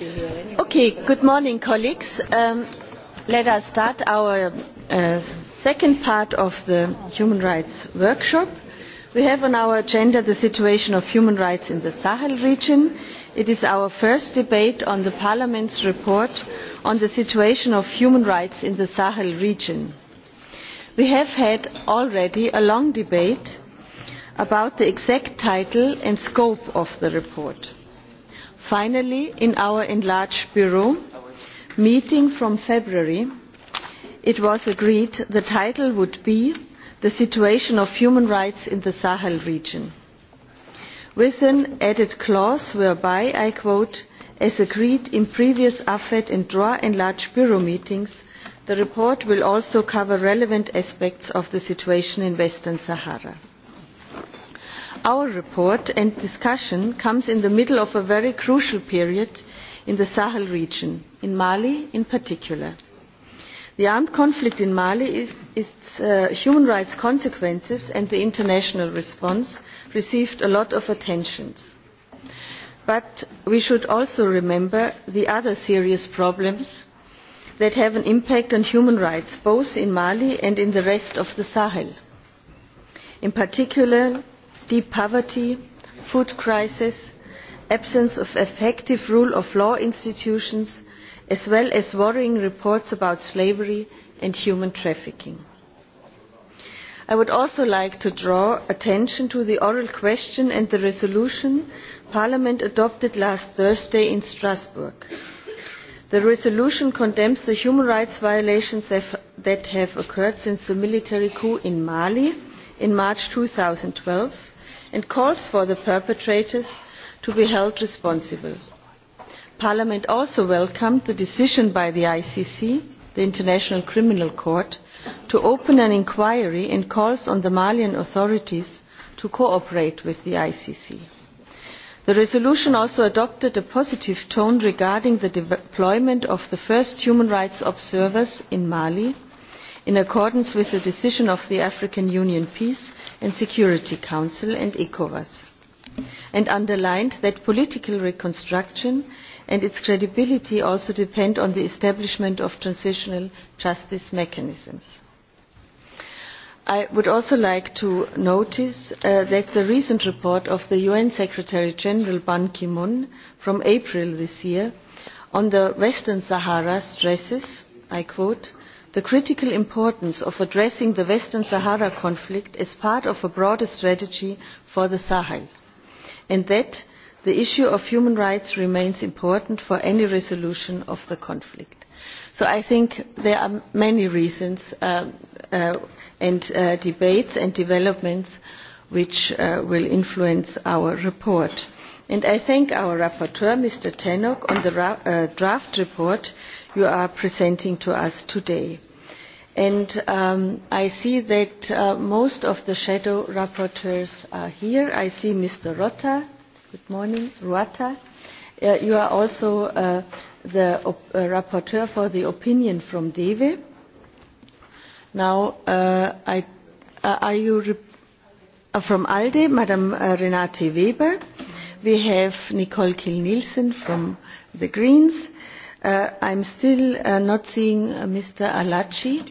good morning colleagues um, let us start our uh, second part of the human rights workshop we have on our agenda the situation of human rights in the sahel region it is our first debate on the parliament's report on the situation of human rights in the sahel region we have had already a long debate about the exact title and scope of the report finally in our enlarged bureau meeting from february it was agreed the title would be the situation of human rights in the sahel region with an added clause whereby i quote as agreed in previous afet and droi enlarged bureau meetings the report will also cover relevant aspects of the situation in western sahara our report and discussion comes in the middle of a very crucial period in the sahel region in mali in particular. the armed conflict in mali its uh, human rights consequences and the international response received a lot of attention but we should also remember the other serious problems that have an impact on human rights both in mali and in the rest of the sahel in particular deep poverty food crisis absence of effective rule of law institutions as well as worrying reports about slavery and human trafficking. i would also like to draw attention to the oral question and the resolution parliament adopted last thursday in strasbourg. the resolution condemns the human rights violations that have occurred since the military coup in mali in march two thousand and twelve and calls for the perpetrators to be held responsible. parliament also welcomed the decision by the icc the international criminal court to open an inquiry and calls on the malian authorities to cooperate with the icc. the resolution also adopted a positive tone regarding the deployment of the first human rights observers in mali in accordance with the decision of the african union peace and Security Council and ECOWAS, and underlined that political reconstruction and its credibility also depend on the establishment of transitional justice mechanisms. I would also like to notice uh, that the recent report of the UN Secretary General Ban Ki-moon from April this year on the Western Sahara stresses, I quote, the critical importance of addressing the western sahara conflict as part of a broader strategy for the sahel and that the issue of human rights remains important for any resolution of the conflict. so i think there are many reasons um, uh, and uh, debates and developments which uh, will influence our report. i thank our rapporteur mr tannock on the draft report you are presenting to us today. And um, I see that uh, most of the shadow rapporteurs are here. I see Mr. Rotta. Good morning, Ruata. Uh, you are also uh, the op- uh, rapporteur for the opinion from Deve. Now, uh, I, uh, are you re- uh, from ALDE, Madam uh, Renate Weber? We have Nicole Kiel-Nielsen from the Greens. Uh, i am still uh, not seeing uh, mr arlacchi.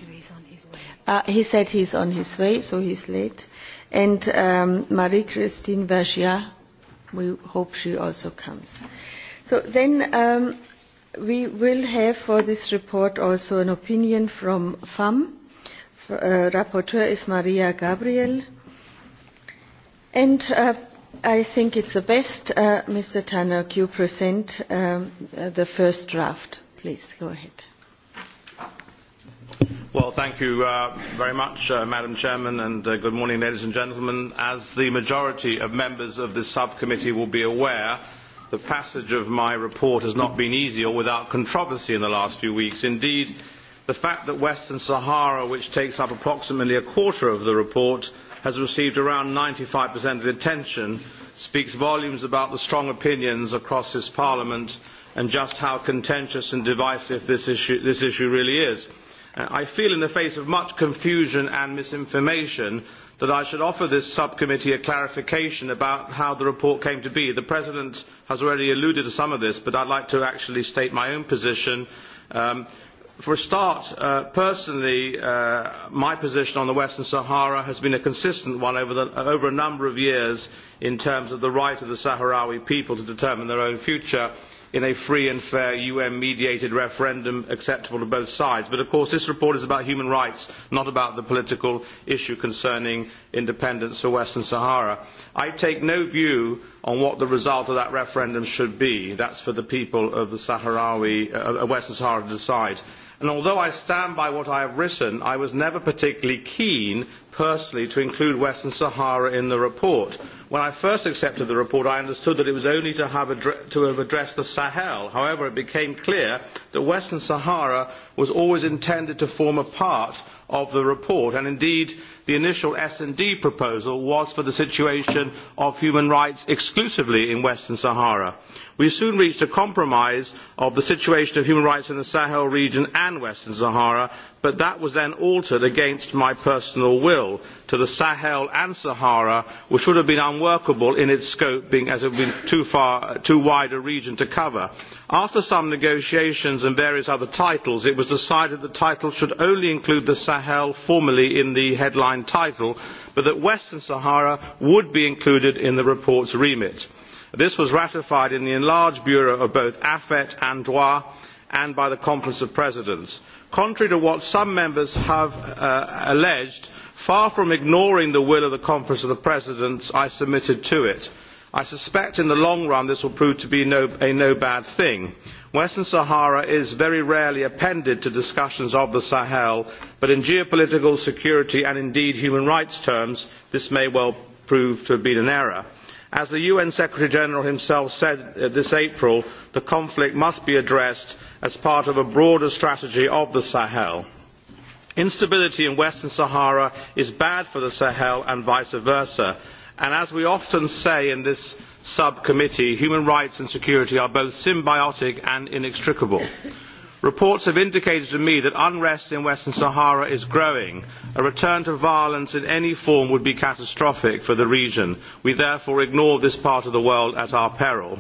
he said he is on his way so he is late and um, marie christine vergiat we hope she also comes. so then um, we will have for this report also an opinion from fam uh, rapporteur is maria gabriel and uh, I think it's the best, uh, Mr. Tannock, you present um, uh, the first draft. Please, go ahead. Well, thank you uh, very much, uh, Madam Chairman, and uh, good morning, ladies and gentlemen. As the majority of members of this subcommittee will be aware, the passage of my report has not been easy or without controversy in the last few weeks. Indeed, the fact that Western Sahara, which takes up approximately a quarter of the report, has received around ninety five of attention speaks volumes about the strong opinions across this parliament and just how contentious and divisive this issue, this issue really is. Uh, i feel in the face of much confusion and misinformation that i should offer this subcommittee a clarification about how the report came to be. the president has already alluded to some of this but i would like to actually state my own position. Um, for a start uh, personally uh, my position on the western sahara has been a consistent one over a number of years in terms of the right of the sahrawi people to determine their own future in a free and fair un mediated referendum acceptable to both sides but of course this report is about human rights not about the political issue concerning independence for western sahara. i take no view on what the result of that referendum should be that is for the people uh, of western sahara to decide and although i stand by what i have written i was never particularly keen personally to include western sahara in the report. when i first accepted the report i understood that it was only to have addressed the sahel. however it became clear that western sahara was always intended to form a part of the report and indeed the initial sd proposal was for the situation of human rights exclusively in western sahara we soon reached a compromise on the situation of human rights in the sahel region and western sahara but that was then altered against my personal will to the sahel and sahara which would have been unworkable in its scope being as it would be too wide a region to cover. after some negotiations and various other titles it was decided the title should only include the sahel formally in the headline title but that western sahara would be included in the report's remit this was ratified in the enlarged bureau of both afet and droit and by the conference of presidents. contrary to what some members have uh, alleged far from ignoring the will of the conference of presidents i submitted to it. i suspect in the long run this will prove to be no, no bad thing. western sahara is very rarely appended to discussions of the sahel but in geopolitical security and indeed human rights terms this may well prove to have been an error as the un secretary general himself said uh, this april the conflict must be addressed as part of a broader strategy of the sahel. instability in western sahara is bad for the sahel and vice versa and as we often say in this subcommittee human rights and security are both symbiotic and inextricable reports have indicated to me that unrest in western sahara is growing. a return to violence in any form would be catastrophic for the region. we therefore ignore this part of the world at our peril.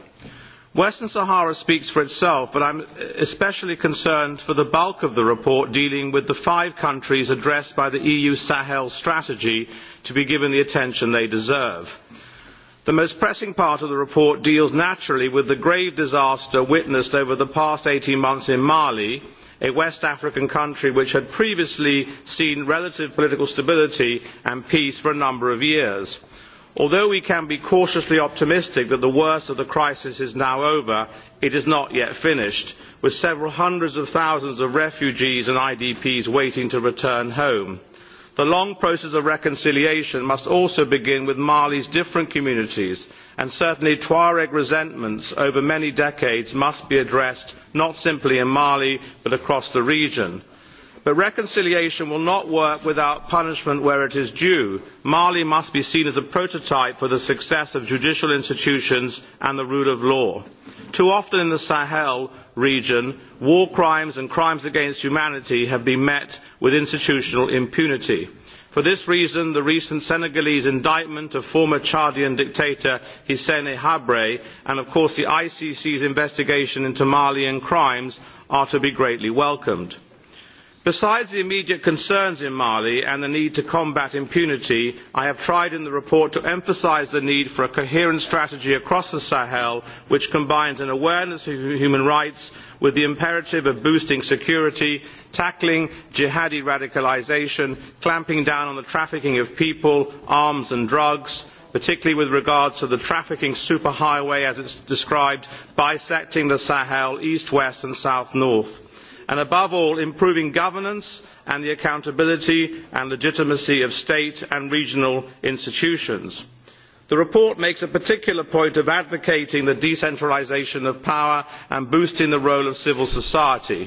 western sahara speaks for itself but i am especially concerned for the bulk of the report dealing with the five countries addressed by the eu sahel strategy to be given the attention they deserve the most pressing part of the report deals naturally with the grave disaster witnessed over the past eighteen months in mali a west african country which had previously seen relative political stability and peace for a number of years. although we can be cautiously optimistic that the worst of the crisis is now over it is not yet finished with several hundreds of thousands of refugees and idps waiting to return home the long process of reconciliation must also begin with mali's different communities and certainly tuareg resentments over many decades must be addressed not simply in mali but across the region. but reconciliation will not work without punishment where it is due. mali must be seen as a prototype for the success of judicial institutions and the rule of law. too often in the sahel region war crimes and crimes against humanity have been met with institutional impunity. for this reason the recent senegalese indictment of former chadian dictator hissne habr and of course the icc's investigation into malian crimes are to be greatly welcomed besides the immediate concerns in mali and the need to combat impunity i have tried in the report to emphasise the need for a coherent strategy across the sahel which combines an awareness of human rights with the imperative of boosting security tackling jihadi radicalisation clamping down on the trafficking of people arms and drugs particularly with regard to the trafficking superhighway as it is described bisecting the sahel east west and south north and above all improving governance and the accountability and legitimacy of state and regional institutions. the report makes a particular point of advocating the decentralisation of power and boosting the role of civil society.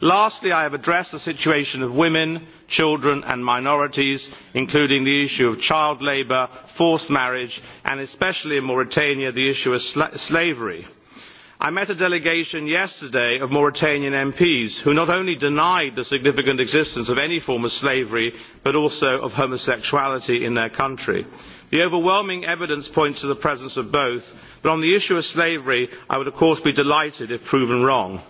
lastly i have addressed the situation of women children and minorities including the issue of child labour forced marriage and especially in mauritania the issue of slavery i met a delegation yesterday of mauritanian mps who not only denied the significant existence of any form of slavery but also of homosexuality in their country. the overwhelming evidence points to the presence of both but on the issue of slavery i would of course be delighted if proven wrong.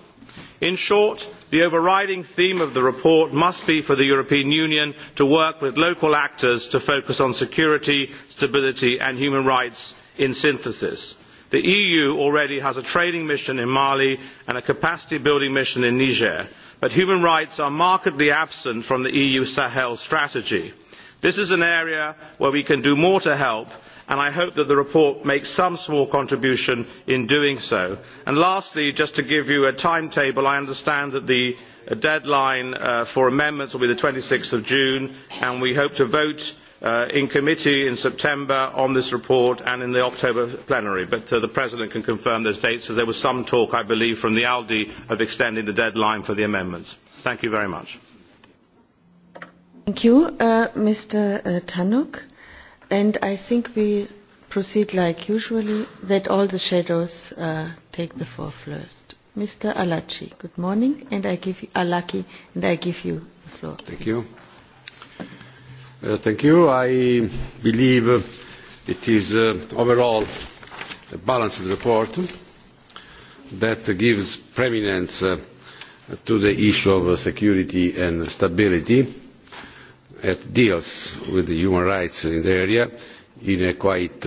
in short the overriding theme of the report must be for the european union to work with local actors to focus on security stability and human rights in synthesis the eu already has a training mission in mali and a capacity building mission in niger but human rights are markedly absent from the eu sahel strategy. this is an area where we can do more to help and i hope that the report makes some small contribution in doing so. lastly just to give you a timetable i understand that the uh, deadline uh, for amendments will be twenty six june and we hope to vote Uh, in committee in september on this report and in the october plenary but uh, the president can confirm those dates as there was some talk i believe from the alde group of extending the deadline for the amendments. thank you very much. thank you uh, mr tannock and i think we proceed like usual that all the shadows uh, take the floor first. mr alachi good morning and i give you alaki and i give you the floor. Please. thank you. Uh, i believe it is uh, overall a balanced report that gives preeminence uh, to the issue of security and stability and deals with human rights in the area in a quite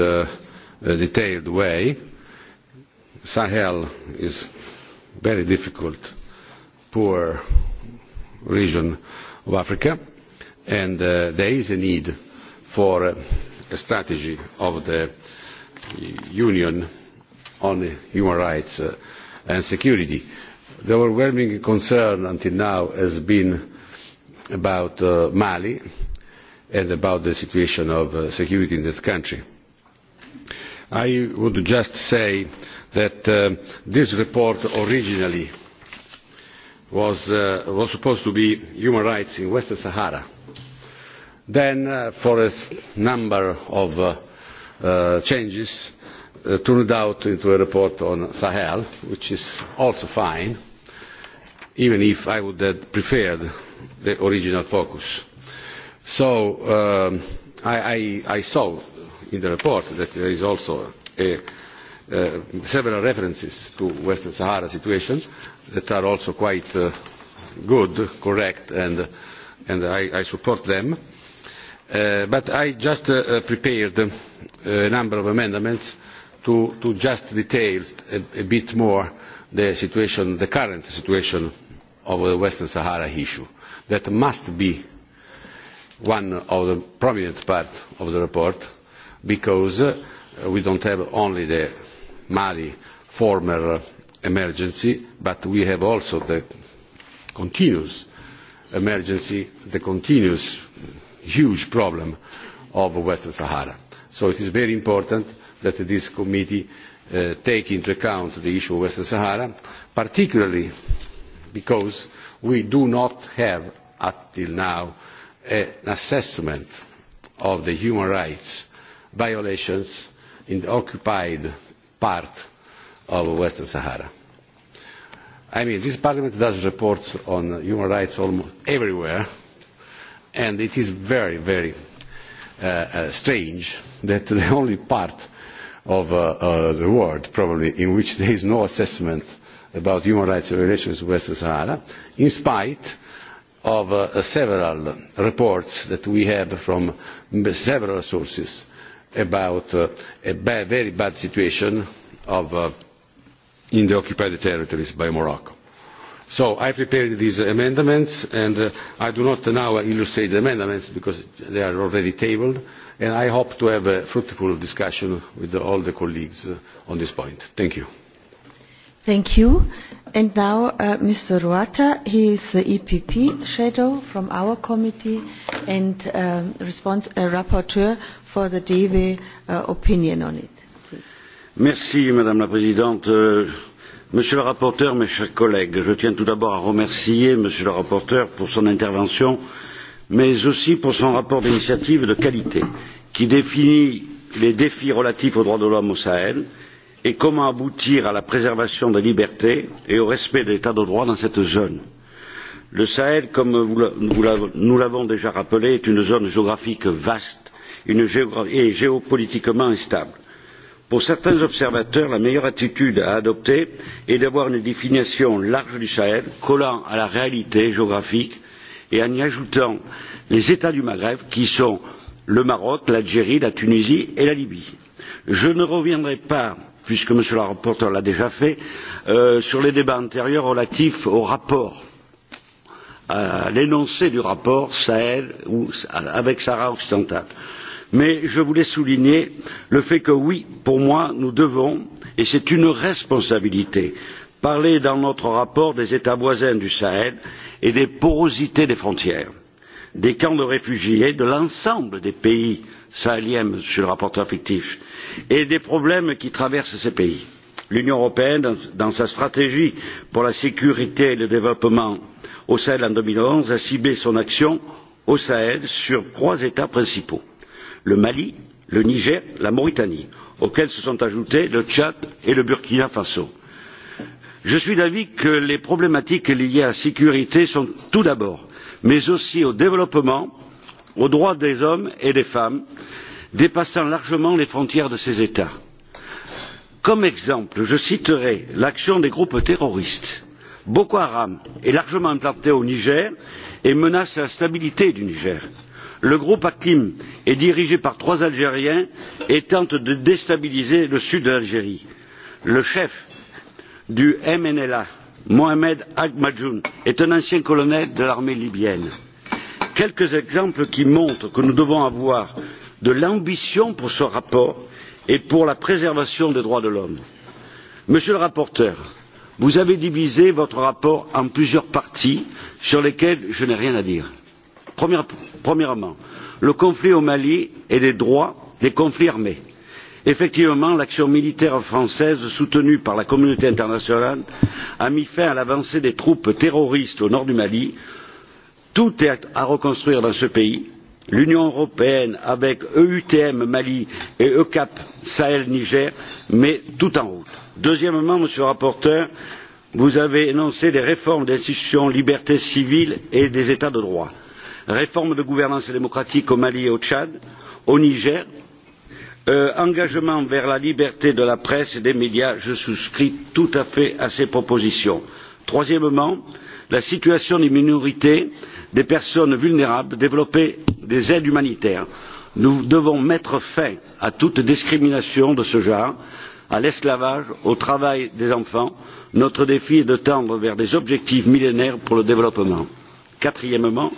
detailed way. the sahel is a very difficult poor region of africa and uh, there is a need for a strategy of the union on human rights uh, and security. the overwhelming concern until now has been about uh, mali and about the situation of security in that country. i would just say that this report originally was supposed to be human rights in western sahara then uh, for a number of uh, uh, changes turned out into a report on sahel which is also fine even if i would have preferred the original focus. so um, i saw in the report that there are also several references to the western sahara situation that are also quite good correct and i support them. Uh, but i have just uh, uh, prepared a number of amendments to just detail a bit more the situation the current situation of the western sahara issue that must be one of the prominent parts of the report because we do not have only the mali former emergency but we have also the continuous emergency the continuous huge problem of western sahara. so it is very important that this committee uh, take into account the issue of western sahara particularly because we do not have until now an assessment of the human rights violations in the occupied part of western sahara. i mean this parliament does reports on human rights almost everywhere and it is very very uh, uh, strange that the only part of uh, the world probably in which there is no assessment about human rights violations is western sahara in spite of several reports that we have from several sources about a very bad situation in the occupied territories by morocco so i prepared these amendments and uh, i do not now illustrate the amendments because they are already tabled and i hope to have a fruitful discussion with all the colleagues uh, on this point. thank you. thank you. and now uh, mr roata he is the epp shadow from our committee and response a rapporteur for the deve opinion on it. madam president euh, monsieur le rapporteur mes chers collègues je tiens tout d'abord à remercier monsieur le rapporteur pour son intervention mais aussi pour son rapport d'initiative de qualité qui définit les défis relatifs aux droits de l'homme au sahel et comment aboutir à la préservation des libertés et au respect de l'état de droit dans cette zone. le sahel comme nous l'avons déjà rappelé est une zone géographique vaste et géopolitiquement instable pour certains observateurs la meilleure attitude à adopter est d'avoir une définition large du sahel collant à la réalité géographique et en y ajoutant les états du maghreb qui sont le maroc l'algérie la tunisie et la libye. je ne reviendrai pas puisque m. le rapporteur l'a déjà fait euh, sur les débats antérieurs relatifs au rapport à l'énoncé du rapport sahel ou avec sahara occidental mais je voulais souligner le fait que oui pour moi nous devons et c'est une responsabilité parler dans notre rapport des états voisins du sahel et des porosités des frontières des camps de réfugiés de l'ensemble des pays sahéliens monsieur le rapporteur fictif et des problèmes qui traversent ces pays. l'union européenne dans sa stratégie pour la sécurité et le développement au sahel en deux mille onze a ciblé son action au sahel sur trois états principaux le mali le niger la mauritanie auxquels se sont ajoutés le tchad et le burkina faso. je suis d'avis que les problématiques liées à la sécurité sont tout d'abord mais aussi au développement aux droits des hommes et des femmes dépassant largement les frontières de ces états. comme exemple je citerai l'action des groupes terroristes boko haram est largement implanté au niger et menace la stabilité du niger le groupe hakim est dirigé par trois algériens et tente de déstabiliser le sud de l'algérie. le chef du mnla mohamed al majoun est un ancien colonel de l'armée libyenne. quelques exemples qui montrent que nous devons avoir de l'ambition pour ce rapport et pour la préservation des droits de l'homme. monsieur le rapporteur vous avez divisé votre rapport en plusieurs parties sur lesquelles je n'ai rien à dire premièrement le conflit au mali et les droits des conflits armés. effectivement l'action militaire française soutenue par la communauté internationale a mis fin à l'avancée des troupes terroristes au nord du mali. tout est à reconstruire dans ce pays. l'union européenne avec eutm mali et eucap sahel niger met tout en route. deuxièmement monsieur le rapporteur vous avez énoncé des réformes des institutions des libertés civiles et des états de droit réforme de gouvernance démocratique au mali et au tchad au niger euh, engagement vers la liberté de la presse et des médias je souscris tout à fait à ces propositions. troisièmement la situation des minorités des personnes vulnérables développer des aides humanitaires. nous devons mettre fin à toute discrimination de ce genre à l'esclavage au travail des enfants. notre défi est de tendre vers des objectifs millénaires pour le développement. quatrièmement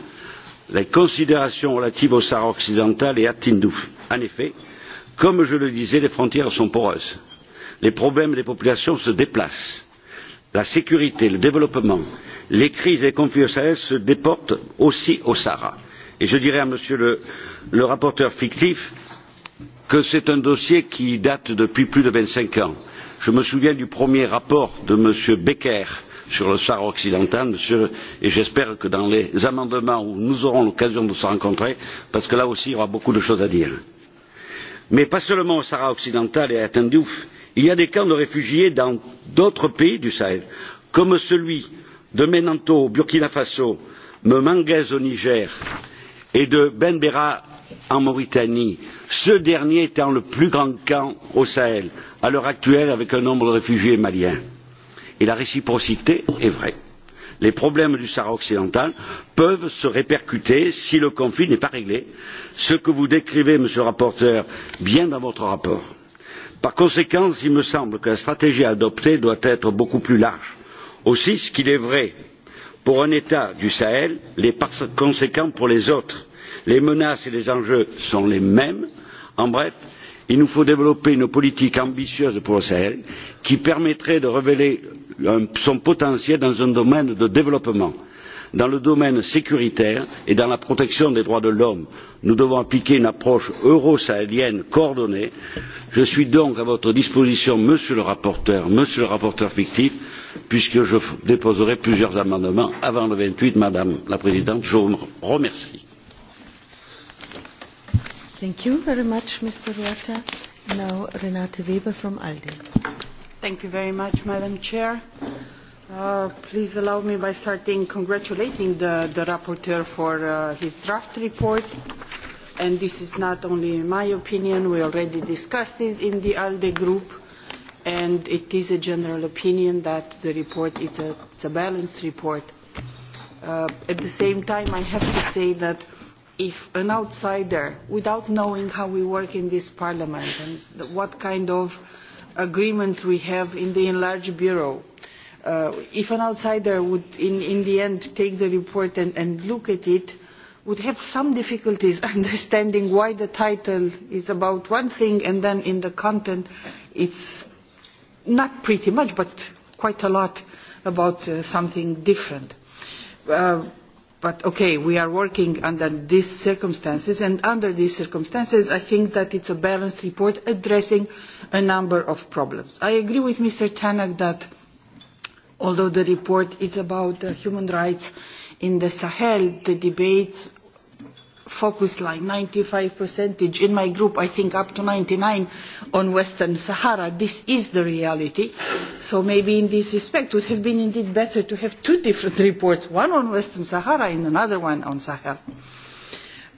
les considérations relatives au sahara occidental et à tindouf. en effet comme je le disais les frontières sont poreuses les problèmes des populations se déplacent la sécurité le développement les crises et les conflits au sahel se déportent aussi au sahara et je dirais à monsieur le, le rapporteur fictif que c'est un dossier qui date depuis plus de vingt cinq ans. je me souviens du premier rapport de m. becker sur le sahara occidental monsieur et j'espère que dans les amendements où nous aurons l'occasion de nous rencontrer parce que là aussi il y aura beaucoup de choses à dire. mais pas seulement au sahara occidental et à tindouf il y a des camps de réfugiés dans d'autres pays du sahel comme celui de menanto au burkina faso de menguès au niger et de benbera en mauritanie ce dernier étant le plus grand camp au sahel à l'heure actuelle avec un nombre de réfugiés maliens et la réciprocité est vraie. les problèmes du sahara occidental peuvent se répercuter si le conflit n'est pas réglé ce que vous décrivez monsieur le rapporteur bien dans votre rapport. par conséquent il me semble que la stratégie à adopter doit être beaucoup plus large. aussi ce qu'il est vrai pour un état du sahel l'est par conséquent pour les autres. les menaces et les enjeux sont les mêmes en bref il nous faut développer une politique ambitieuse pour le sahel qui permettrait de révéler son potentiel dans un domaine de développement dans le domaine sécuritaire et dans la protection des droits de l'homme. nous devons appliquer une approche euro sahélienne coordonnée. je suis donc à votre disposition monsieur le rapporteur monsieur le rapporteur fictif puisque je déposerai plusieurs amendements avant le vingt huit madame la présidente je vous remercie. Thank you very much, Mr. Ruata. Now, Renate Weber from ALDE. Thank you very much, Madam Chair. Uh, please allow me by starting congratulating the, the rapporteur for uh, his draft report. And this is not only my opinion. We already discussed it in the ALDE group. And it is a general opinion that the report is a, it's a balanced report. Uh, at the same time, I have to say that if an outsider without knowing how we work in this parliament and what kind of agreements we have in the enlarged bureau uh, if an outsider would in, in the end take the report and, and look at it would have some difficulties understanding why the title is about one thing and then in the content it's not pretty much but quite a lot about uh, something different uh, but okay, we are working under these circumstances, and under these circumstances, I think that it's a balanced report addressing a number of problems. I agree with Mr. Tanak that although the report is about uh, human rights in the Sahel, the debates focus line ninety five percentage in my group i think up to ninety nine on western sahara this is the reality so maybe in this respect it would have been indeed better to have two different reports one on western sahara and another one on sahel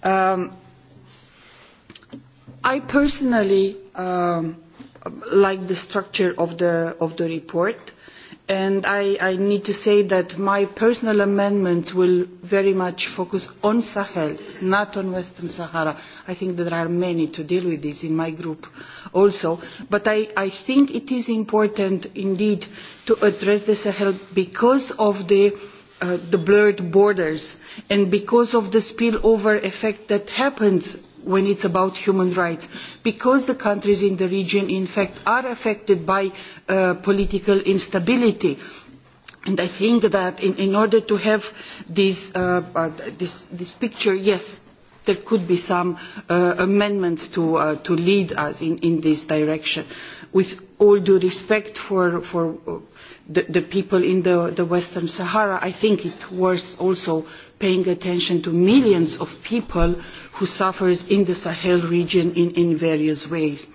um, i personally um, like the structure of the of the report uh, and I, I need to say that my personal amendments will very much focus on Sahel, not on Western Sahara. I think that there are many to deal with this in my group also. But I, I think it is important indeed to address the Sahel because of the, uh, the blurred borders and because of the spillover effect that happens when it's about human rights because the countries in the region in fact are affected by uh, political instability and i think that in, in order to have this, uh, uh, this, this picture yes there could be some uh, amendments to, uh, to lead us in, in this direction with all due respect for, for uh, the, the people in the, the Western Sahara. I think it worth also paying attention to millions of people who suffer in the Sahel region in, in various ways.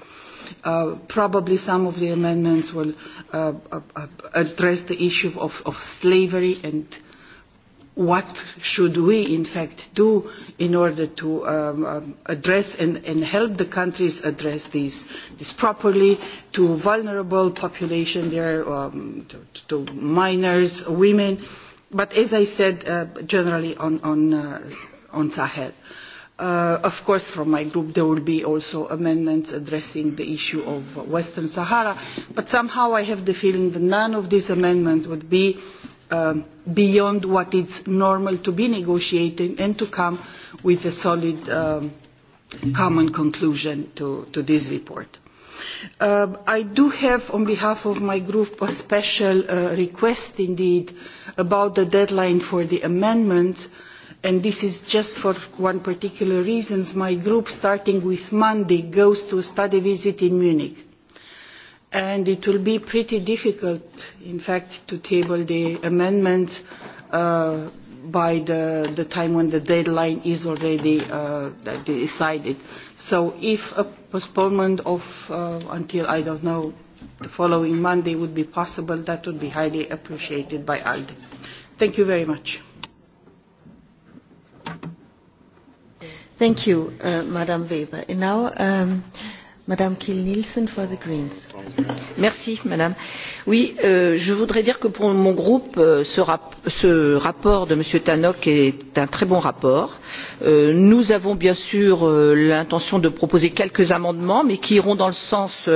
Uh, probably some of the amendments will uh, uh, uh address the issue of, of slavery and uh, what should we in fact do in order to um, um, address and, and help the countries address these, this properly to vulnerable population there, um, to, to minors, women, but as I said, uh, generally on, on, uh, on Sahel. Uh, of course, from my group, there will be also amendments addressing the issue of Western Sahara, but somehow I have the feeling that none of these amendments would be uh, Um, beyond what is normal to be negotiating and to come with a solid um, common conclusion to, to this report. Uh, I do have on behalf of my group a special uh, request indeed about the deadline for the amendment and this is just for one particular reason. My group starting with Monday goes to a study visit in Munich and it will be pretty difficult, in fact, to table the amendment uh, by the, the time when the deadline is already uh, decided. So if a postponement of uh, until, I don't know, the following Monday would be possible, that would be highly appreciated by ALDE. Thank you very much. Thank you, uh, Madam Weber. And now, um, madame la présidente madame la commissaire chers collègues Euh, je voudrais dire que pour mon groupe euh, ce rapport de m. tannock est un très bon rapport. Euh, nous avons bien sûr l'intention de proposer quelques amendements mais qui iront dans le sens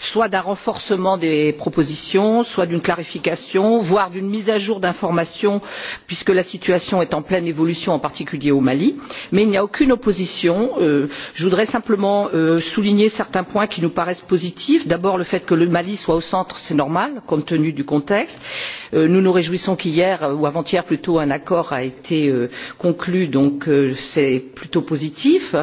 soit d'un renforcement des propositions soit d'une clarification voire d'une mise à jour d'informations puisque la situation est en pleine évolution en particulier au mali. mais il n'y a aucune opposition. je voudrais simplement souligner certains points qui nous paraissent positifs. d'abord le fait que le mali soit au centre c'est normal mal compte tenu du contexte. Euh, nous nous réjouissons qu'hier euh, ou avant hier plutôt un accord ait été euh, conclu c'est plutôt positif.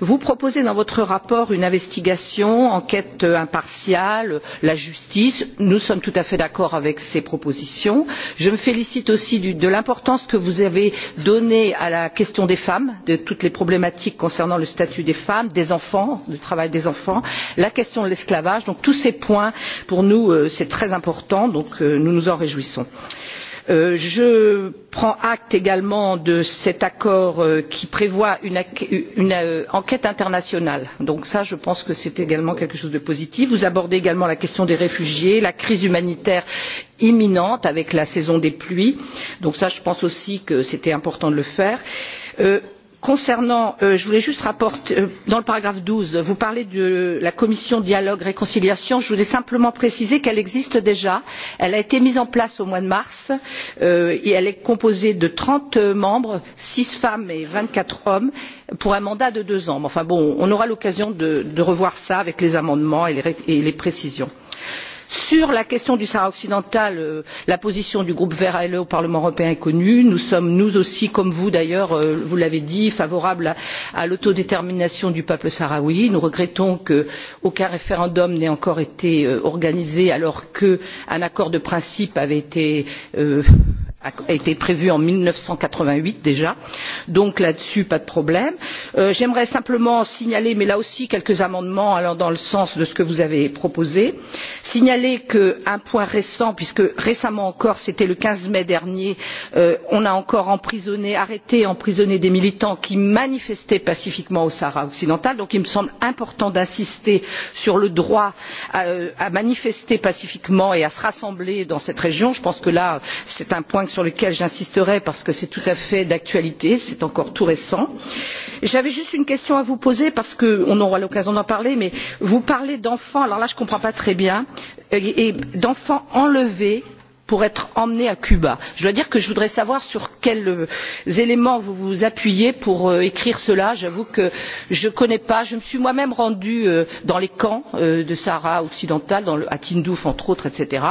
vous proposez dans votre rapport une investigation une enquête impartiale la justice nous sommes tout à fait d'accord avec ces propositions. je me félicite aussi de l'importance que vous avez donnée à la question des femmes de toutes les problématiques concernant le statut des femmes des enfants du travail des enfants la question de l'esclavage. donc tous ces points pour nous c'est important donc euh, nous nous en réjouissons. Euh, je prends acte également de cet accord euh, qui prévoit une enquête internationale donc cela je pense que c'est également quelque chose de positif. vous abordez également la question des réfugiés la crise humanitaire imminente avec la saison des pluies donc cela je pense aussi que c'était important de le faire concernant euh, je voulais juste rapporter euh, dans le paragraphe douze vous parlez de la commission dialogue réconciliation je voulais simplement préciser qu'elle existe déjà elle a été mise en place au mois de mars euh, et elle est composée de trente membres six femmes et vingt quatre hommes pour un mandat de deux ans mais enfin bon on aura l'occasion de revoir cela avec les amendements et les précisions sur la question du sahara occidental euh, la position du groupe verts ale au parlement européen est connue nous sommes nous aussi comme vous d'ailleurs euh, vous l'avez dit favorables à l'autodétermination du peuple sahraoui. nous regrettons qu'aucun référendum n'ait encore été euh, organisé alors qu'un accord de principe avait été été prévue en mille neuf cent quatre vingt huit déjà donc là dessus pas de problème. Euh, j'aimerais simplement signaler mais là aussi quelques amendements allant dans le sens de ce que vous avez proposé signaler qu'un point récent puisque récemment encore c'était le quinze mai dernier euh, on a encore emprisonné arrêté emprisonné des militants qui manifestaient pacifiquement au sahara occidental donc il me semble important d'insister sur le droit à euh, manifester pacifiquement et à se rassembler dans cette région je pense que là c'est un point exemple sur lequel j'insisterai parce que c'est tout à fait d'actualité c'est encore tout récent. j'avais juste une question à vous poser parce qu'on aura l'occasion d'en parler mais vous parlez d'enfants alors là je ne comprends pas très bien d'enfants enlevés pour être emmenés à cuba. je dois dire que je voudrais savoir sur quels euh, éléments vous vous appuyez pour euh, écrire cela. j'avoue que je ne connais pas je me suis moi même rendue euh, dans les camps du sahara occidental à tindouf entre autres etc.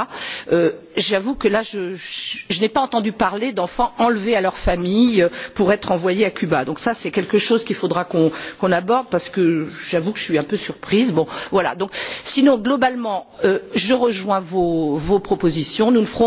j'avoue que là je, je, je n'ai pas entendu parler d'enfants enlevés à leurs familles pour être envoyés à cuba. donc ça c'est quelque chose qu'il faudra qu'on qu aborde parce que j'avoue que je suis un peu surprise. Bon, voilà. donc, sinon globalement je rejoins vos, vos propositions. nous ne ferons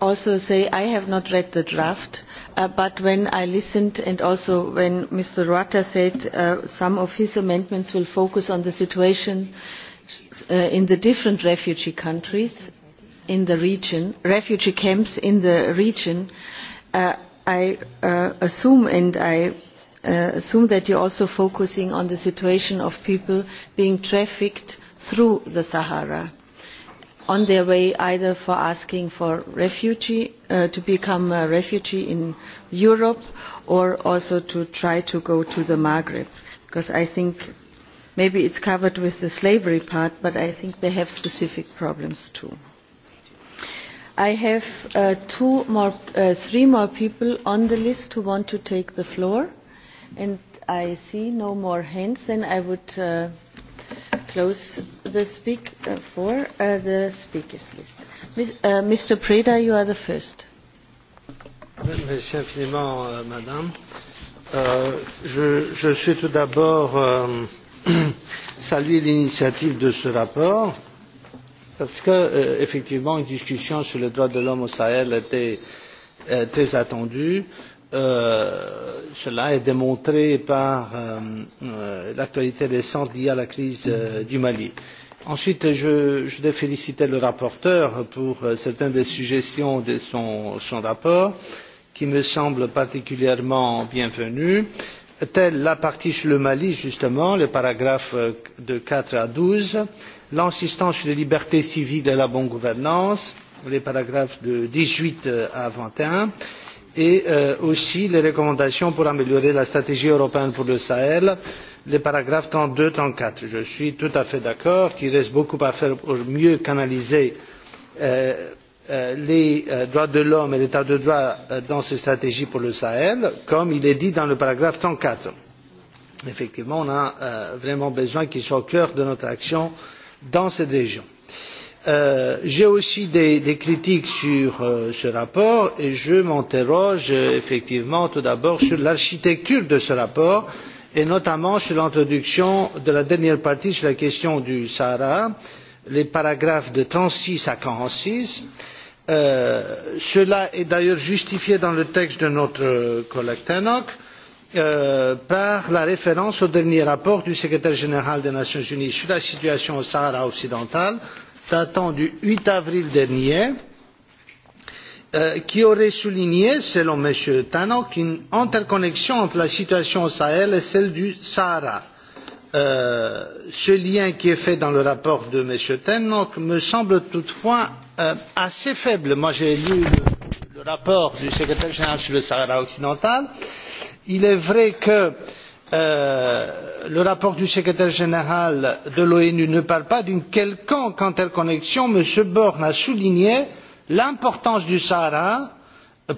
also say I have not read the draft, uh, but when I listened and also when Mr. Rutter said uh, some of his amendments will focus on the situation uh, in the different refugee countries in the region, refugee camps in the region, uh, I uh, assume and I uh, assume that you're also focusing on the situation of people being trafficked through the Sahara on their way either for asking for refugee uh, to become a refugee in Europe or also to try to go to the Maghreb because I think maybe it's covered with the slavery part but I think they have specific problems too I have uh, two more uh, three more people on the list who want to take the floor and I see no more hands then I would uh, close the speak uh, for uh, the speakers list. Mis, uh, Mr. Preda, you are the first. Merci infiniment, euh, Madame. Euh, je, je suis tout d'abord euh, saluer l'initiative de ce rapport parce que euh, effectivement une discussion sur les droits de l'homme au Sahel était euh, très attendue. Euh, Euh, cela est démontré par euh, euh, l'actualité récente liée à la crise du mali. ensuite je voudrais féliciter le rapporteur pour certaines des suggestions de son rapport qui me semblent particulièrement bienvenues telles la partie sur le mali justement les paragraphes de quatre à douze l'insistance sur les libertés civiles et la bonne gouvernance les paragraphes de dix huit à vingt et un et euh, aussi les recommandations pour améliorer la stratégie européenne pour le sahel les paragraphes trente deux et. trente quatre je suis tout à fait d'accord qu'il reste beaucoup à faire pour mieux canaliser euh, euh, les droits de l'homme et l'état de droit dans ces stratégies pour le sahel comme il est dit dans le paragraphe. trente quatre effectivement on a vraiment besoin qu'ils soient au cœur de notre action dans cette région. Euh, j'ai aussi des critiques sur euh, ce rapport et je m'interroge effectivement tout d'abord sur l'architecture de ce rapport et notamment sur l'introduction de la dernière partie sur la question du sahara les paragraphes de trente six à quarante six euh, cela est d'ailleurs justifié dans le texte de notre collègue tannock par la référence au dernier rapport du secrétaire général des nations unies sur la situation au sahara occidental datant du huit avril dernier euh, qui aurait souligné selon m. tannock une interconnexion entre la situation au sahel et celle du sahara. Euh, ce lien qui est fait dans le rapport de m. tannock me semble toutefois euh, assez faible. j'ai lu le rapport du secrétaire général sur le sahara occidental. il est vrai que Euh, le rapport du secrétaire général de l'onu ne parle pas d'une quelconque interconnexion mais se borne à souligner l'importance du sahara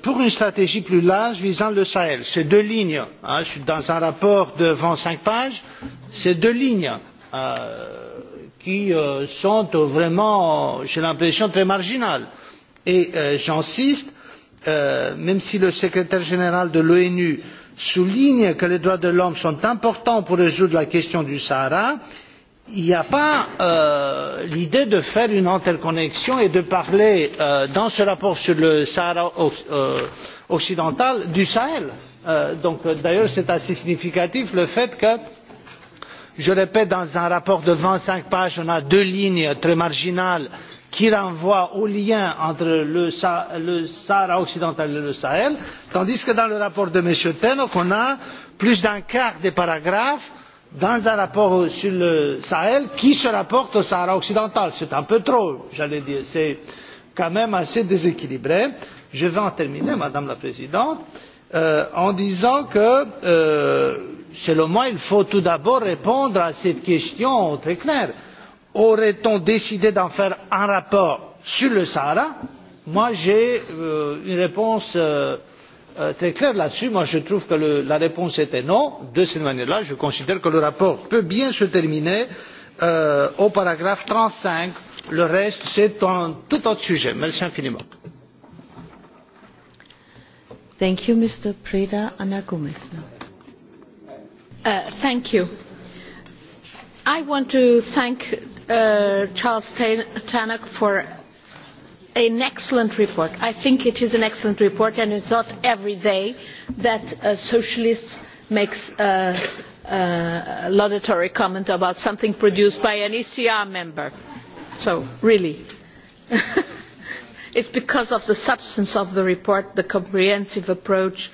pour une stratégie plus large visant le sahel. ces deux lignes dans un rapport de vingt cinq pages ces deux lignes euh, qui euh, sont vraiment j'ai l'impression très marginales et j'insiste même si le secrétaire général de l'onu souligne que les droits de l'homme sont importants pour résoudre la question du sahara il n'y a pas euh, l'idée de faire une interconnexion et de parler euh, dans ce rapport sur le sahara euh, occidental du sahel. d'ailleurs c'est assez significatif le fait que je répète dans un rapport de vingt cinq pages on a deux lignes très marginales qui renvoie au lien entre le sahara occidental et le sahel tandis que dans le rapport de m. tannock on a plus d'un quart des paragraphes dans un rapport sur le sahel qui se rapportent au sahara occidental. c'est un peu trop j'allais dire c'est quand même assez déséquilibré. je vais en terminer madame la présidente euh, en disant que euh, selon moi il faut tout d'abord répondre à cette question très claire aurait on décidé d'en faire un rapport sur le sahara? j'ai euh, une réponse euh, euh, très claire là dessus je trouve que la réponse était non. de cette manière là je considère que le rapport peut bien se terminer au paragraphe trente cinq le reste c'est un tout autre sujet. merci infiniment i want to thank uh, charles tannock for an excellent report. i think it is an excellent report and it is not every day that a socialist makes a laudatory comment about something produced by an ecr member so really it is because of the substance of the report the comprehensive approach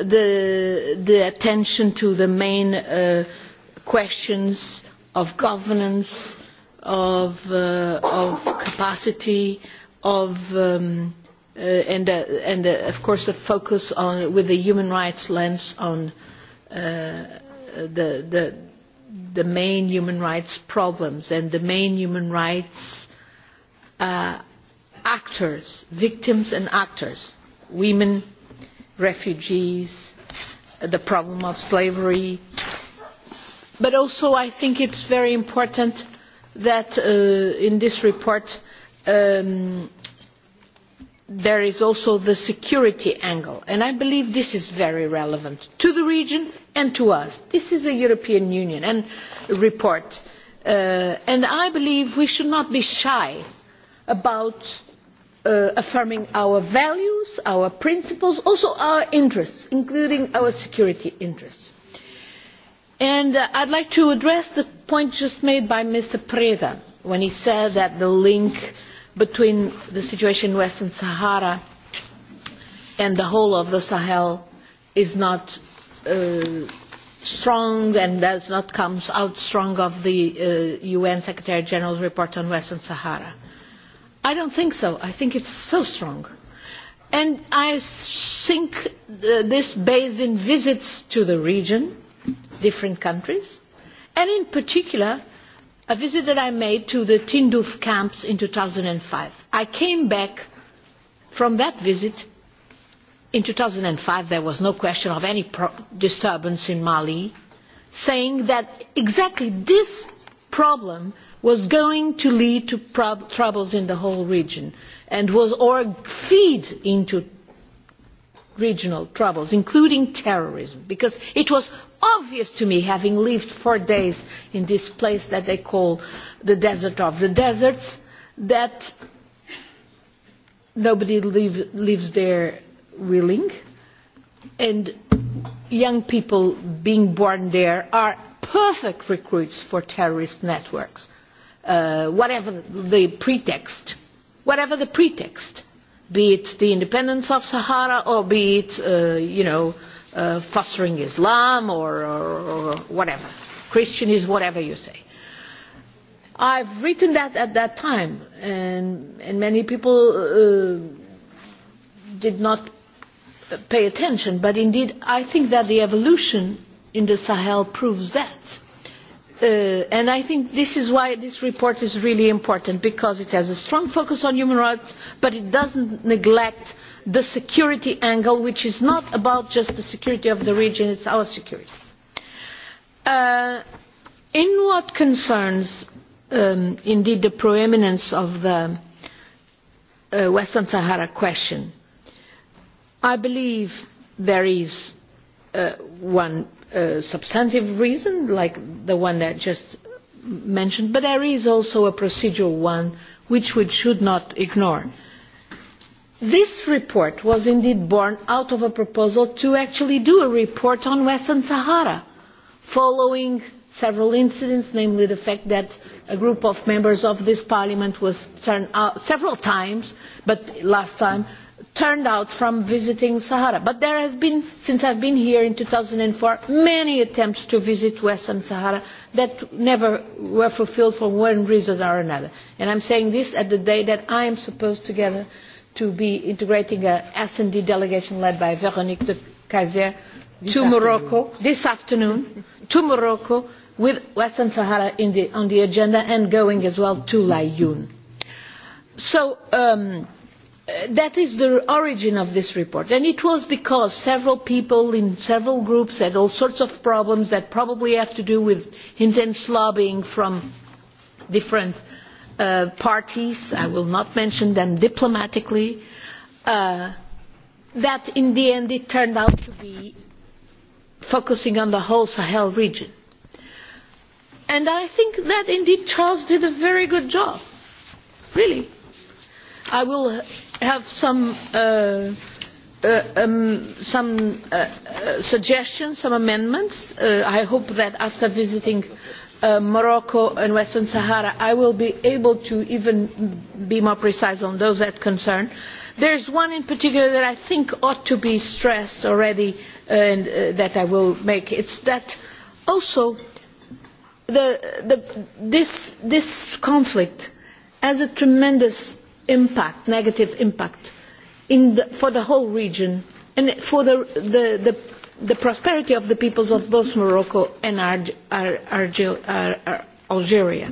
the attention to the main uh, questions of governance, of, uh, of capacity, of, um, uh, and, uh, and uh, of course a focus on, with a human rights lens on uh, the, the, the main human rights problems and the main human rights uh, actors, victims and actors, women, refugees, the problem of slavery, but also i think it is very important that uh, in this report um, there is also the security angle and i believe this is very relevant to the region and to us. this is a european union report uh, and i believe we should not be shy about uh, affirming our values our principles and also our interests including our security interests and uh, i would like to address the point just made by mr preda when he said that the link between the situation in the western sahara and the whole of the sahel is not uh, strong and does not come out strong of the un uh, secretary general's report on the western sahara. i do not think so. i think it is so strong. and i think this is based on visits to the region different countries and in particular a visit that i made to the tindouf camps in. two thousand and five i came back from that visit in two thousand and five there was no question of any disturbance in mali saying that exactly this problem was going to lead to prob- troubles in the whole region and was or feed into regional troubles including terrorism because it was obvious to me having lived for days in this place that they call the desert of the deserts that nobody live, lives there willing and young people being born there are perfect recruits for terrorist networks uh, whatever the pretext whatever the pretext be it the independence of Sahara or be it, uh, you know, uh, fostering Islam or, or, or whatever. Christian is whatever you say. I've written that at that time, and, and many people uh, did not pay attention, but indeed I think that the evolution in the Sahel proves that. Uh, and i think this is why this report is really important because it has a strong focus on human rights but it does not neglect the security angle which is not about just the security of the region it is our security. Uh, in what concerns um, the pro eminence of the uh, western sahara question i believe there is one substantive reason like the one that I just mentioned, but there is also a procedural one which we should not ignore. This report was indeed born out of a proposal to actually do a report on Western Sahara following several incidents, namely the fact that a group of members of this parliament was turned out several times, but last time turned out from visiting the sahara but there have been since i have been here in two thousand and four many attempts to visit western sahara that never were fulfilled for one reason or another and i am saying this on the day that i am supposed to be integrating an s d delegation led by veronique de keyser to morocco this afternoon to morocco with western sahara on the agenda and going as well to laayoune. so um, that is the origin of this report and it was because several people in several groups had all sorts of problems that probably have to do with intense lobbying from different uh, parties i will not mention them diplomatically uh, that in the end it turned out to be focusing on the whole sahel region and i think that indeed charles did a very good job really i will have some uh, uh, um, uh, suggestions some amendments. i hope that after visiting morocco and western sahara i will be able to be even more precise on those that concern. there is one in particular that i think ought to be stressed already and that i will make it is that also this conflict has a tremendous negative impact for the whole region and for the prosperity of the peoples of both morocco and algeria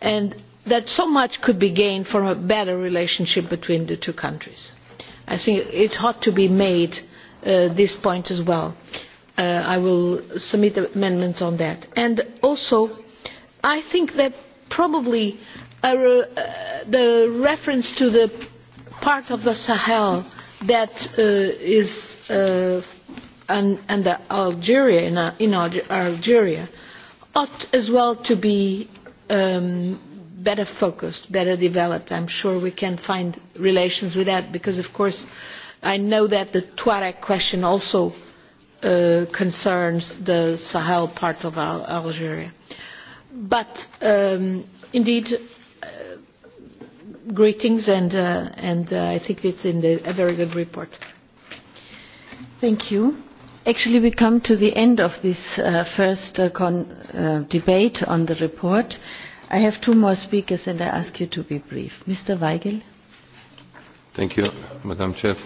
and that so much could be gained from a better relationship between the two countries. i think it ought to be made uh, this point as well. Uh, i will submit amendments on that. also i think that probably Uh, the reference to the part of the Sahel that uh, is uh, under Algeria, in, uh, in Algeria, ought as well to be um, better focused, better developed. I'm sure we can find relations with that because, of course, I know that the Tuareg question also uh, concerns the Sahel part of Al Algeria. But um, indeed, greetings and, uh, and uh, I think it's in the, a very good report. Thank you. Actually, we come to the end of this uh, first uh, con, uh, debate on the report. I have two more speakers and I ask you to be brief. Mr. Weigel. Thank you, Madam Chair.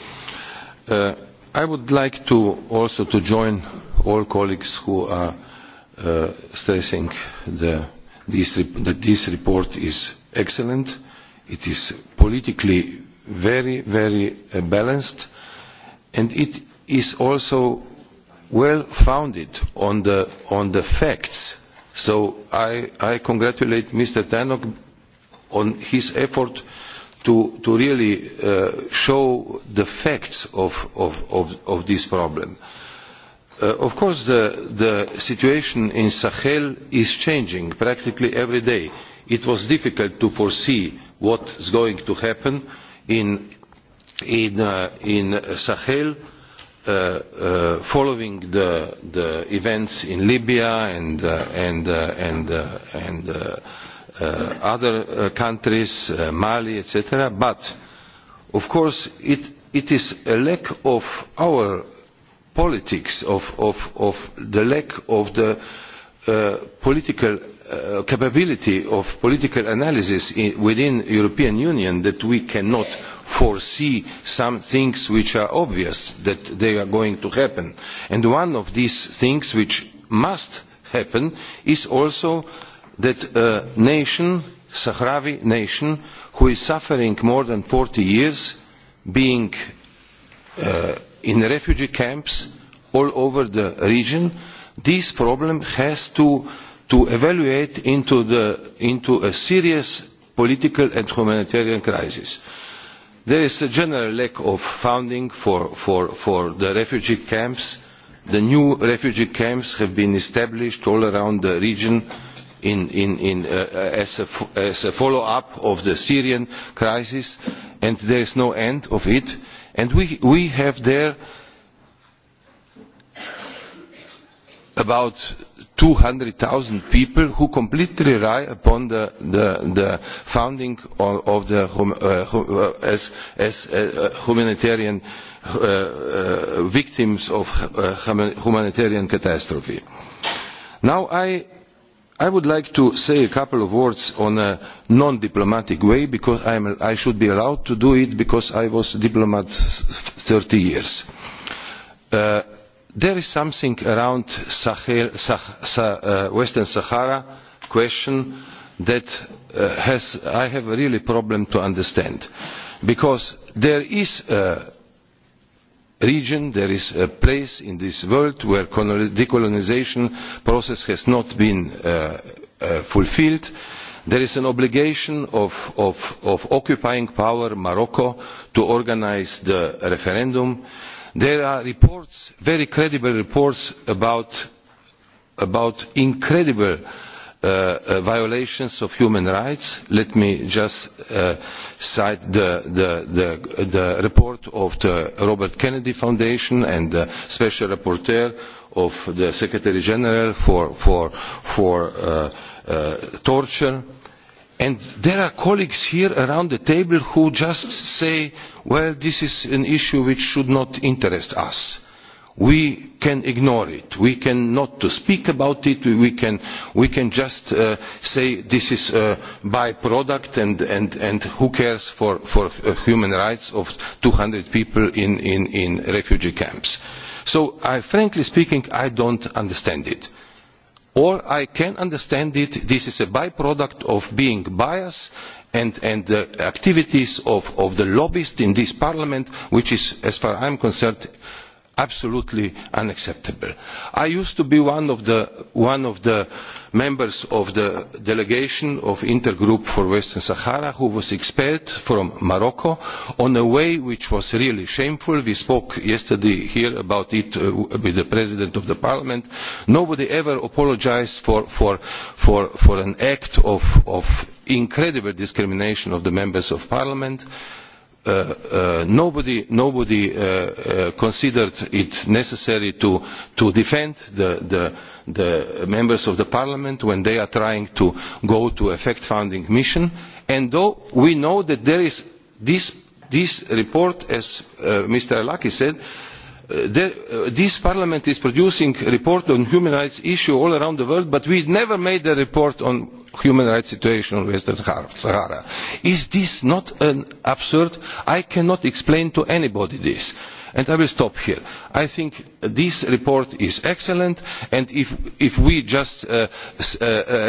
Uh, I would like to also to join all colleagues who are uh, stressing the, this rep- that this report is excellent. Uh, it is politically very very uh, balanced and it is also well founded on the on the facts so i i congratulate mr tannock on his effort to to really uh, show the facts of of of of this problem uh, of course the the situation in sahel is changing practically every day uh, it was difficult to foresee what is going to happen in, in, uh, in Sahel uh, uh, following the, the events in Libya and, uh, and, uh, and, uh, and uh, uh, other uh, countries, uh, Mali, etc. But, of course, it, it is a lack of our politics, of, of, of the lack of the uh, political Uh, capability of political analysis within the european union that we cannot foresee some things which are obvious that they are going to happen and one of these things which must happen is also that a nation a sahrawi nation which is suffering for more than forty years being uh, in refugee camps all over the region this problem has to to evaluate into, the, into a serious political and humanitarian crisis. There is a general lack of funding for, for, for the refugee camps. The new refugee camps have been established all around the region in, in, in, uh, as a, as a follow-up of the Syrian crisis, and there is no end of it. And we, we have there about 200,000 people who completely rely upon the, the, the funding of, of the hum, uh, hum, uh, as, as uh, uh, humanitarian uh, uh, victims of uh, humanitarian catastrophe. Now I, I would like to say a couple of words on a non-diplomatic way because I'm, I should be allowed to do it because I was a diplomat 30 years. Uh, there is something around the Sahel, Sah, Sah, uh, western sahara question that uh, has, i have a really problem to understand. because there is a region, there is a place in this world where decolonization process has not been uh, uh, fulfilled. there is an obligation of, of, of occupying power, morocco, to organize the referendum there are very credible reports about incredible uh, uh, violations of human rights let me just uh, cite the report of the robert kennedy foundation and the special rapporteur of the secretary general for torture and there are colleagues here around the table who just say well this is an issue which should not interest us we can ignore it we can not to speak about it we can we can just uh, say this is a byproduct and and and who cares for for uh, human rights of 200 people in in in refugee camps so i frankly speaking i don't understand it or i can understand it this is a by product of being biased and the activities of the lobbyists in this parliament which is as far as i am concerned absolutely unacceptable. i used to be one of the members of the delegation of the intergroup for western sahara who was expelled from morocco in a way which was really shameful. we spoke yesterday here about it uh, with the president of the parliament. nobody ever apologised for an act of incredible discrimination of the members of parliament nobody uh, uh, considered it necessary to defend the members of the parliament when they are trying to go to a fact finding mission and though we know that there is this report as uh, mr arlacchi said Uh, this parliament is producing reports on human rights issues all around the world but we never made a report on the human rights situation in western sahara. is this not absurd? i cannot explain this to anybody and i will stop here. i think this report is excellent and if we just uh, uh,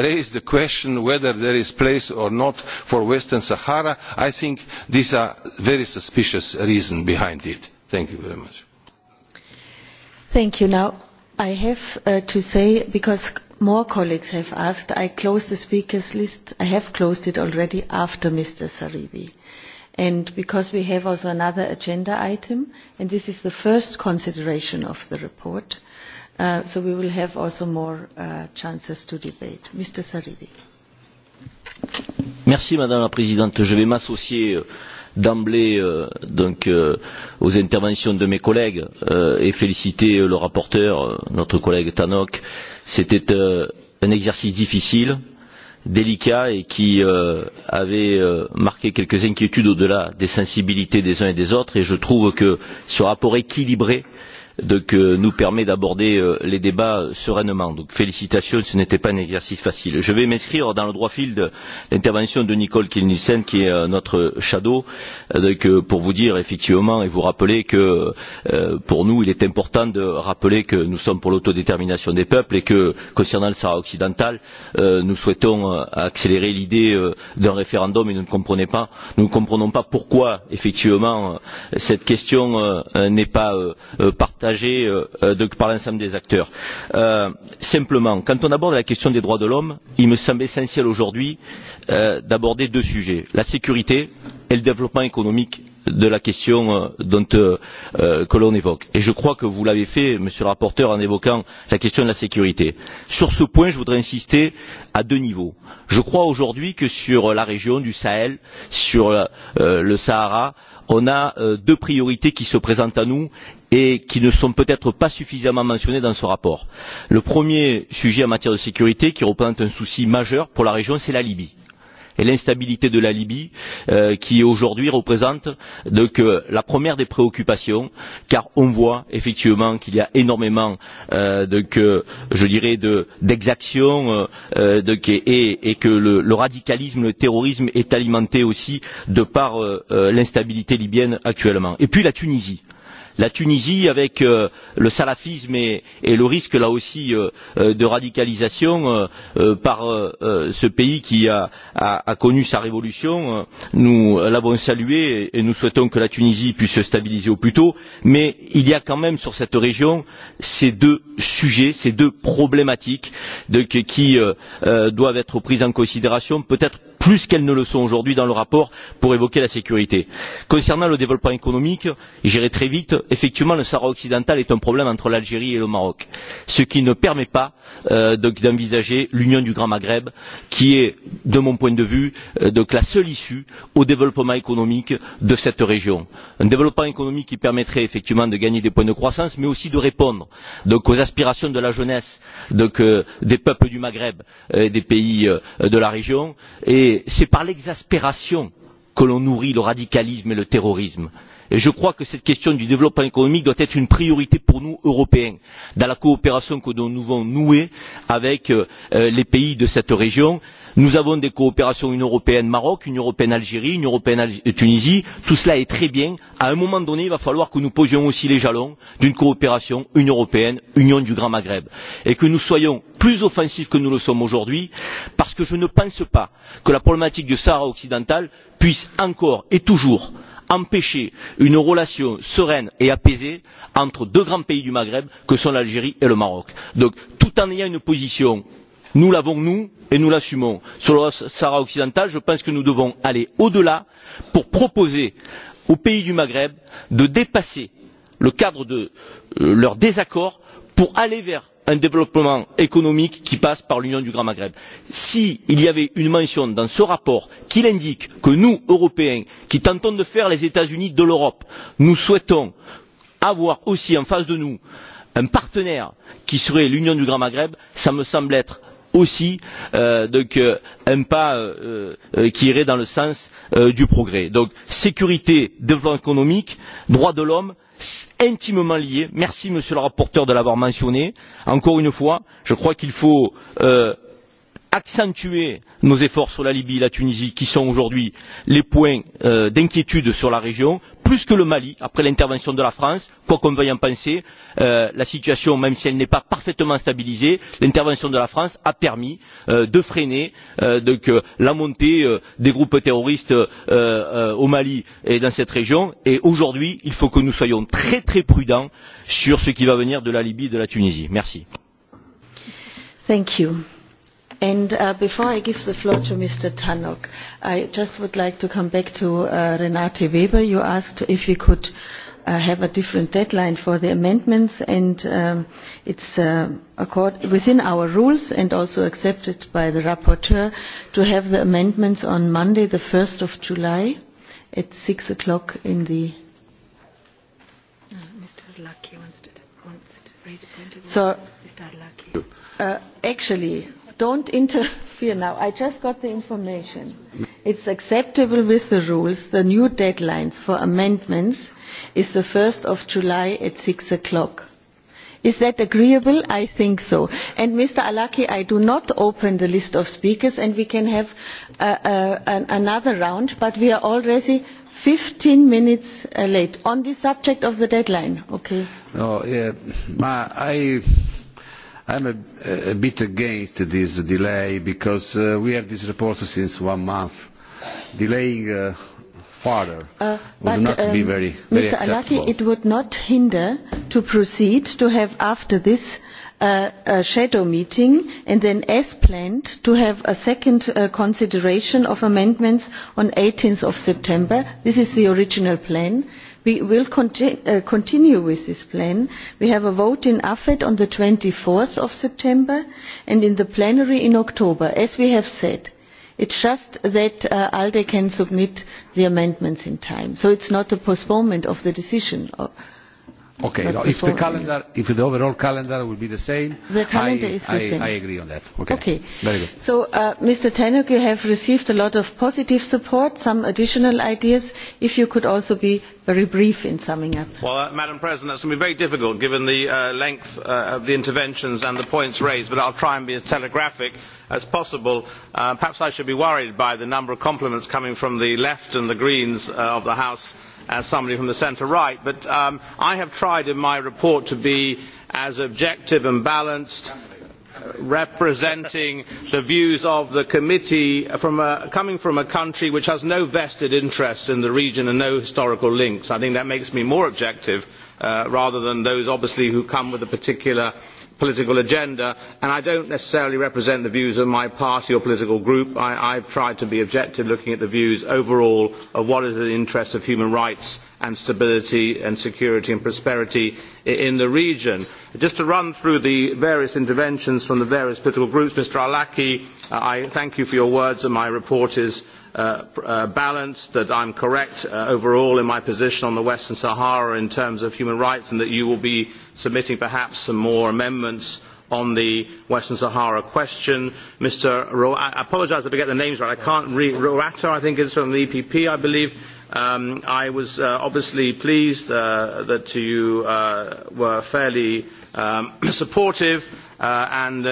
raise the question whether there is a place or not for the western sahara i think there are very suspicious reasons behind it. thank you very much now i have uh, to say because more colleagues have asked i closed the speakers list i have closed it already after mr saryby and because we have also another agenda item and this is the first consideration of the report uh, so we will have also more uh, chances to debate mr saryby. madame la présidente je vais m'associer à votre remerciement d'emblée euh, donc euh, aux interventions de mes collègues euh, et féliciter euh, le rapporteur, euh, notre collègue Tanok. C'était euh, un exercice difficile, délicat et qui euh, avait euh, marqué quelques inquiétudes au delà des sensibilités des uns et des autres, et je trouve que ce rapport équilibré euh, donc, euh, nous permet d'aborder euh, les débats sereinement. Donc, félicitations, ce n'était pas un exercice facile. Je vais m'inscrire dans le droit fil de l'intervention de Nicole Kilnissen, qui est euh, notre shadow, donc, euh, pour vous dire effectivement et vous rappeler que euh, pour nous, il est important de rappeler que nous sommes pour l'autodétermination des peuples et que, concernant le Sahara occidental, euh, nous souhaitons euh, accélérer l'idée euh, d'un référendum et nous ne, comprenez pas, nous ne comprenons pas pourquoi, effectivement, euh, cette question euh, n'est pas euh, euh partagée partagée euh, euh, de, par l'ensemble des acteurs. Euh, simplement, quand on aborde la question des droits de l'homme, il me semble essentiel aujourd'hui euh, d'aborder deux sujets la sécurité et le développement économique de la question euh, dont, euh, euh, que l'on évoque. Et je crois que vous l'avez fait, monsieur le rapporteur, en évoquant la question de la sécurité. Sur ce point, je voudrais insister à deux niveaux. Je crois aujourd'hui que sur la région du Sahel, sur euh, le Sahara, euh, on a euh, deux priorités qui se présentent à nous et qui ne sont peut être pas suffisamment mentionnées dans ce rapport. le premier sujet en matière de sécurité qui représente un souci majeur pour la région c'est la libye et l'instabilité de la libye euh, qui aujourd'hui représente donc euh, la première des préoccupations car on voit effectivement qu'il y a énormément euh, de que je dirais de d'exactions euh, euh de, et, et que le, le radicalisme le terrorisme est alimenté aussi de par euh, euh l'instabilité libyenne actuellement et puis la tunisie la tunisie avec euh, le salafisme et, et le risque là aussi euh, euh de radicalisation euh, euh par euh, euh, ce pays qui a, a, a connu sa révolution. nous l'avons salué et nous souhaitons que la tunisie puisse se stabiliser au plus tôt. mais il y a quand même sur cette région ces deux sujets, ces deux problématiques de, qui euh, euh, doivent être prises en considération peut être plus qu'elles ne le sont aujourd'hui dans le rapport pour évoquer la sécurité. Concernant le développement économique, j'irai très vite, effectivement le sahara occidental est un problème entre l'algérie et le maroc ce qui ne permet pas euh, d'envisager l'union du grand maghreb qui est de mon point de vue euh, donc la seule issue au développement économique de cette région un développement économique qui permettrait effectivement de gagner des points de croissance mais aussi de répondre donc, aux aspirations de la jeunesse donc, euh, des peuples du maghreb euh, et des pays euh, de la région et c'est par l'exaspération que l'on nourrit le radicalisme et le terrorisme je crois que cette question du développement économique doit être une priorité pour nous européens dans la coopération que nous devons nouer avec euh, euh, les pays de cette région. nous avons des coopérations union européenne maroc union européenne algérie union européenne euh, tunisie tout cela est très bien. à un moment donné il va falloir que nous posions aussi les jalons d'une coopération union européenne union du grand maghreb et que nous soyons plus offensifs que nous le sommes aujourd'hui parce que je ne pense pas que la problématique du sahara occidental puisse encore et toujours empêcher une relation sereine et apaisée entre deux grands pays du maghreb que sont l'algérie et le maroc. donc tout en ayant une position nous l'avons nous et nous l'assumons sur le sahara occidental je pense que nous devons aller au delà pour proposer aux pays du maghreb de dépasser le cadre de euh, leur désaccord pour aller vers un développement économique qui passe par l'union du grand maghreb. s'il y avait une mention dans ce rapport qui indique que nous européens qui tentons de faire les états unis de l'europe nous souhaitons avoir aussi en face de nous un partenaire qui serait l'union du grand maghreb cela me semble être aussi euh, donc, euh, un pas euh, euh, qui irait dans le sens euh, du progrès. Donc sécurité, développement économique, droits de l'homme, intimement liés. Merci Monsieur le rapporteur de l'avoir mentionné. Encore une fois, je crois qu'il faut euh, accentuer nos efforts sur la Libye et la Tunisie, qui sont aujourd'hui les points euh, d'inquiétude sur la région, plus que le Mali, après l'intervention de la France, quoi qu'on veuille en penser, euh, la situation, même si elle n'est pas parfaitement stabilisée, l'intervention de la France a permis euh, de freiner euh, de, euh, que la montée euh, des groupes terroristes euh, euh, au Mali et dans cette région, et aujourd'hui, il faut que nous soyons très très prudents sur ce qui va venir de la Libye et de la Tunisie. Merci. Thank you. And uh, before I give the floor to Mr. Tannock, I just would like to come back to uh, Renate Weber. You asked if we could uh, have a different deadline for the amendments, and um, it's uh, accord within our rules and also accepted by the rapporteur to have the amendments on Monday, the 1st of July, at 6 o'clock in the. Uh, Mr. Lucky wants to, wants to raise a point of view. So, Mr. Lucky. Uh, actually, don't interfere now. I just got the information. It's acceptable with the rules. The new deadlines for amendments is the 1st of July at 6 o'clock. Is that agreeable? I think so. And Mr. Alaki, I do not open the list of speakers and we can have uh, uh, an, another round, but we are already 15 minutes uh, late on the subject of the deadline. Okay. No, yeah, ma, I... I am a, a bit against this delay because uh, we have this report since one month. Delaying uh, further uh, would but, not um, be very, very Mr. acceptable. Mr. Alaki, it would not hinder to proceed to have after this uh, a shadow meeting and then as planned to have a second uh, consideration of amendments on 18th of September. This is the original plan we will uh, continue with this plan. we have a vote in afet on twenty four september and in the plenary in october as we have said. it is just that uh, alde can submit the amendments in time so it is not a postponement of the decision or uh, Okay, no, if the calendar, you... if the overall calendar will be the same, the calendar I, is the I, same. I agree on that. Okay. okay. Very good. So, uh, Mr. Tanuk, you have received a lot of positive support, some additional ideas. If you could also be very brief in summing up. Well, uh, Madam President, that's going to be very difficult given the uh, length uh, of the interventions and the points raised, but I'll try and be as telegraphic as possible. Uh, perhaps I should be worried by the number of compliments coming from the left and the greens uh, of the House as somebody from the centre right but um, i have tried in my report to be as objective and balanced uh, representing the views of the committee coming from a country which has no vested interests in the region and no historical links. i think that makes me more objective uh, rather than those obviously who come with a particular political agenda and i do not necessarily represent the views of my party or political group i have tried to be objective looking at the views overall of what is in the interests of human rights and stability and security and prosperity in the region. just to run through the various interventions from the various political groups mr arlacchi uh, i thank you for your words that my report is Uh, uh, balanced that i am correct uh, overall in my position on the western sahara in terms of human rights and that you will be submitting perhaps some more amendments on the western sahara question. i apologise if i get the names wrong i cannot read rohata i think it is from the epp i believe. Um, i was obviously pleased that you were fairly um, supportive and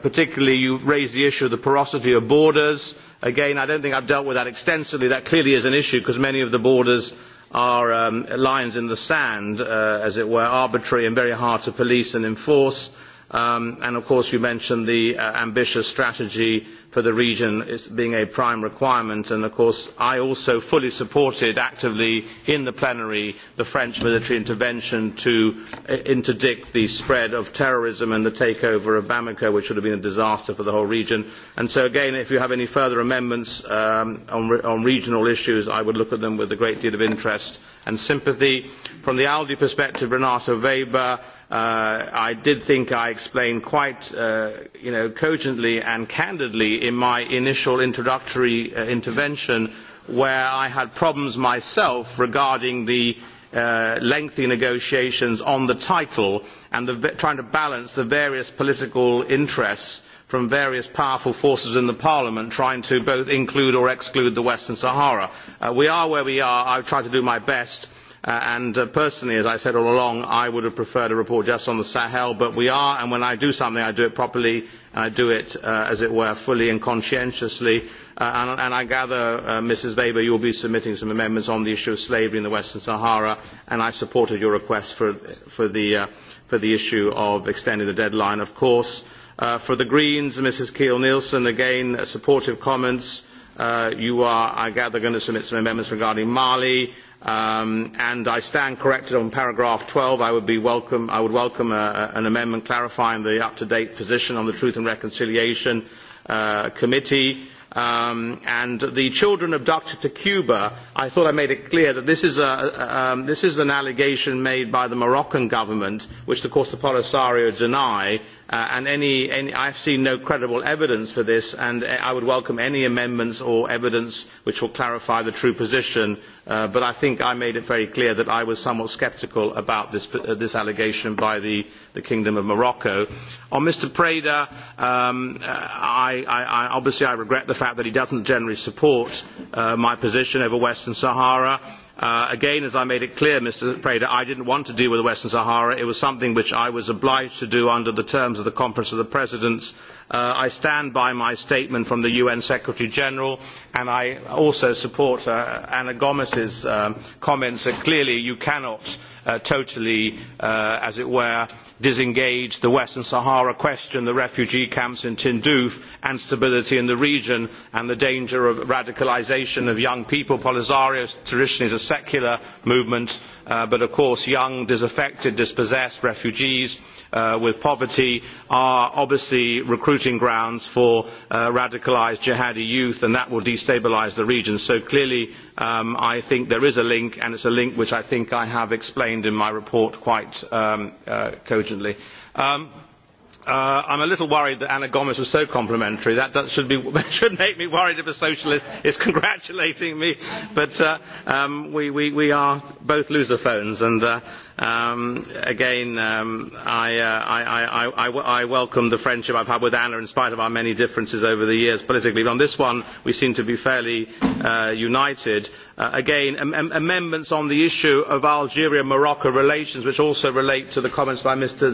particularly you raised the issue of the porosity of borders again i do not think i have dealt with that extensively that clearly is an issue because many of the borders are um, lines in the sand uh, as it were arbitrary and very hard to police and enforce um, and of course you mentioned the uh, ambitious strategy for the region as being a prime requirement and of course i also fully supported actively in the plenary the french military intervention to uh, interdict the spread of terrorism and the takeover of bamako which would have been a disaster for the whole region. so again if you have any further amendments um, on regional issues i would look at them with a great deal of interest and sympathy. from the alde perspective renato weber uh, I did think I explained quite uh, you know, cogently and candidly in my initial introductory uh, intervention where i had problems myself regarding the uh, lengthy negotiations on the title and trying to balance the various political interests from various powerful forces in the parliament trying to both include or exclude the western sahara. Uh, we are where we are. i have tried to do my best. Uh, and uh, personally as i said all along i would have preferred a report just on the sahel but we are and when i do something i do it properly and i do it uh, as it were fully and conscientiously and i gather mrs weber you will be submitting some amendments on the issue of slavery in the western sahara and i supported your request for the issue of extending the deadline of course. for the greens ms kiil nielsen again supportive comments you are i gather going to submit some amendments regarding mali. Um, and i stand corrected on paragraph twelve i would welcome uh, uh, an amendment clarifying the up to date position on the truth and reconciliation uh, committee. on um, the children abducted to cuba i thought i made it clear that um, this is an allegation made by the moroccan government which of course the polisario deny. Uh, and i have seen no credible evidence for this and uh, i would welcome any amendments or evidence which will clarify the true position uh, but i think i made it very clear that i was somewhat sceptical about this allegation by the kingdom of morocco. on mr preda um, obviously i regret the fact that he does not generally support my position over western sahara. Uh, again as i made it clear mr preda i did not want to deal with the western sahara it was something which i was obliged to do under the terms of the conference of the presidents. Uh, i stand by my statement from the un secretary general and i also support uh, ana gomes' um, comments that clearly you cannot totally as it were disengage the western sahara question the refugee camps in tindouf and stability in the region and the danger of radicalisation of young people polisario traditionally is a secular movement; Uh, but of course young disaffected dispossessed refugees uh, with poverty are obviously recruiting grounds for uh, radicalised jihadi youth and that will destabilise the region. so clearly um, i think there is a link and it is a link which i think i have explained in my report quite um, cogently. Um, Uh, i am a little worried that ana gomes was so complimentary. that should make me worried if a socialist is congratulating me but uh, um, we are both lusophones and again i welcome the friendship i have had with ana in spite of our many differences over the years politically but on this one we seem to be fairly uh, united. Uh, again amendments on the issue of algeria morocco relations which also relate to the comments by mr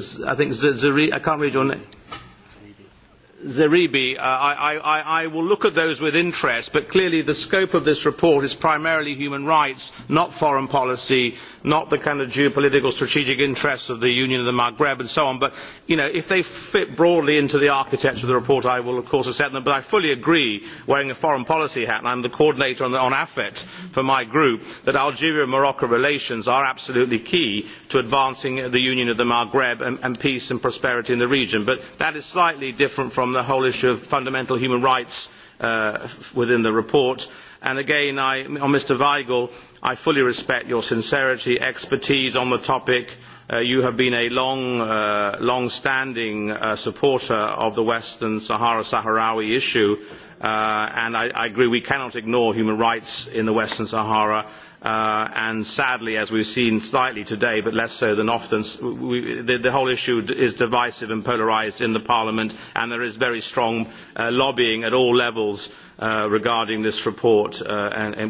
zeribi uh, i will look at those with interest but clearly the scope of this report is primarily human rights not foreign policy not the kind of geopolitical strategic interests of the union of the maghreb and so on but if they fit broadly into the architecture of the report i will of course accept them. but i fully agree wearing a foreign policy hat and i am the coordinator on afet for my group that algeria morocco relations are absolutely key to advancing the union of the maghreb and peace and prosperity in the region. but that is slightly different from the whole issue of fundamental human rights uh, within the report. and again on mr vajgl i fully respect your sincerity and expertise on the topic uh, you have been a long uh, standing uh, supporter of the western sahara sahrawi issue and i agree we cannot ignore human rights in the western sahara. Uh, and sadly as we have seen slightly today but less so than often the whole issue is divisive and polarised in parliament and there is very strong uh, lobbying at all levels uh, regarding this report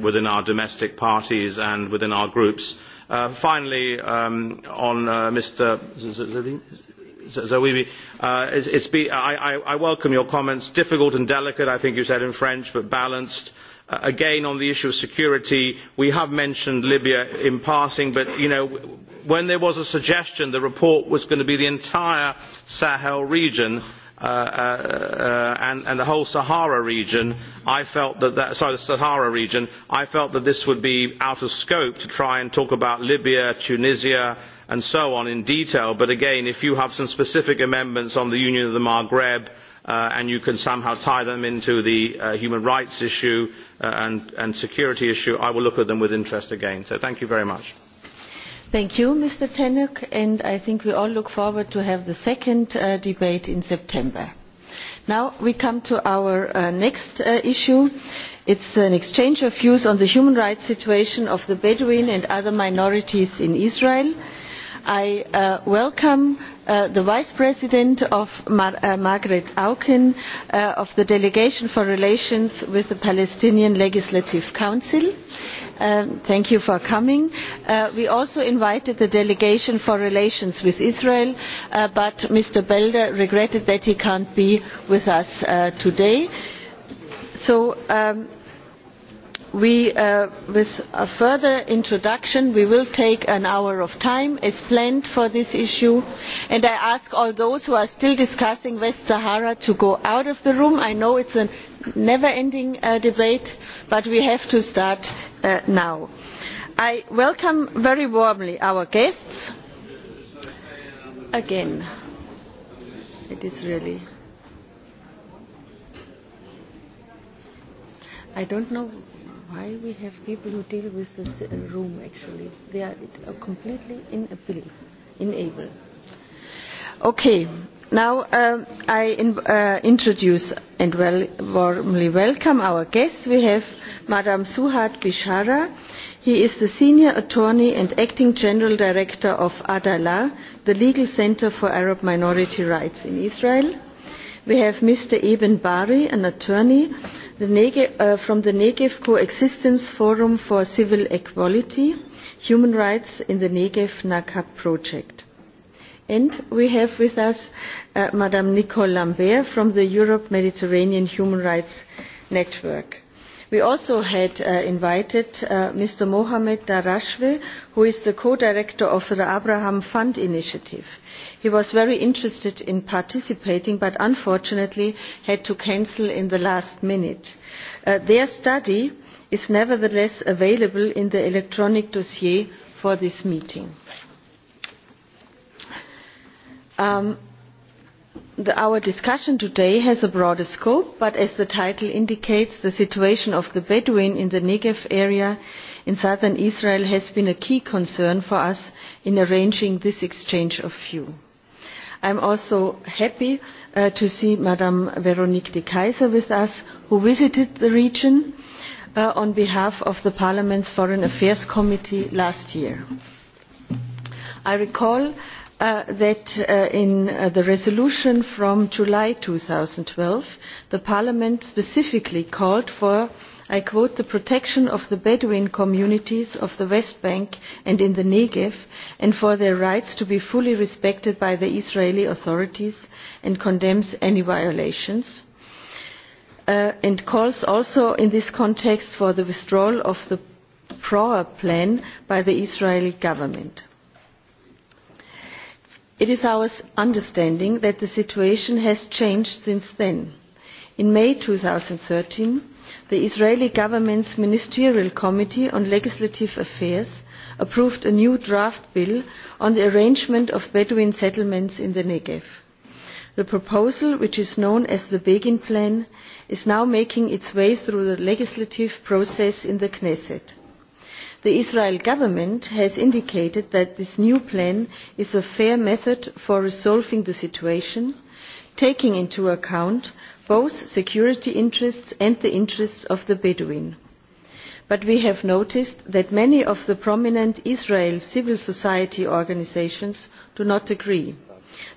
within our domestic parties and within our groups. finally um, on mr zoëlry i welcome your comments difficult and delicate i think you said in french but balanced'. Uh, again on the issue of security we have mentioned libya in passing but when there was a suggestion the report was going to be the entire sahel region uh, uh, and the whole sahara region i felt that this would be out of scope to try and talk about libya tunisia and so on in detail but again if you have some specific amendments on the union of the maghreb Uh, and you can somehow tie them into the uh, human rights issue uh, and security issue i will look at them with interest again. so thank you very much. thank you mr tannock and i think we all look forward to having the second debate in september. now we come to our next issue it is an exchange of views on the human rights situation of the bedouin and other minorities in israel. i welcome Uh, the vice president uh, margrethe auken uh, of the delegation for relations with the palestinian legislative council um, thank you for coming. we also invited the delegation for relations with israel but mr belder regretted that he cannot be with us today. Um, Uh, with a further introduction we will take an hour of time as planned for this issue and i ask all those who are still discussing west sahara to go out of the room. i know it is a never ending uh, debate but we have to start uh, now. i welcome very warmly our guests again. it is really i do not know why we have people who deal with the uh, room actually. They are uh, completely inable. inable. Okay, now um, I in, uh, introduce and well, warmly welcome our guests. We have Madame Suhad Bishara. He is the Senior Attorney and Acting General Director of ADALA, the Legal Center for Arab Minority Rights in Israel. We have Mr. Eben Bari, an attorney the negev, uh, from the negev coexistence forum for civil equality, human rights in the negev nakab project. and we have with us uh, madame nicole lambert from the europe mediterranean human rights network. We also had uh, invited uh, Mr. Mohamed Darashvi, who is the co-director of the Abraham Fund Initiative he was very interested in participating but unfortunately had to cancel at the last minute. Uh, their study is nevertheless available in the electronic dossier for this meeting. Um, our discussion today has a broader scope but as the title indicates the situation of the bedouin in the negev area in southern israel has been a key concern for us in arranging this exchange of views i am also happy uh, to see madam veronique de keyser with us who visited the region uh, on behalf of the parliament's foreign affairs committee last year. i recall uh, that in the resolution from july two thousand and twelve parliament specifically called for i quote the protection of the bedouin communities of the west bank and in the negev and for their rights to be fully respected by the israeli authorities and condemns any violations uh, and calls also in this context for the withdrawal of the proa plan by the israeli government. it is our understanding that the situation has changed since then. in may two thousand and thirteen the israeli government's ministerial committee on legislative affairs approved a new draft bill on the arrangement of bedouin settlements in the negev. the proposal which is known as the begin plan is now making its way through the legislative process in the knesset. the israeli government has indicated that this new plan is a fair method for resolving the situation taking into account both security interests and the interests of the bedouin but we have noticed that many of the prominent israeli civil society organisations do not agree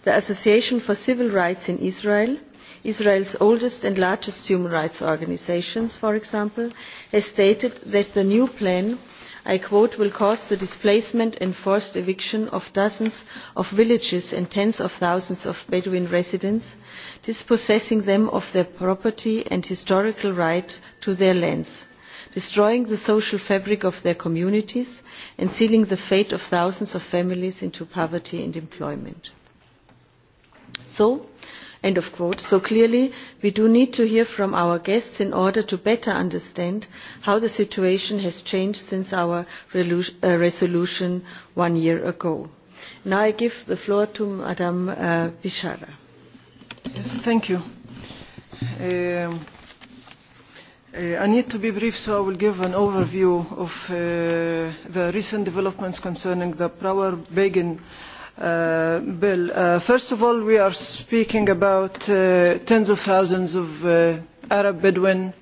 the association for civil rights in israel israel's oldest and largest human rights organisation for example has stated that the new plan i quote will cause the displacement and forced eviction of dozens of villages and tens of thousands of bedouin residents dispossessing them of their property and historical right to their lands destroying the social fabric of their communities and sealing the fate of thousands of families into poverty and employment. So, end of quote. so clearly we do need to hear from our guests in order to better understand how the situation has changed since our uh, resolution one year ago. now i give the floor to madam uh, bishara. Yes, thank you. Uh, uh, I need to be brief, so I will give an overview of uh, the recent developments concerning the Power Begin uh, bill. Uh, first of all, we are speaking about uh, tens of thousands of uh, Arab Bedouin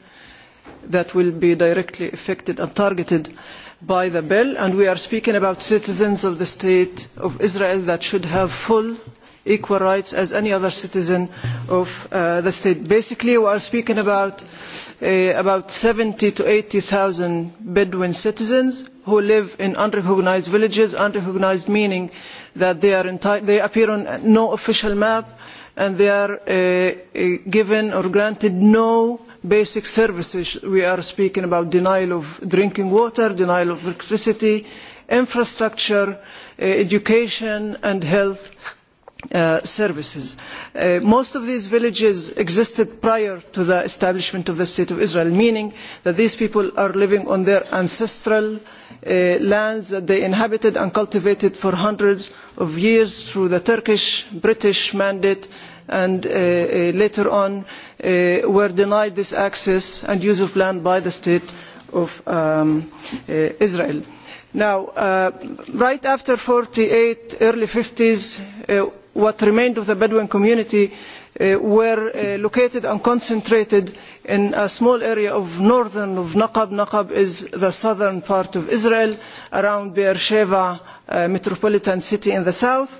that will be directly affected and targeted by the bill, and we are speaking about citizens of the state of Israel that should have full uh, equal rights as any other citizen of uh, the state. basically we are speaking about uh, about seventy zero to eighty zero bedouin citizens who live in unrecognised villages unrecognised meaning that they are they appear on no official map and they are uh, given or granted no basic services. we are speaking about denial of drinking water denial of electricity infrastructure education and health Uh, services. Uh, most of these villages existed prior to the establishment of the state of israel meaning that these people are living on their ancestral uh, lands that they inhabited and cultivated for hundreds of years through the turkish british mandate and later on were denied this access and use of land by the state of um, israel. right after one thousand nine hundred and forty eight early one thousand nine hundred and fifty s what remained of the bedouin community uh, were uh, located and concentrated in a small area of northern naqab naqab is the southern part of israel around beer sheva a uh, metropolitan city in the south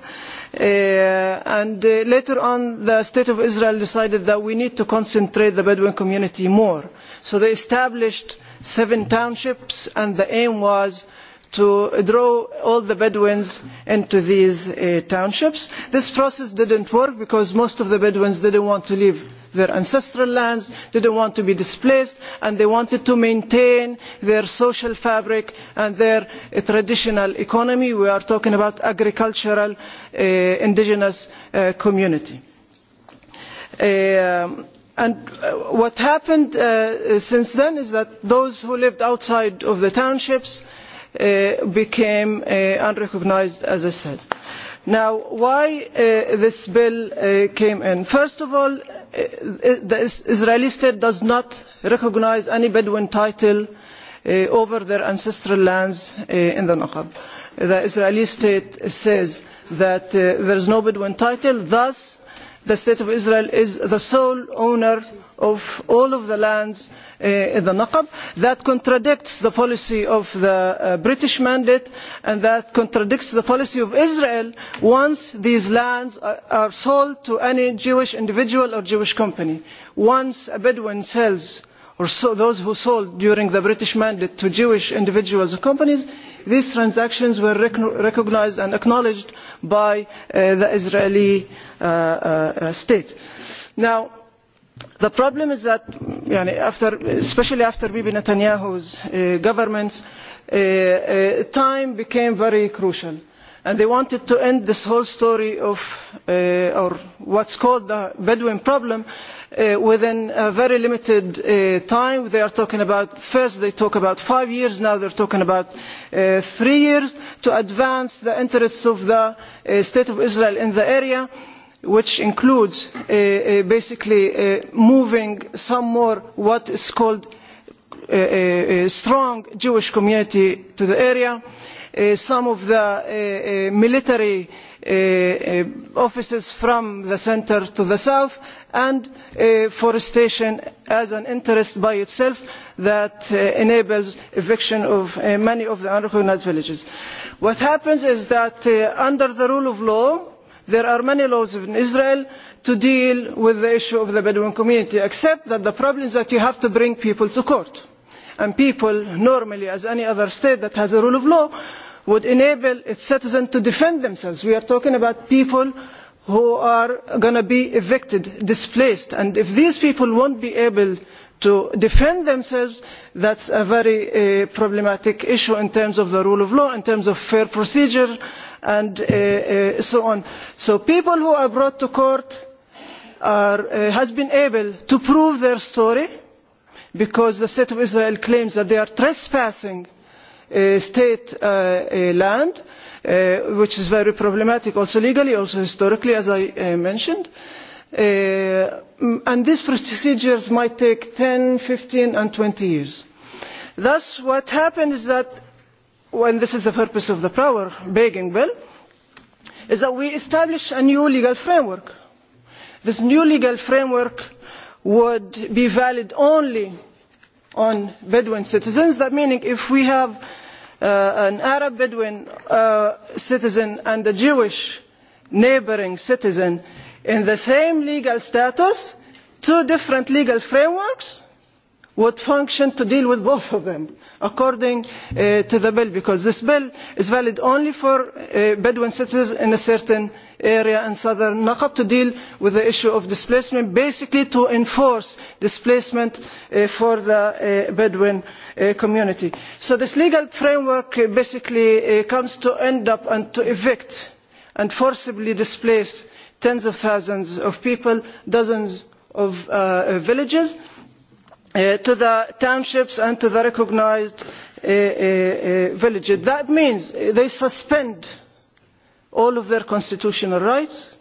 and later on the state of israel decided that we need to concentrate the bedouin community more so they established seven townships and the aim was to draw all the bedouins into these uh, townships. this process did not work because most of the bedouins did not want to leave their ancestral lands did not want to be displaced and they wanted to maintain their social fabric and their uh, traditional economy. we are talking about an agricultural uh, indigenous community. Um, and what happened since then is that those who lived outside of the townships Uh, became uh, unrecognised as i said. now why uh, this bill came in? first of all the israeli state does not recognise any bedouin title over their ancestral lands in the nakba. the israeli state says that there is no bedouin title thus the state of israel is the sole owner of all of the lands uh, in the naqab that contradicts the policy of the uh, british mandate and that contradicts the policy of israel once these lands are, are sold to any jewish individual or jewish company once a bedouin sells or so those who sold during the british mandate to jewish individuals or companies these transactions were recognised and acknowledged by uh, the israeli uh, uh, state. now the problem is that especially after bibi netanyahu's government time became very crucial and they wanted to end this whole story of what is called the bedouin problem' Uh, within a very limited uh, time. they are talking about first they talk about five years now they are talking about uh, three years to advance the interests of the state of israel in the area which includes basically moving some more what is called a strong jewish community to the area some of the military offices from the centre to the south and uh, forestation as an interest by itself that uh, enables eviction of uh, many of the unrecognised villages. what happens is that under the rule of law there are many laws in israel to deal with the issue of the bedouin community except that the problem is that you have to bring people to court and people normally as any other state that has a rule of law would enable its citizens to defend themselves. we are talking about people who are going to be evicted displaced and if these people will not be able to defend themselves that is a very eh, problematic issue in terms of the rule of law in terms of fair procedure and eh, eh, so on. so people who are brought to court have been able to prove their story because the state of israel claims that they are trespassing state land Uh, which is very problematic also legally and also historically as i uh, mentioned uh, mm, and these procedures might take ten fifteen and twenty years. thus what happened is that and this is the purpose of the power begging bill is that we established a new legal framework. this new legal framework would be valid only on bedouin citizens that meaning if we have Uh, an arab bedouin uh, citizen and a jewish neighbouring citizen in the same legal status two different legal frameworks would function to deal with both of them according uh, to the bill because this bill is valid only for uh, bedouin citizens in a certain area in southern naqab to deal with the issue of displacement basically to enforce displacement uh, for the uh, bedouin uh, Uh, community. so this legal framework uh, basically uh, comes to end up and to evict and forcibly displace tens of thousands of people dozens of uh, villages uh, to the townships and to the recognised uh, uh, uh, villages. That means they suspend all of their constitutional rights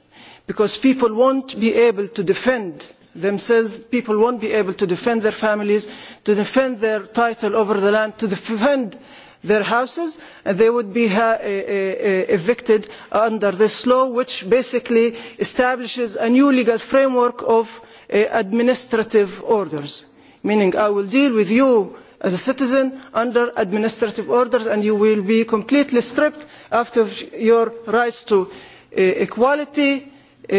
because people won't be able to defend uh, themselves people will not be able to defend their families to defend their title over the land to defend their houses and they would be uh, uh, uh, evicted under this law which basically establishes a new legal framework of administrative orders meaning i will deal with you as a citizen under administrative orders and you will be completely stripped of your rights to equality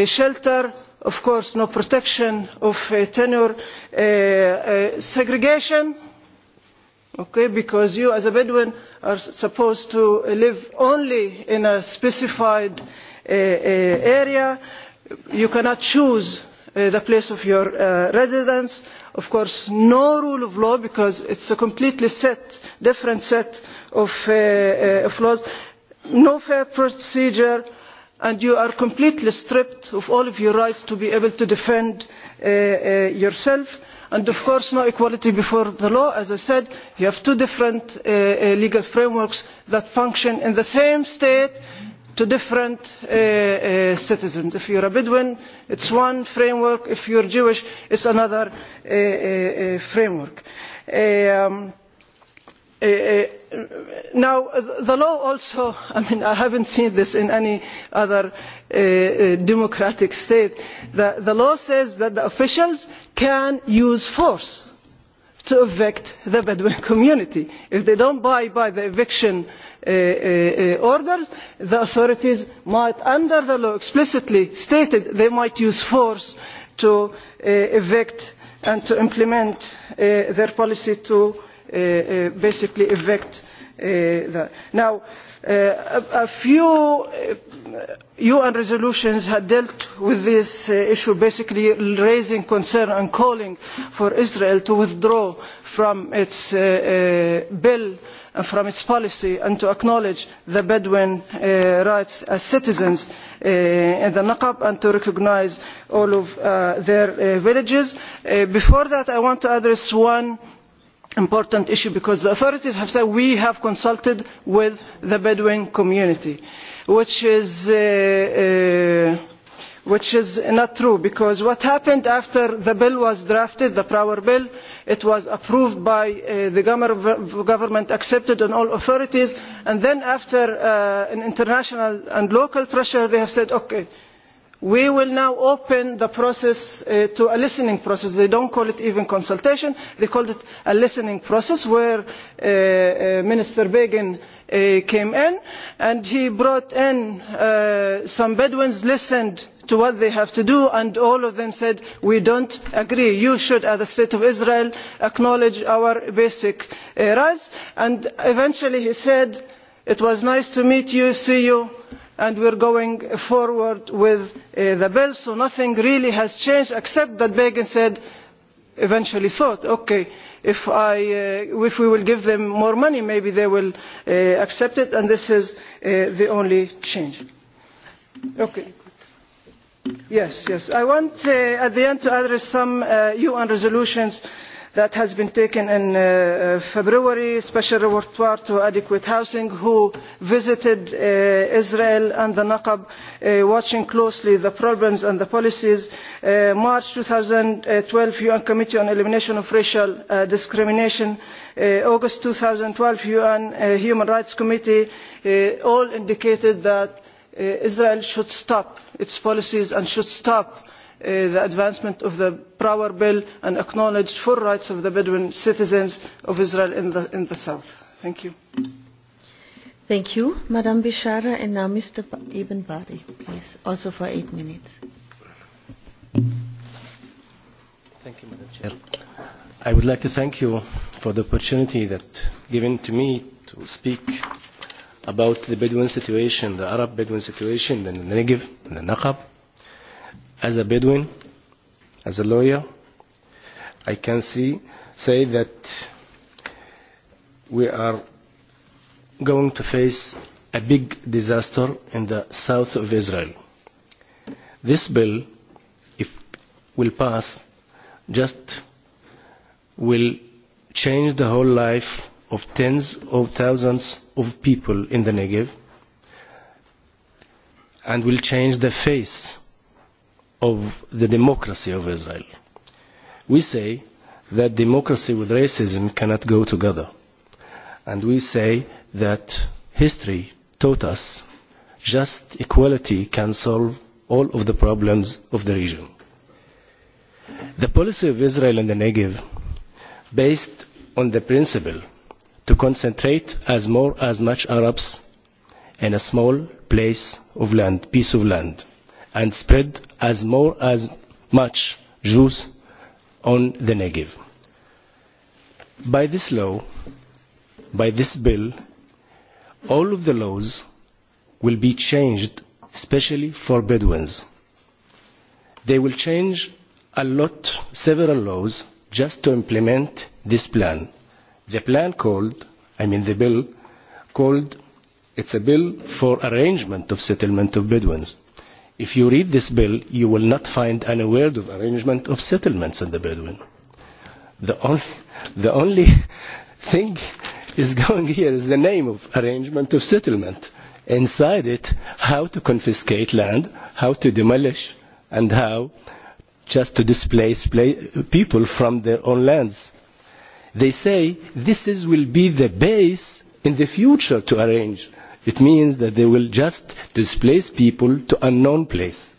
shelter of course no protection of uh, tenure uh, uh, segregation because you as a bedouin are supposed to live only in a specified area you cannot choose the place of your residence of course no rule of law because it is a completely set different set of laws no fair procedure and you are completely stripped of all of your rights to be able to defend uh, uh, yourself and of course no equality before the law as i said you have two different uh, legal frameworks that function in the same state to different citizens if you are a bedouin it is one framework if you are jewish it is another framework. Um, Uh, uh, now the law also i mean i have not seen this in any other uh, democratic state the law says that the officials can use force to evict the bedouin community. if they do not abide by the eviction orders the authorities might under the law explicitly stated they might use force to evict and to implement their policy Uh, uh, basically affect uh, that. now a few un resolutions have dealt with this issue basically raising concern and calling for israel to withdraw from its bill and from its policy and to acknowledge the bedouin rights as citizens in the nakba and to recognise all of their villages. before that i want to address one important issue because the authorities have said they have consulted with the bedouin community uh, uh, which is not true because what happened after the bill was drafted the power bill it was approved by uh, the government accepted by all authorities and then after international and local pressure they have said okay we will now open the process uh, to a listening process. they do not call it even a consultation they call it a listening process where uh, uh, minister begin came in and he brought in some bedouins listened to what they have to do and all of them said we do not agree you should as the state of israel acknowledge our basic rights and eventually he said it was nice to meet you see you and we are going forward with uh, the bill so nothing really has changed except that begin eventually thought ok if uh, we give them more money maybe they will uh, accept it and this is the only change. yes i want at the end to address some un resolutions that was taken in uh, uh, february a special rapporteur for adequate housing who visited uh, israel and the nakba watching closely the problems and the policies. in march two thousand and twelve un committee on elimination of racial discrimination august two thousand and twelve un human rights committee all indicated that israel should stop its policies and should stop Uh, the advancement of the power bill and acknowledge the full rights of the bedouin citizens of israel in the south. thank you. thank you. madam bishara and now mr. ibn badi, please, also for eight minutes. thank you, madam chair. i would like to thank you for the opportunity that given to me to speak about the bedouin situation, the arab bedouin situation in the negev, in the naqab, as a Bedouin, as a lawyer, I can see, say that we are going to face a big disaster in the south of Israel. This bill, if will pass, just will change the whole life of tens of thousands of people in the Negev and will change the face of the democracy of Israel. We say that democracy with racism cannot go together. And we say that history taught us just equality can solve all of the problems of the region. The policy of Israel in the Negev, based on the principle to concentrate as more as much Arabs in a small place of land, piece of land, and spread as, more, as much juice on the negev. by this law, by this bill, all of the laws will be changed, especially for bedouins. they will change a lot, several laws, just to implement this plan. the plan called, i mean the bill called, it's a bill for arrangement of settlement of bedouins if you read this bill, you will not find any word of arrangement of settlements in the Bedouin. The only, the only thing is going here is the name of arrangement of settlement. Inside it, how to confiscate land, how to demolish, and how just to displace people from their own lands. They say this is, will be the base in the future to arrange It means that they will just displace people to unknown place.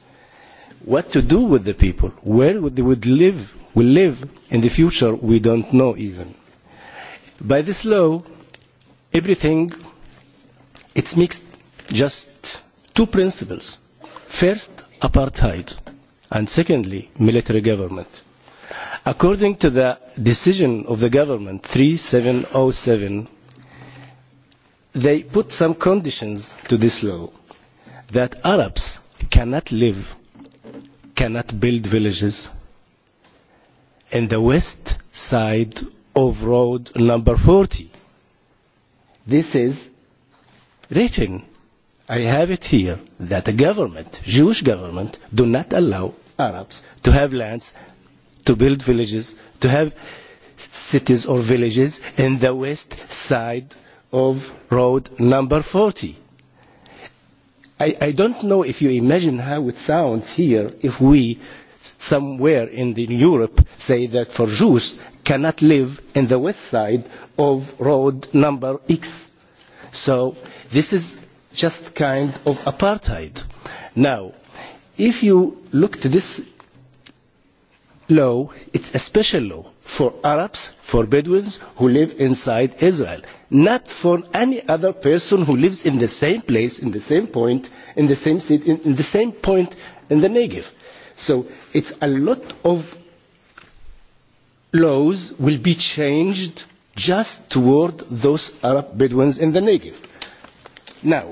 What to do with the people? Where would they would live? Will live in the future? We don't know even. By this law, everything it's mixed. Just two principles: first, apartheid, and secondly, military government. According to the decision of the government 3707 they put some conditions to this law that Arabs cannot live, cannot build villages in the west side of road number 40. This is written, I have it here, that the government, Jewish government, do not allow Arabs to have lands, to build villages, to have cities or villages in the west side of road number 40. I, I don't know if you imagine how it sounds here if we somewhere in, the, in Europe say that for Jews cannot live in the west side of road number X. So this is just kind of apartheid. Now, if you look to this law, it's a special law for arabs for bedouins who live inside israel not for any other person who lives in the same place in the same point in the same city in the same point in the negev so it's a lot of laws will be changed just toward those arab bedouins in the negev now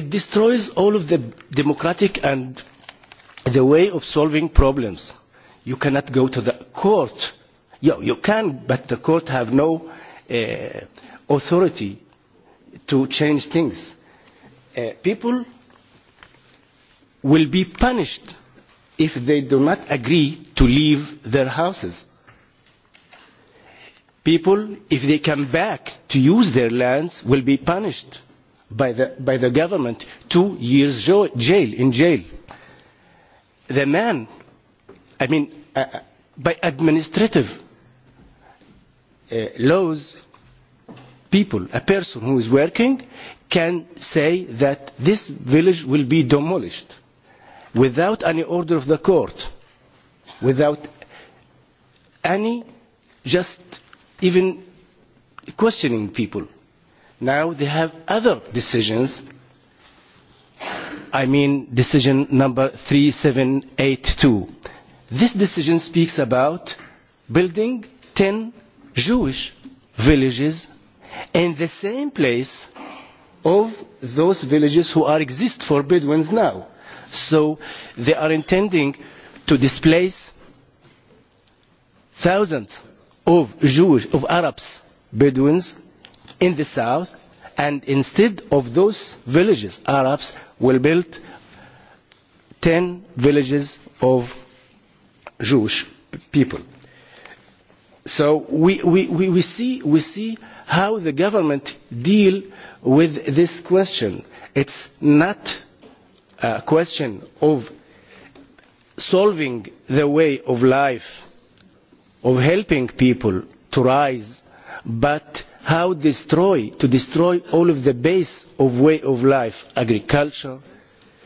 it destroys all of the democratic and the way of solving problems you cannot go to the court you, you can, but the court have no uh, authority to change things. Uh, people will be punished if they do not agree to leave their houses. People, if they come back to use their lands, will be punished by the, by the government two years jo- jail in jail. The man, I mean, uh, uh by administrative Uh, laws people a person who is working can say that this village will be demolished without any order of the court without any just even questioning people now they have other decisions i mean decision number 3782 this decision speaks about building 10 Jewish villages in the same place of those villages who are exist for Bedouins now. So they are intending to displace thousands of Jewish, of Arabs, Bedouins in the south and instead of those villages, Arabs will build 10 villages of Jewish people so we, we, we, see, we see how the government deal with this question. it's not a question of solving the way of life, of helping people to rise, but how destroy, to destroy all of the base of way of life, agriculture,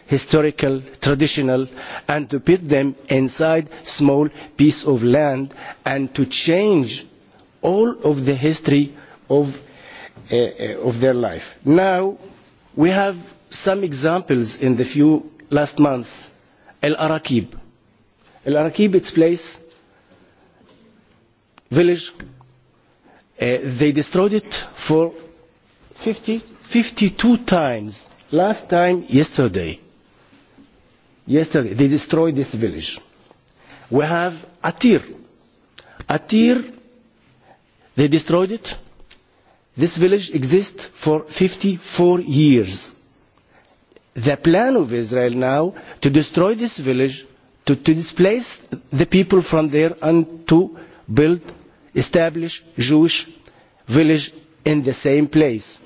historical traditional and to put them inside small piece of land and to change all of the history of, uh, uh, of their life. Now, we have some examples in the few last months. El Araqib. El Araqib, its place, village, uh, they destroyed it for 50, 52 times. Last time, yesterday yesterday they destroyed this village. We have Atir. Atir, they destroyed it. This village exists for 54 years. The plan of Israel now to destroy this village, to, to displace the people from there and to build, establish Jewish village in the same place.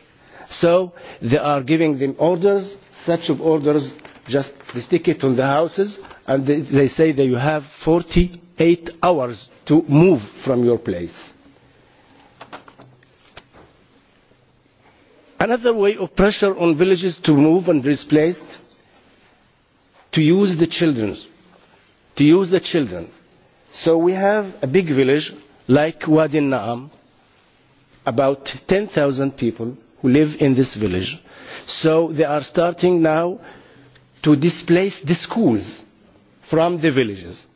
So they are giving them orders, such of orders just this ticket on the houses and they, they say that you have 48 hours to move from your place. Another way of pressure on villages to move and displaced to use the children. To use the children. So we have a big village like Wadi Naam, about 10,000 people who live in this village. So they are starting now to displace the schools from the villages.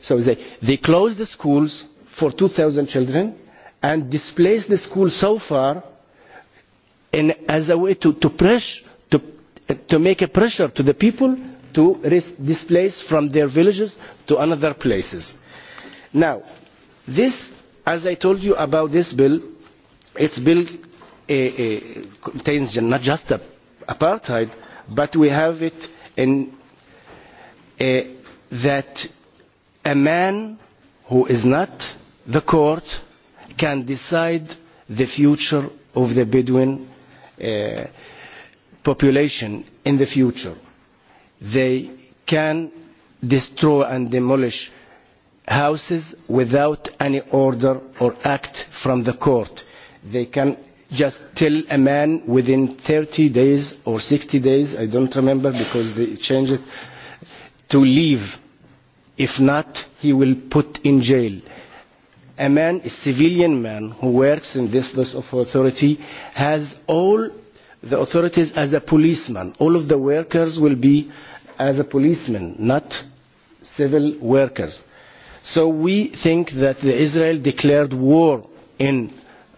So they, they closed the schools for 2,000 children and displaced the schools so far in, as a way to, to, push, to, to make a pressure to the people to res- displace from their villages to another places. Now, this, as I told you about this bill, its bill uh, eh, uh, eh, contains not just a, apartheid, but we have it in uh, that a man who is not the court can decide the future of the Bedouin uh, population in the future. They can destroy and demolish houses without any order or act from the court. They can just tell a man within 30 days or 60 days, I don't remember because they changed it, to leave. If not, he will put in jail. A man, a civilian man who works in this list of authority, has all the authorities as a policeman. All of the workers will be as a policeman, not civil workers. So we think that the Israel declared war in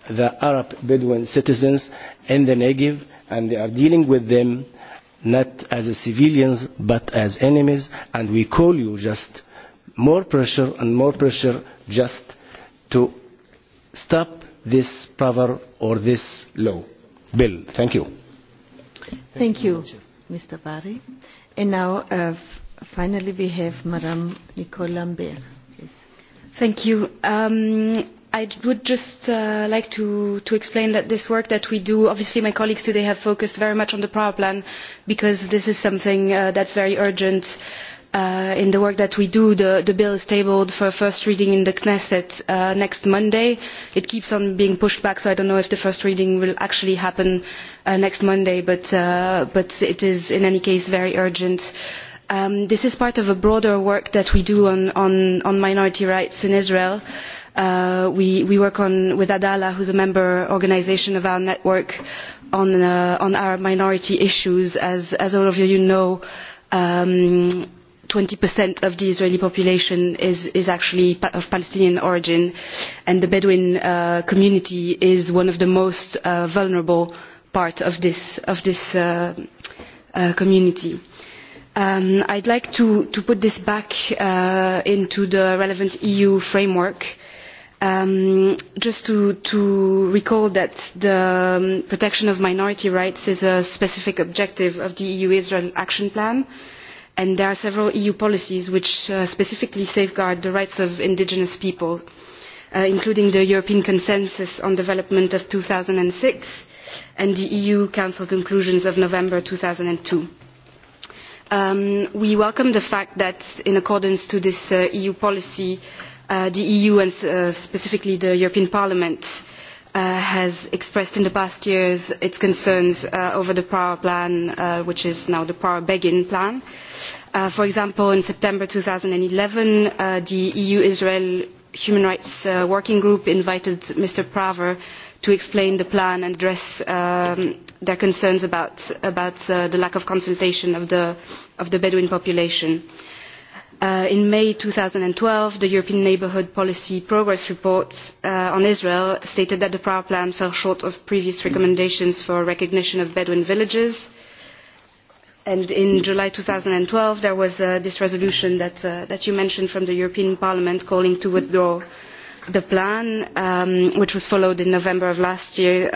the Arab Bedouin citizens in the Negev and they are dealing with them not as a civilians but as enemies and we call you just more pressure and more pressure just to stop this proverb or this law. Bill, thank you. Thank you, Mr. Bari. And now, uh, finally, we have Madame Nicole Lambert. Yes. Thank you. Um, I would just uh, like to, to explain that this work that we do, obviously my colleagues today have focused very much on the power plan because this is something uh, that's very urgent uh, in the work that we do. The, the bill is tabled for first reading in the Knesset uh, next Monday. It keeps on being pushed back, so I don't know if the first reading will actually happen uh, next Monday, but, uh, but it is in any case very urgent. Um, this is part of a broader work that we do on, on, on minority rights in Israel. Uh, we, we work on, with Adala, who's a member organization of our network, on, uh, on our minority issues. As, as all of you know, um, 20% of the Israeli population is, is actually pa- of Palestinian origin, and the Bedouin uh, community is one of the most uh, vulnerable part of this, of this uh, uh, community. Um, I'd like to, to put this back uh, into the relevant EU framework. Uh, um, just to, to recall that the um, protection of minority rights is a specific objective of the EU Israel Action Plan. And there are several EU policies which uh, specifically safeguard the rights of indigenous people, uh, including the European Consensus on Development of 2006 and the EU Council conclusions of November 2002. Um, we welcome the fact that, in accordance to this uh, EU policy, uh, Uh, the EU and uh, specifically the European Parliament uh, has expressed in the past years its concerns uh, over the power plan, uh, which is now the power begging plan. Uh, for example, in September 2011, uh, the EU-Israel Human Rights uh, Working Group invited Mr. Praver to explain the plan and address um, their concerns about, about uh, the lack of consultation of the, of the Bedouin population. Uh, Uh, in may two thousand and twelve the european neighbourhood policy progress report uh, on israel stated that the prior plan fell short of previous recommendations for recognition of bedouin villages and in july two thousand and twelve there was uh, this resolution that you mentioned from the european parliament calling to withdraw the plan um, which was followed in november of last year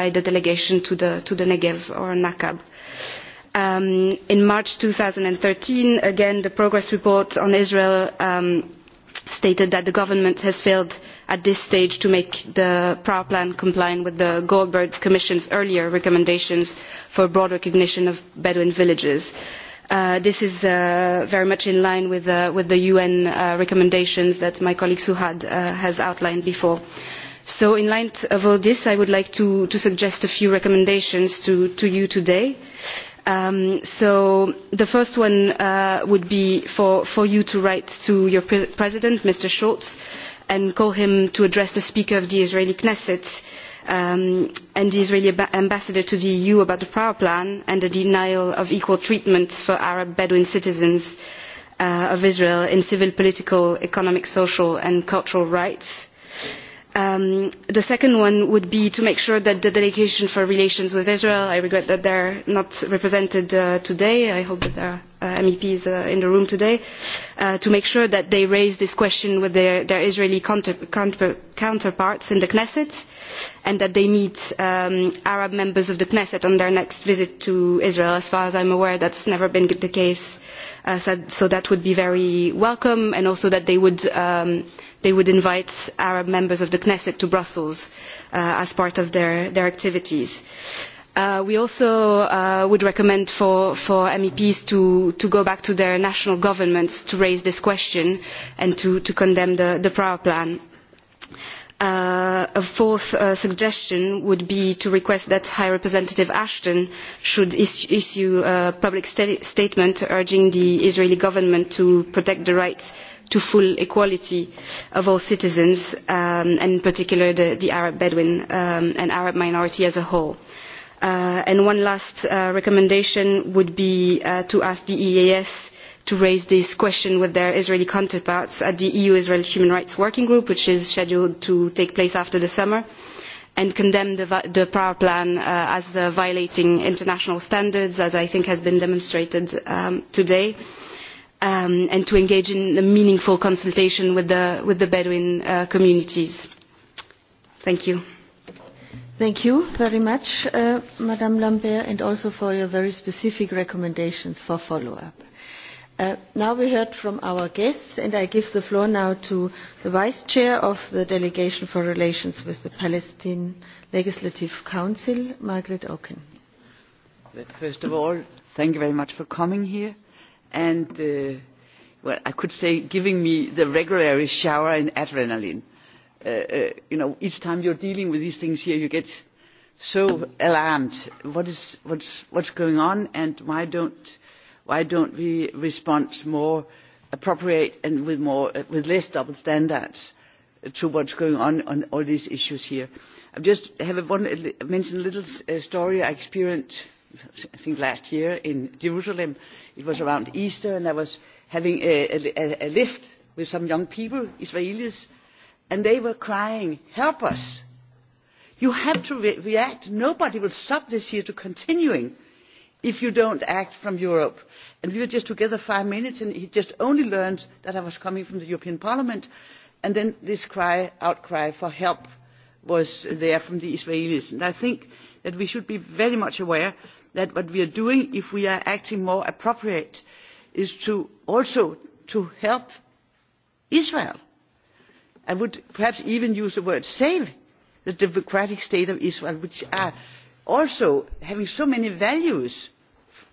by the delegation to the negev or nakab um, in March 2013, again, the progress report on Israel um, stated that the government has failed at this stage to make the power plan compliant with the Goldberg Commission's earlier recommendations for broad recognition of Bedouin villages. Uh, this is uh, very much in line with, uh, with the UN uh, recommendations that my colleague Suhad uh, has outlined before. So in light of all this, I would like to, to suggest a few recommendations to, to you today. Uh, Um, so the first one uh, would be for, for you to write to your pre- president, Mr. Schultz, and call him to address the Speaker of the Israeli Knesset um, and the Israeli ba- ambassador to the EU about the power plan and the denial of equal treatment for Arab Bedouin citizens uh, of Israel in civil, political, economic, social, and cultural rights. Um, the second one would be to make sure that the delegation for relations with Israel, I regret that they're not represented uh, today. I hope that there are uh, MEPs uh, in the room today, uh, to make sure that they raise this question with their, their Israeli counter, counter, counterparts in the Knesset and that they meet um, Arab members of the Knesset on their next visit to Israel. As far as I'm aware, that's never been the case. Uh, so, so that would be very welcome and also that they would um, they would invite Arab members of the Knesset to Brussels uh, as part of their, their activities. Uh, we also uh, would recommend for, for MEPs to, to go back to their national governments to raise this question and to, to condemn the, the prior plan. Uh, a fourth uh, suggestion would be to request that High Representative Ashton should is- issue a public sta- statement urging the Israeli government to protect the rights to full equality of all citizens, um, and in particular the, the Arab Bedouin um, and Arab minority as a whole. Uh, and one last uh, recommendation would be uh, to ask the EAS to raise this question with their Israeli counterparts at the EU-Israel Human Rights Working Group, which is scheduled to take place after the summer, and condemn the, the power plan uh, as uh, violating international standards, as I think has been demonstrated um, today um, and to engage in a meaningful consultation with the, with the Bedouin uh, communities. Thank you. Thank you very much, uh, Madame Lambert, and also for your very specific recommendations for follow-up. Uh, now we heard from our guests, and I give the floor now to the Vice Chair of the Delegation for Relations with the Palestine Legislative Council, Margaret Oken. First of all, thank you very much for coming here and uh, well, I could say giving me the regular shower in adrenaline. Uh, uh, you know, each time you're dealing with these things here, you get so alarmed. What is what's what's going on, and why don't why don't we respond more appropriate and with more uh, with less double standards to what's going on on all these issues here? I just have one mention a little uh, story I experienced. I think last year in Jerusalem, it was around Easter, and I was having a, a, a lift with some young people, Israelis, and they were crying, help us. You have to re- react. Nobody will stop this here to continuing if you don't act from Europe. And we were just together five minutes, and he just only learned that I was coming from the European Parliament, and then this cry, outcry for help was there from the Israelis. And I think that we should be very much aware that what we are doing if we are acting more appropriately is also to help israel i would perhaps even use the word save the democratic state of israel which also has so many values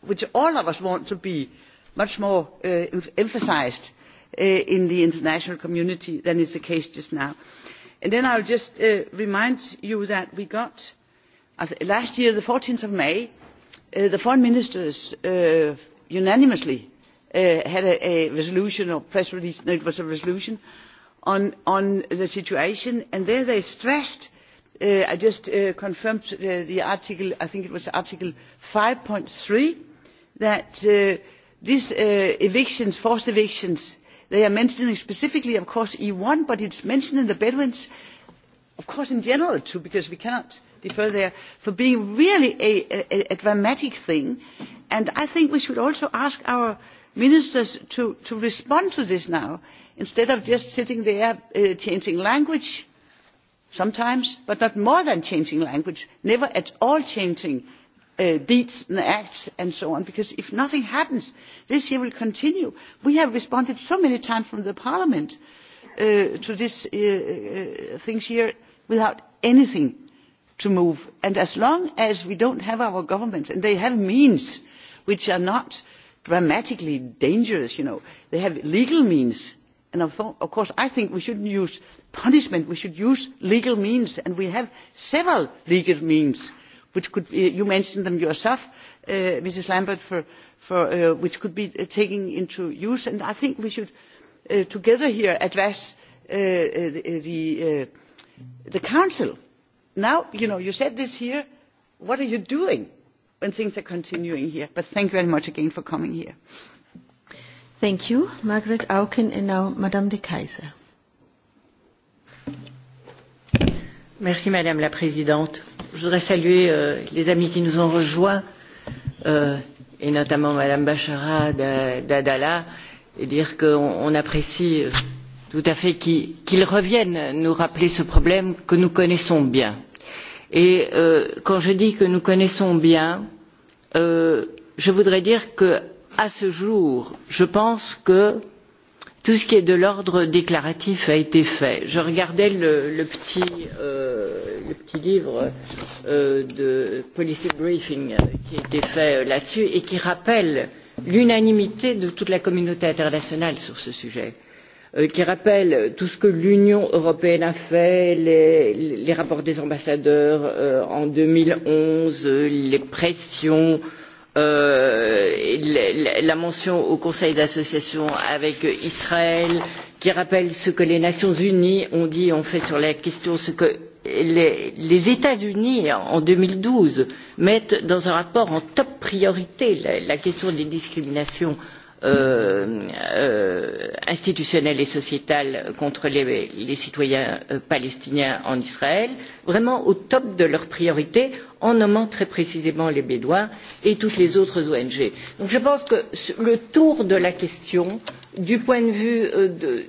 which all of us want to be much more uh, emphasised uh, in the international community than is the case just now. then i will just uh, remind you that last year on fourteen may Uh, the foreign ministers uh, unanimously uh, had a resolution or press release no it was a resolution on the situation and there they stressed i just confirmed the article i think it was article five point three that these evictions forced evictions they are mentioning specifically of course e one but it is mentioned in the bedouins of course in general too because we cannot die Fernseher for being really a, a, a dramatic thing. And I think we should also ask our ministers to, to respond to this now instead of just sitting there uh, changing language sometimes, but not more than changing language, never at all changing uh, deeds and acts and so on, because if nothing happens, this year will continue. We have responded so many times from the parliament uh, to these uh, uh, things here without anything to move and as long as we do not have our governments and they have means which are not dramatically dangerous they have legal means and of course i think we should not use punishment we should use legal means and we have several legal means which could you mentioned them yourself uh, ms lambert uh, which could be uh, taken into use and i think we should together here address the council now you know you said this here what are you doing when things are continuing here but thank you very much again for coming here thank you margaret auken and now madame de kaiser Merci Madame la Présidente. Je voudrais saluer euh, les amis qui nous ont rejoints, euh, et notamment Madame Bachara d'Adala, et dire qu'on apprécie euh, tout à fait qu'ils qu reviennent nous rappeler ce problème que nous connaissons bien et euh, quand je dis que nous connaissons bien euh, je voudrais dire que à ce jour je pense que tout ce qui est de l'ordre déclaratif a été fait. je regardais le euh, petit livre de policy briefing qui a été fait là dessus et qui rappelle l'unanimité de toute la communauté internationale sur ce sujet. Euh, qui rappelle tout ce que l'union européenne a fait les rapports des ambassadeurs euh, en deux mille onze les pressions euh, la mention au conseil d'association avec israël qui rappelle ce que les nations unies ont dit et ont fait sur la question ce que les états unis en deux mille douze mettent dans un rapport en top priorité la question des discriminations Euh, euh, institutionnelle et sociétale contre les citoyens euh, palestiniens en israël vraiment au top de leurs priorités en nommant très précisément les bédouins et toutes les autres ong. je pense que le tour de la question du point de vue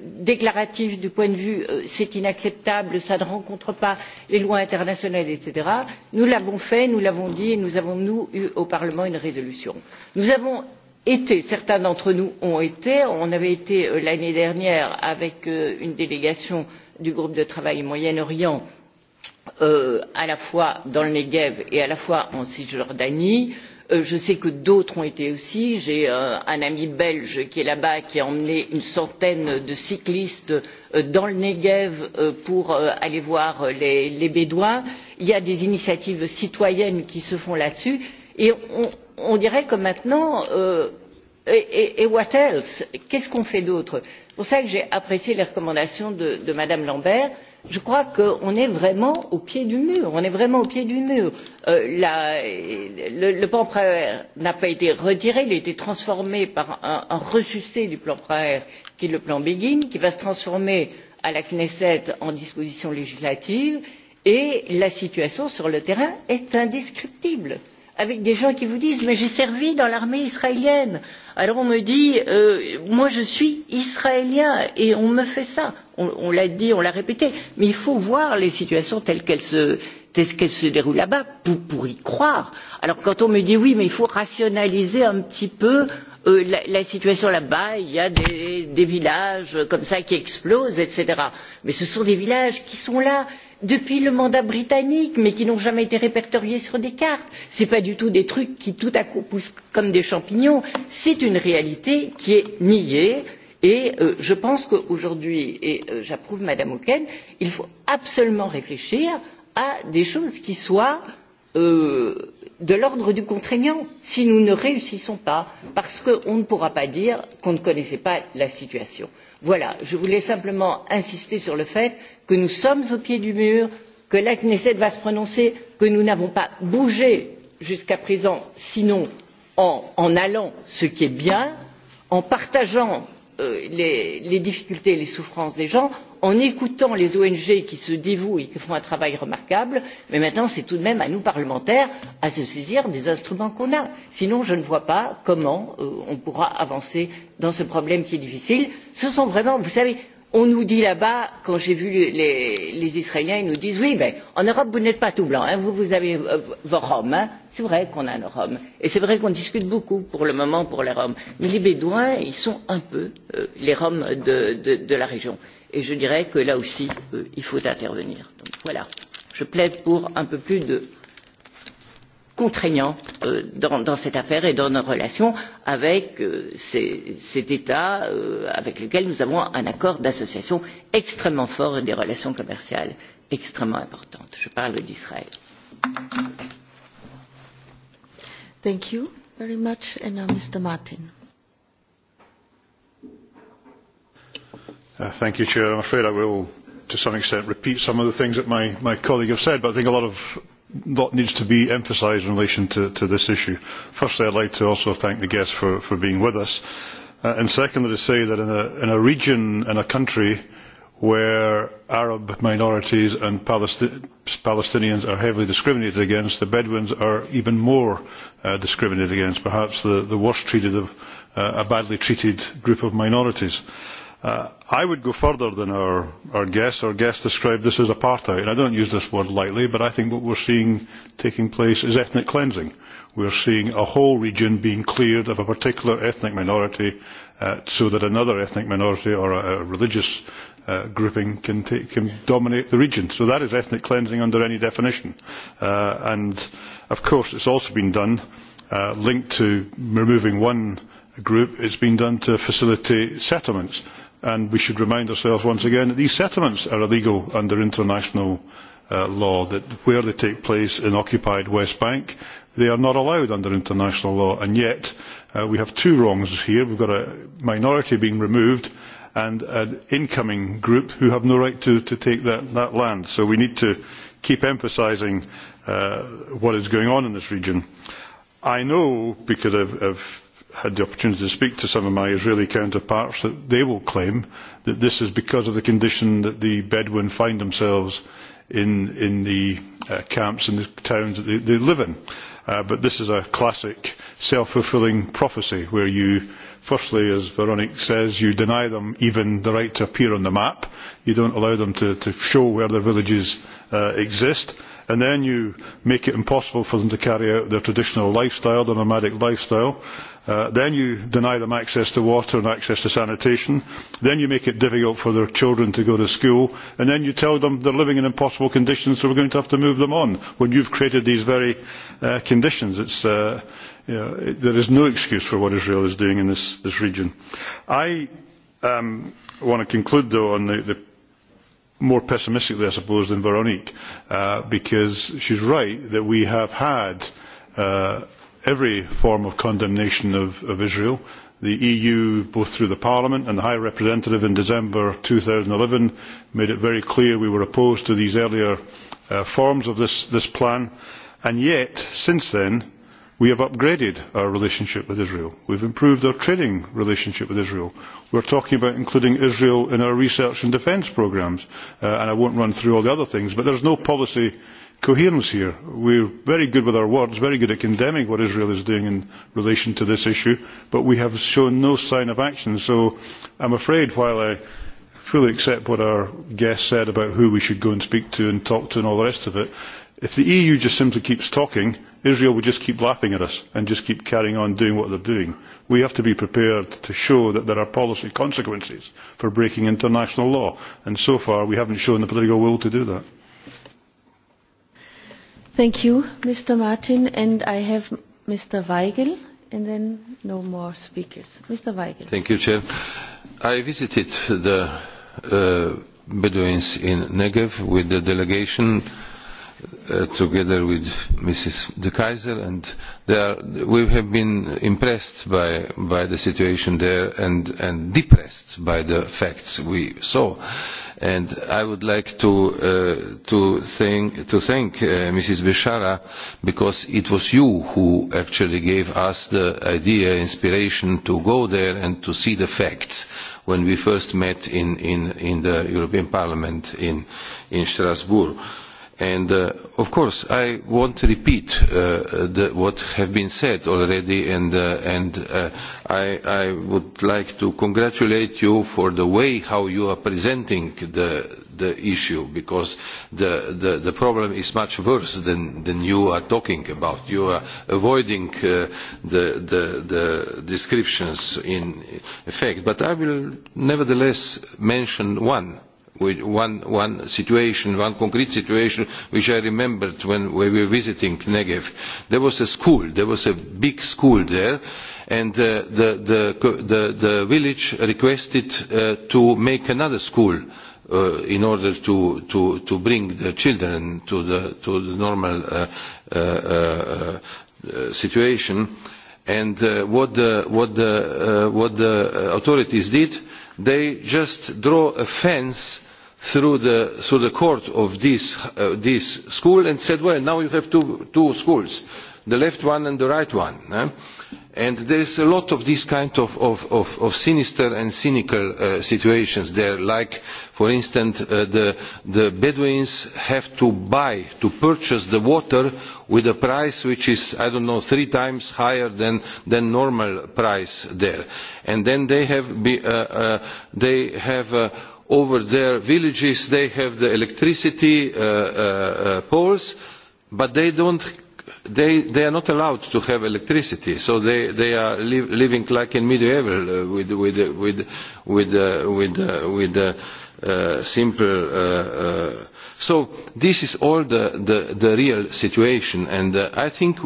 déclaratif du point de vue c'est inacceptable cela ne rencontre pas les lois internationales etc. nous l'avons fait nous l'avons dit et nous avons eu au parlement une résolution. nous avons été certains d'entre nous ont été on avait été euh, l'année dernière avec euh, une délégation du groupe de travail moyen orient euh, à la fois dans le negev et à la fois en cisjordanie je sais que d'autres ont été aussi j'ai un ami belge qui est là bas qui a emmené une centaine de cyclistes dans le negev pour aller voir les bédouins il y a des initiatives citoyennes qui se font là dessus et on on dirait que maintenant euh, et what else? qu'est ce qu'on fait d'autre? c'est pour cela que j'ai apprécié les recommandations de mme lambert. je crois qu'on est vraiment au pied du mur. Euh, le plan praer n'a pas été retiré il a été transformé par un ressucé du plan praer qui est le plan begin qui va se transformer à la knesset en disposition législative et la situation sur le terrain est indescriptible avec des gens qui vous disent mais j'ai servi dans l'armée israélienne alors on me dit euh, moi je suis israélien et on me fait ça on l'a dit on l'a répété mais il faut voir les situations telles qu'elles se c'est ce qui se déroule là-bas pour, pour y croire. Alors quand on me dit oui, mais il faut rationaliser un petit peu euh, la, la situation là-bas, il y a des, des villages comme ça qui explosent, etc. Mais ce sont des villages qui sont là, depuis le mandat britannique mais qui n'ont jamais été répertoriés sur des cartes. ce ne sont pas du tout des trucs qui tout à coup poussent comme des champignons c'est une réalité qui est niée et euh, je pense qu'aujourd'hui et euh, j'approuve mme auken il faut absolument réfléchir à des choses qui soient euh, de l'ordre du contraignant si nous ne réussissons pas parce qu'on ne pourra pas dire qu'on ne connaissait pas la situation. voilà je voulais simplement insister sur le fait que nous sommes au pied du mur que la knesset va se prononcer que nous n'avons pas bougé jusqu'à présent sinon en allant ce qui est bien en partageant Euh, les difficultés et les souffrances des gens en écoutant les ong qui se dévouent et qui font un travail remarquable mais maintenant c'est tout de même à nous parlementaires de nous saisir des instruments que nous avons sinon je ne vois pas comment euh, on pourra avancer dans ce problème qui est difficile. ce sont vraiment vous savez on nous dit là bas quand j'ai vu les israéliens ils nous disent oui mais en europe vous n'êtes pas tout blanc vous vous avez euh, vos roms. c'est vrai qu'on a nos roms et c'est vrai qu'on discute beaucoup pour le moment pour les roms mais les bédouins ils sont un peu euh, les roms de la région et je dirais que là aussi euh, il faut intervenir. voilà je plaide pour un peu plus de contraignant euh, dans cette affaire et dans nos relations avec euh, cet état euh, avec lequel nous avons un accord d'association extrêmement fort et des relations commerciales extrêmement importantes. je parle d'israël. i am uh, afraid i will to some extent repeat some of the things that my colleague has said but i think a lot of lot needs to be emphasised in relation to this issue. firstly i would like to also thank the guests for being with us uh, and secondly to say that in a region and a country where arab minorities and palestinians are heavily discriminated against the bedouins are even more uh, discriminated against perhaps the worst treated of uh, a badly treated group of minorities. Uh, i would go further than our guest. our guest described this as apartheid and i do not use this word lightly but i think what we are seeing taking place is ethnic cleansing. we are seeing a whole region being cleared of a particular ethnic minority uh, so that another ethnic minority or a religious uh, grouping can dominate the region. so that is ethnic cleansing under any definition. and of course it has also been done linked to removing one group it has been done to facilitate settlements and we should remind ourselves once again that these settlements are illegal under international uh, law that where they take place in occupied west bank they are not allowed under international law and yet uh, we have two wrongs here we have got a minority being removed and an incoming group who have no right to take that land so we need to keep emphasising uh, what is going on in this region. i know because i have had the opportunity to speak to some of my Israeli counterparts that they will claim that this is because of the condition that the Bedouin find themselves in, in the uh, camps and the towns that they, they live in. Uh, but this is a classic self-fulfilling prophecy where you, firstly, as Veronique says, you deny them even the right to appear on the map. You don't allow them to, to show where their villages uh, exist. And then you make it impossible for them to carry out their traditional lifestyle, their nomadic lifestyle. Uh, then you deny them access to water and access to sanitation then you make it difficult for their children to go to school and then you tell them they are living in impossible conditions so we are going to have to move them on when you have created these very uh, conditions. Uh, there is no excuse for what israel is doing in this region. i um, want to conclude though on the more pessimistically i suppose than veronique because she is right that we have had every form of condemnation of israel. the eu both through the parliament and the high representative in december two thousand and eleven made it very clear we were opposed to these earlier uh, forms of this plan and yet since then we have upgraded our relationship with israel. we have improved our trading relationship with israel. we are talking about including israel in our research and defence programmes uh, and i will not run through all the other things but there is no policy coherence here. We are very good with our words, very good at condemning what Israel is doing in relation to this issue, but we have shown no sign of action. So I am afraid, while I fully accept what our guest said about who we should go and speak to and talk to and all the rest of it, if the EU just simply keeps talking, Israel will just keep laughing at us and just keep carrying on doing what they are doing. We have to be prepared to show that there are policy consequences for breaking international law, and so far we have not shown the political will to do that. Thank you, Mr. Martin. And I have Mr. Weigel, and then no more speakers. Mr. Weigel. Thank you, Chair. I visited the uh, Bedouins in Negev with the delegation uh, together with Mrs. De Kaiser, and they are, we have been impressed by, by the situation there and, and depressed by the facts we saw. Uh, and i would like to uh, thank uh, ms becerra because it was you who actually gave us the idea the inspiration to go there and to see the facts when we first met in the european parliament in strasbourg and uh, of course i want to repeat uh, the, what have been said already and uh, and uh, i i would like to congratulate you for the way how you are presenting the the issue because the the the problem is much worse than than you are talking about you are avoiding uh, the the the descriptions in effect but i will nevertheless mention one with one situation one concrete situation which i remembered when we were visiting the negev. there was a school there was a big school there and uh, the village requested uh, to make another school uh, in order to bring the children to the normal situation and what the authorities did they just drew a fence through the court of uh, this school and said well now you have two schools the left one and the right one and there is a lot of these kind of sinister and cynical uh, situations there like for instance uh, the bedouins have to buy to purchase the water with a price which is i don't know three times higher than the normal price there and then they have over their villages they have the electricity uh, uh, uh, poles but they don't they, they are not allowed to have electricity so they, they are li living like in medieval uh, with with with with uh, with, uh, with uh, uh, simple uh, uh. so this is all the the, the real situation and uh, i think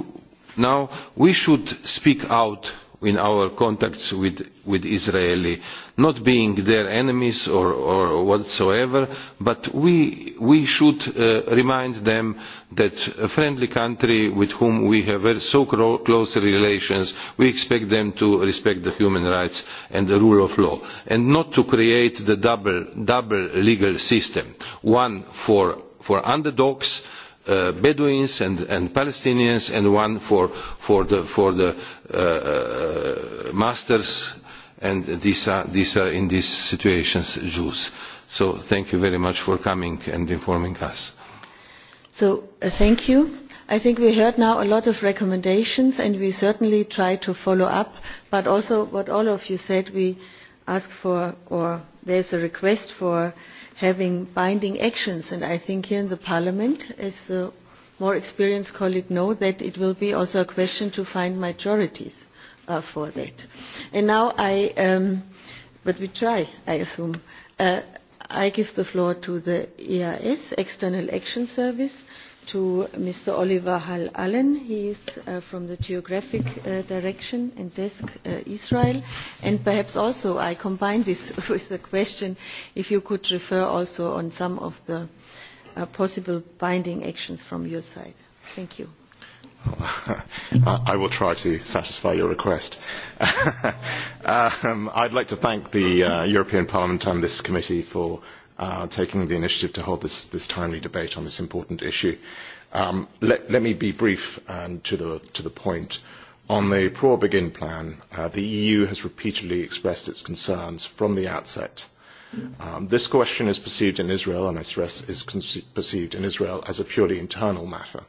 now we should speak out in our contacts with israelis not being their enemies or whatsoever but we should uh, remind them that a friendly country with whom we have so close relations we expect them to respect human rights and the rule of law and not to create the double legal system one for underdogs Uh, bedouins and palestinians and one for the uh, uh, masters and these are in this situation jews. so thank you very much for coming and informing us. thank you. i think we heard now a lot of recommendations and we certainly try to follow up but also what all of you said we ask for or there is a request for having binding actions. And I think here in the Parliament, as the more experienced colleague know, that it will be also a question to find majorities uh, for that. And now I, um, but we try, I assume. Uh, I give the floor to the EAS, External Action Service to Mr. Oliver Hal Allen. He is uh, from the geographic uh, direction and desk uh, Israel. And perhaps also I combine this with the question if you could refer also on some of the uh, possible binding actions from your side. Thank you. I will try to satisfy your request. um, I'd like to thank the uh, European Parliament and this committee for uh, taking the initiative to hold this, this timely debate on this important issue. Um, let, let me be brief and to the, to the point. On the Pro Begin plan, uh, the EU has repeatedly expressed its concerns from the outset. Um, this question is perceived in Israel, and I stress is perceived in Israel, as a purely internal matter.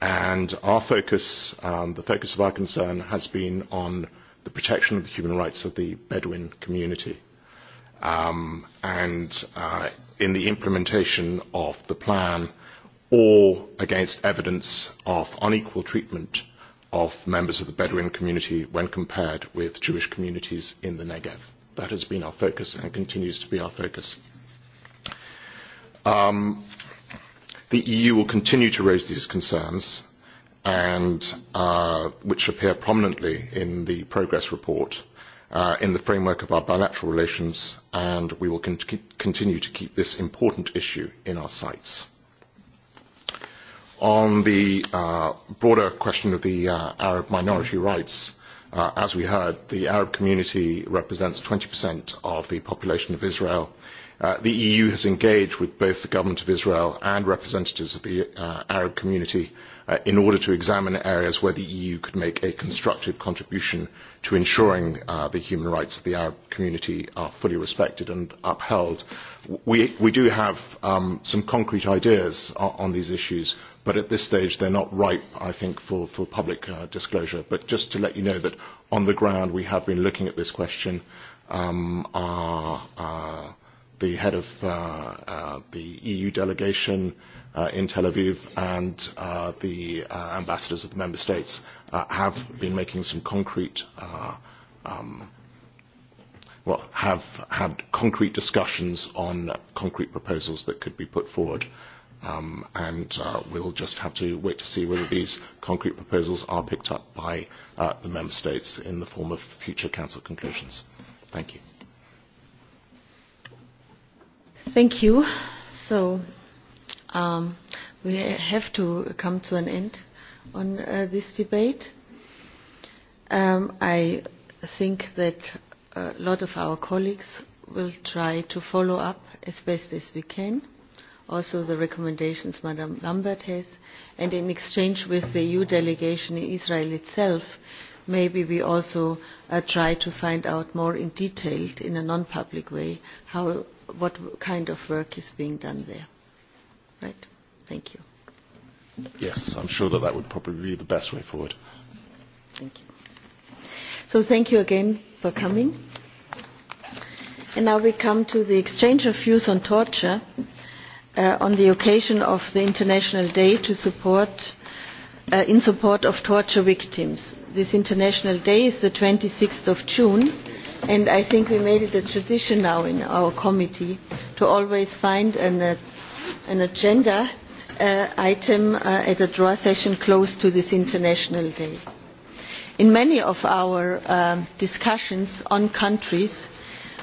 And our focus, um, the focus of our concern, has been on the protection of the human rights of the Bedouin community um, and uh, in the implementation of the plan or against evidence of unequal treatment of members of the Bedouin community when compared with Jewish communities in the Negev. That has been our focus and continues to be our focus. Um, the EU will continue to raise these concerns, and, uh, which appear prominently in the progress report, uh, uh, in the framework of our bilateral relations, and we will con- continue to keep this important issue in our sights. On the uh, broader question of the uh, Arab minority rights, uh, as we heard, the Arab community represents 20% of the population of Israel. Uh, the EU has engaged with both the government of Israel and representatives of the uh, Arab community uh, in order to examine areas where the EU could make a constructive contribution to ensuring uh, the human rights of the Arab community are fully respected and upheld. We, we do have um, some concrete ideas on, on these issues, but at this stage they're not ripe, I think, for, for public uh, disclosure. But just to let you know that on the ground we have been looking at this question. Um, our, uh, the head of uh, uh, the EU delegation, uh, uh, in Tel Aviv, and uh, the uh, ambassadors of the member states uh, have been making some concrete, uh, um, well, have had concrete discussions on concrete proposals that could be put forward. Um, and uh, we'll just have to wait to see whether these concrete proposals are picked up by uh, the member states in the form of future council conclusions. Thank you. Thank you. So um, we have to come to an end on uh, this debate. Um, I think that a lot of our colleagues will try to follow up as best as we can, also the recommendations Madam Lambert has, and in exchange with the EU delegation in Israel itself, maybe we also uh, try to find out more in detail, in a non-public way, how, what kind of work is being done there. Right. Thank you. Yes, I'm sure that that would probably be the best way forward. Thank you. So thank you again for coming. And now we come to the exchange of views on torture uh, on the occasion of the International Day to support, uh, in support of torture victims. This International Day is the 26th of June, and I think we made it a tradition now in our committee to always find an uh, an agenda uh, item uh, at a draw session close to this International Day. In many of our uh, discussions on countries,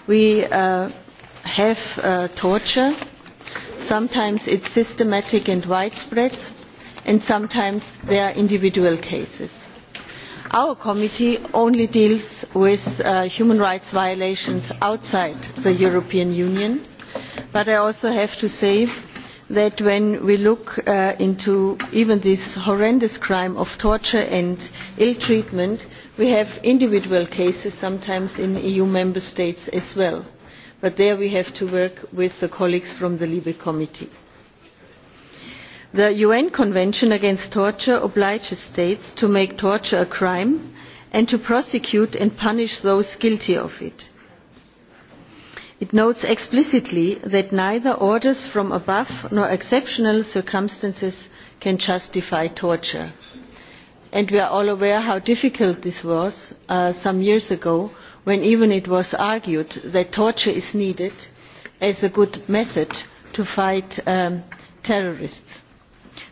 we uh, have uh, torture. Sometimes it's systematic and widespread, and sometimes there are individual cases. Our committee only deals with uh, human rights violations outside the European Union, but I also have to say that when we look uh, into even this horrendous crime of torture and ill treatment, we have individual cases sometimes in EU member states as well. But there we have to work with the colleagues from the Libe Committee. The UN Convention Against Torture obliges states to make torture a crime and to prosecute and punish those guilty of it it notes explicitly that neither orders from above nor exceptional circumstances can justify torture. And we are all aware how difficult this was uh, some years ago when even it was argued that torture is needed as a good method to fight um, terrorists.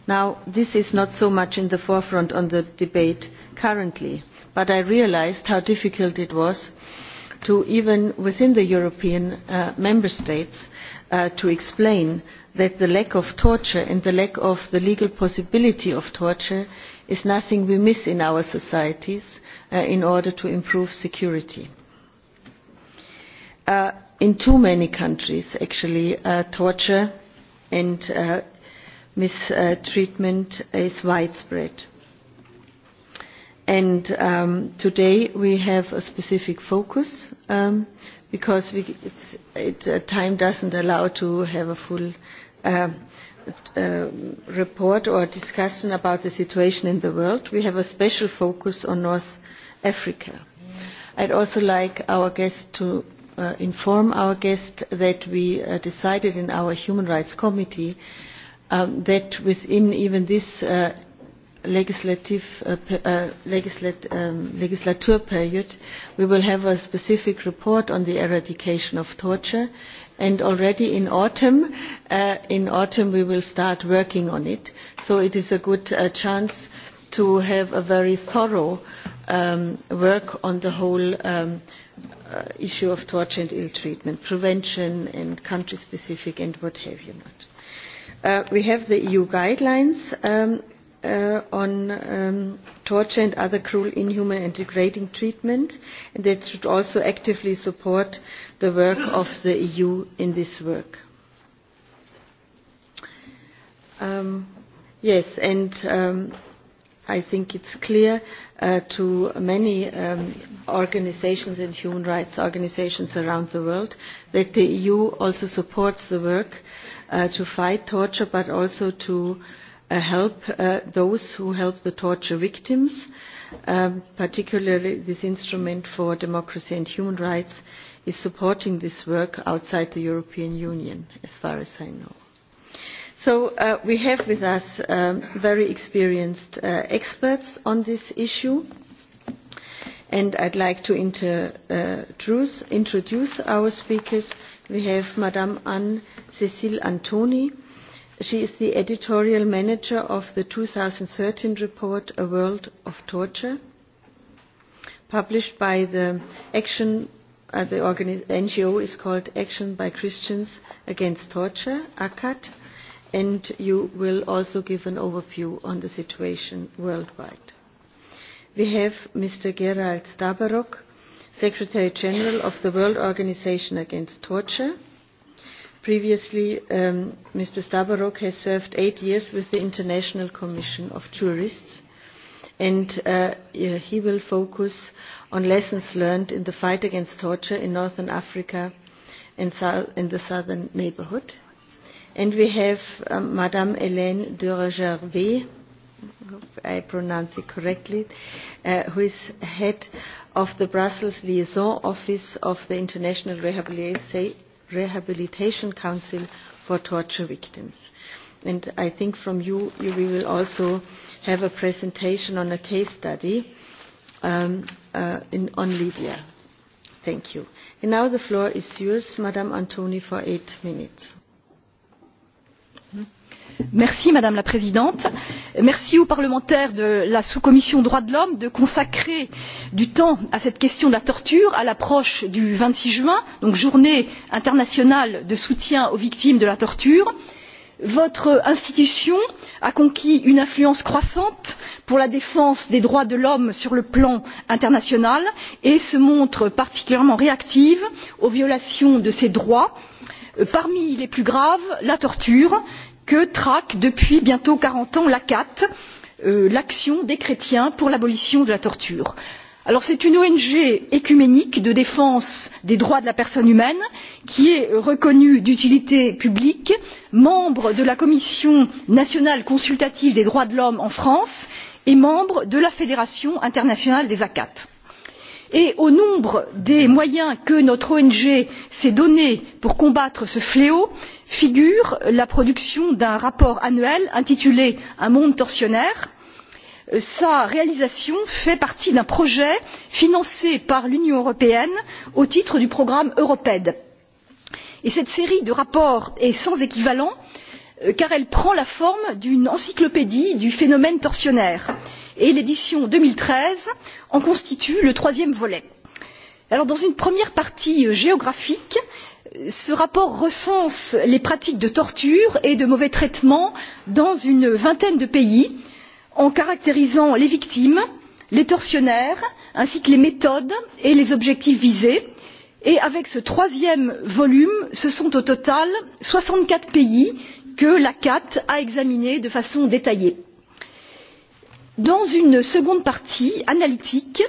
Now, this is not so much in the forefront on the debate currently, but I realized how difficult it was uh, to even within the European uh, member states uh, to explain that the lack of torture and the lack of the legal possibility of torture is nothing we miss in our societies uh, in order to improve security. Uh, in too many countries, actually, uh, torture and uh, mistreatment is widespread. And um, today we have a specific focus um, because we, it's, it, uh, time doesn't allow to have a full uh, uh, report or discussion about the situation in the world. We have a special focus on North Africa. I'd also like our guest to uh, inform our guest that we uh, decided in our Human Rights Committee um, that within even this uh, legislative, uh, per, uh, legislat, um, legislature period, we will have a specific report on the eradication of torture. And already in autumn, uh, in autumn we will start working on it. So it is a good uh, chance to have a very thorough um, work on the whole um, uh, issue of torture and ill-treatment, prevention and country-specific and what have you not. Uh, we have the EU guidelines. Um, uh, on um, torture and other cruel, inhuman and degrading treatment, and that should also actively support the work of the EU in this work. Um, yes, and um, I think it's clear uh, to many um, organizations and human rights organizations around the world that the EU also supports the work uh, to fight torture but also to uh, uh, help uh, those who help the torture victims, um, particularly this instrument for democracy and human rights is supporting this work outside the European Union, as far as I know. So uh, we have with us um, very experienced uh, experts on this issue, and I'd like to inter, uh, truth, introduce our speakers. We have Madame Anne-Cécile Antoni, She is the editorial manager of the 2013 report A World of Torture, published by the Action, uh, the NGO is called Action by Christians Against Torture, ACAT, and you will also give an overview on the situation worldwide. We have Mr. Gerald Stabarok, Secretary General of the World Organization Against Torture previously um, mr stavarok has served eight years with the international commission of jurists and uh, yeah, he will focus on lessons learned in the fight against torture in northern africa and in the southern neighborhood and we have um, madame helene de Rogervé, if i pronounce it correctly uh, who is head of the brussels liaison office of the international rehabilitation rehabilitation council for torture victims. And I think from you, you we will also have a presentation on a case study um, uh, in, on Libya. Thank you. And now the floor is yours, Madame Antoni, for eight minutes madame la présidente merci aux parlementaires de la sous commission droits de l'homme de consacrer du temps à cette question de la torture à l'approche du vingt six juin donc journée internationale de soutien aux victimes de la torture. votre institution a conquis une influence croissante pour la défense des droits de l'homme sur le plan international et se montre particulièrement réactive aux violations de ces droits parmi les plus graves la torture qui que traque depuis bientôt quarante ans l'acat euh, l'action des chrétiens pour l'abolition de la torture. c'est une ong œcuménique de défense des droits de la personne humaine qui est reconnue d'utilité publique membre de la commission nationale consultative des droits de l'homme en france et membre de la fédération internationale des acats et au nombre des moyens que notre ong s'est donnés pour combattre ce fléau figure la production d'un rapport annuel intitulé un monde tortionnaire. Euh, sa réalisation fait partie d'un projet financé par l'union européenne au titre du programme europed. cette série de rapports est sans équivalent euh, car elle prend la forme d'une encyclopédie du phénomène tortionnaire et l'édition deux mille treize en constituent le troisième volet. dans une première partie euh, géographique ce rapport recense les pratiques de torture et de mauvais traitement dans une vingtaine de pays en caractérisant les victimes les tortionnaires ainsi que les méthodes et les objectifs visés et avec ce troisième volume ce sont au total soixante quatre pays que la cat a examinés de façon détaillée dans une seconde partie analytique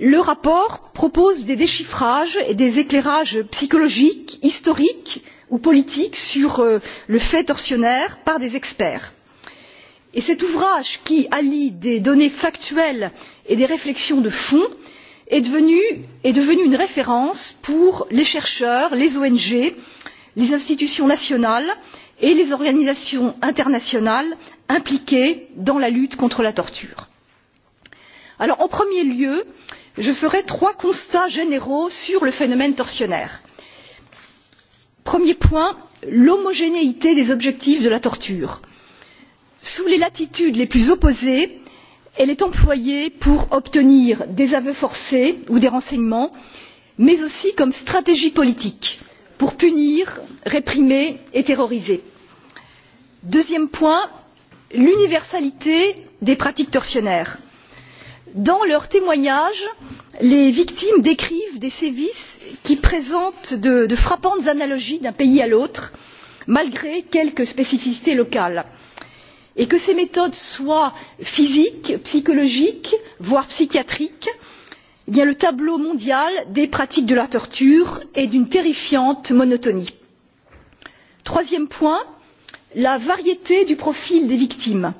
le rapport propose des déchiffrages et des éclairages psychologiques historiques ou politiques sur euh, le fait tortionnaire par des experts. cet ouvrage qui allie des données factuelles et des réflexions de fond est devenu une référence pour les chercheurs les ong les institutions nationales et les organisations internationales impliquées dans la lutte contre la torture. en premier lieu je ferai trois constats généraux sur le phénomène torsionnaire. premier point l'homogénéité des objectifs de la torture. sous les latitudes les plus opposées elle est employée pour obtenir des aveux forcés ou des renseignements mais aussi comme stratégie politique pour punir réprimer et terroriser. deuxième point l'universalité des pratiques tortionnaires. dans leurs témoignages les victimes décrivent des sévices qui présentent de frappantes analogies d'un pays à l'autre malgré quelques spécificités locales. et que ces méthodes soient physiques psychologiques voire psychiatriques le tableau mondial des pratiques de la torture est d'une terrifiante monotonie. troisième point la variété du profil des victimes.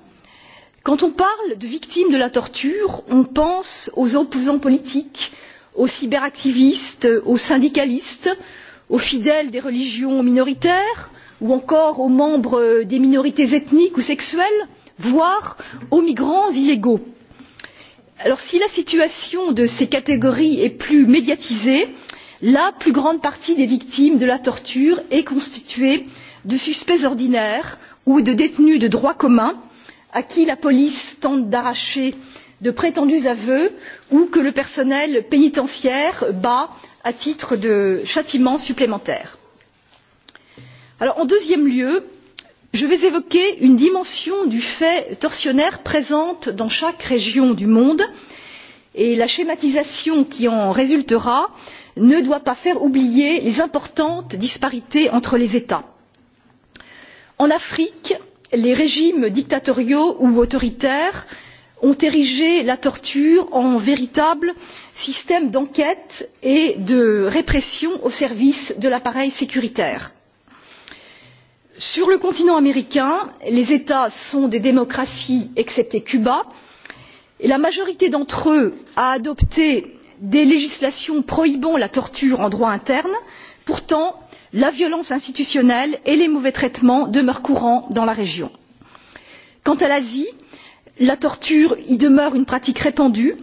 quand on parle de victimes de la torture on pense aux opposants politiques aux cyberactivistes aux syndicalistes aux fidèles des religions minoritaires ou encore aux membres des minorités ethniques ou sexuelles voire aux migrants illégaux si la situation de ces catégories est plus médiatisée la plus grande partie des victimes de la torture est constituée de suspects ordinaires ou de détenus de droit commun à qui la police tente d'arracher de prétendus aveux ou que le personnel pénitentiaire bat à titre de châtiment supplémentaire. en deuxième lieu je vais évoquer une dimension du fait tortionnaire présente dans chaque région du monde et la schématisation qui en résultera ne doit pas faire oublier les importantes disparités entre les états. en afrique les régimes dictatoriaux ou autoritaires ont érigé la torture en véritable système d'enquête et de répression au service de l'appareil sécuritaire sur le continent américain les états sont des démocraties excepté cuba et la majorité d'entre eux a adopté des législations prohibant la torture en droit interne. pourtant la violence institutionnelle et les mauvais traitements demeurent courants dans la région. quant à l'asie la torture y demeure une pratique répandue.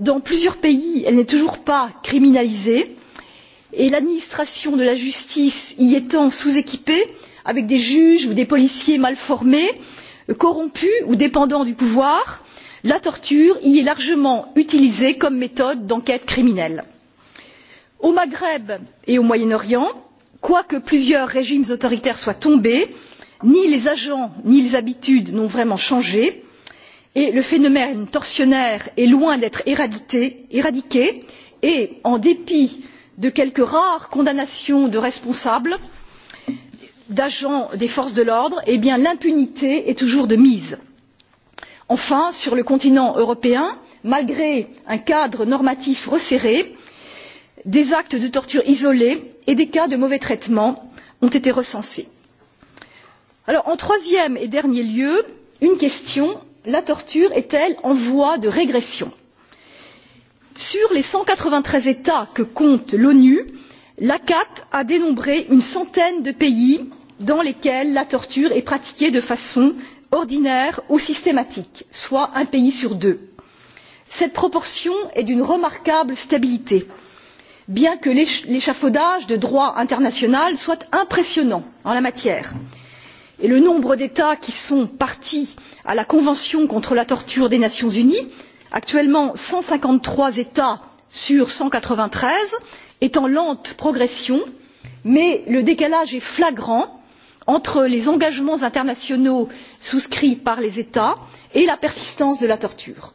dans plusieurs pays elle n'est toujours pas criminalisée et l'administration de la justice y étant sous équipée avec des juges ou des policiers mal formés euh, corrompus ou dépendants du pouvoir la torture y est largement utilisée comme méthode d'enquête criminelle. au maghreb et au moyen orient quoique plusieurs régimes autoritaires soient tombés ni les agents ni les habitudes n'ont vraiment changé et le phénomène tortionnaire est loin d'être éradiqué et en dépit de quelques rares condamnations de responsables d'agents des forces de l'ordre eh l'impunité est toujours de mise. enfin sur le continent européen malgré un cadre normatif resserré des actes de torture isolés et des cas de mauvais traitements ont été recensés. en troisième et dernier lieu une question la torture est elle en voie de régression? sur les cent quatre vingt treize états que compte l'onu l'acat a dénombré une centaine de pays dans lesquels la torture est pratiquée de façon ordinaire ou systématique soit un pays sur deux. cette proportion est d'une remarquable stabilité bien que l'échafaudage de droit international soit impressionnant en la matière et le nombre d'états qui sont parties à la convention contre la torture des nations unies actuellement cent cinquante trois états sur cent quatre vingt treize soit est en lente progression mais le décalage est flagrant entre les engagements internationaux souscrits par les états et la persistance de la torture.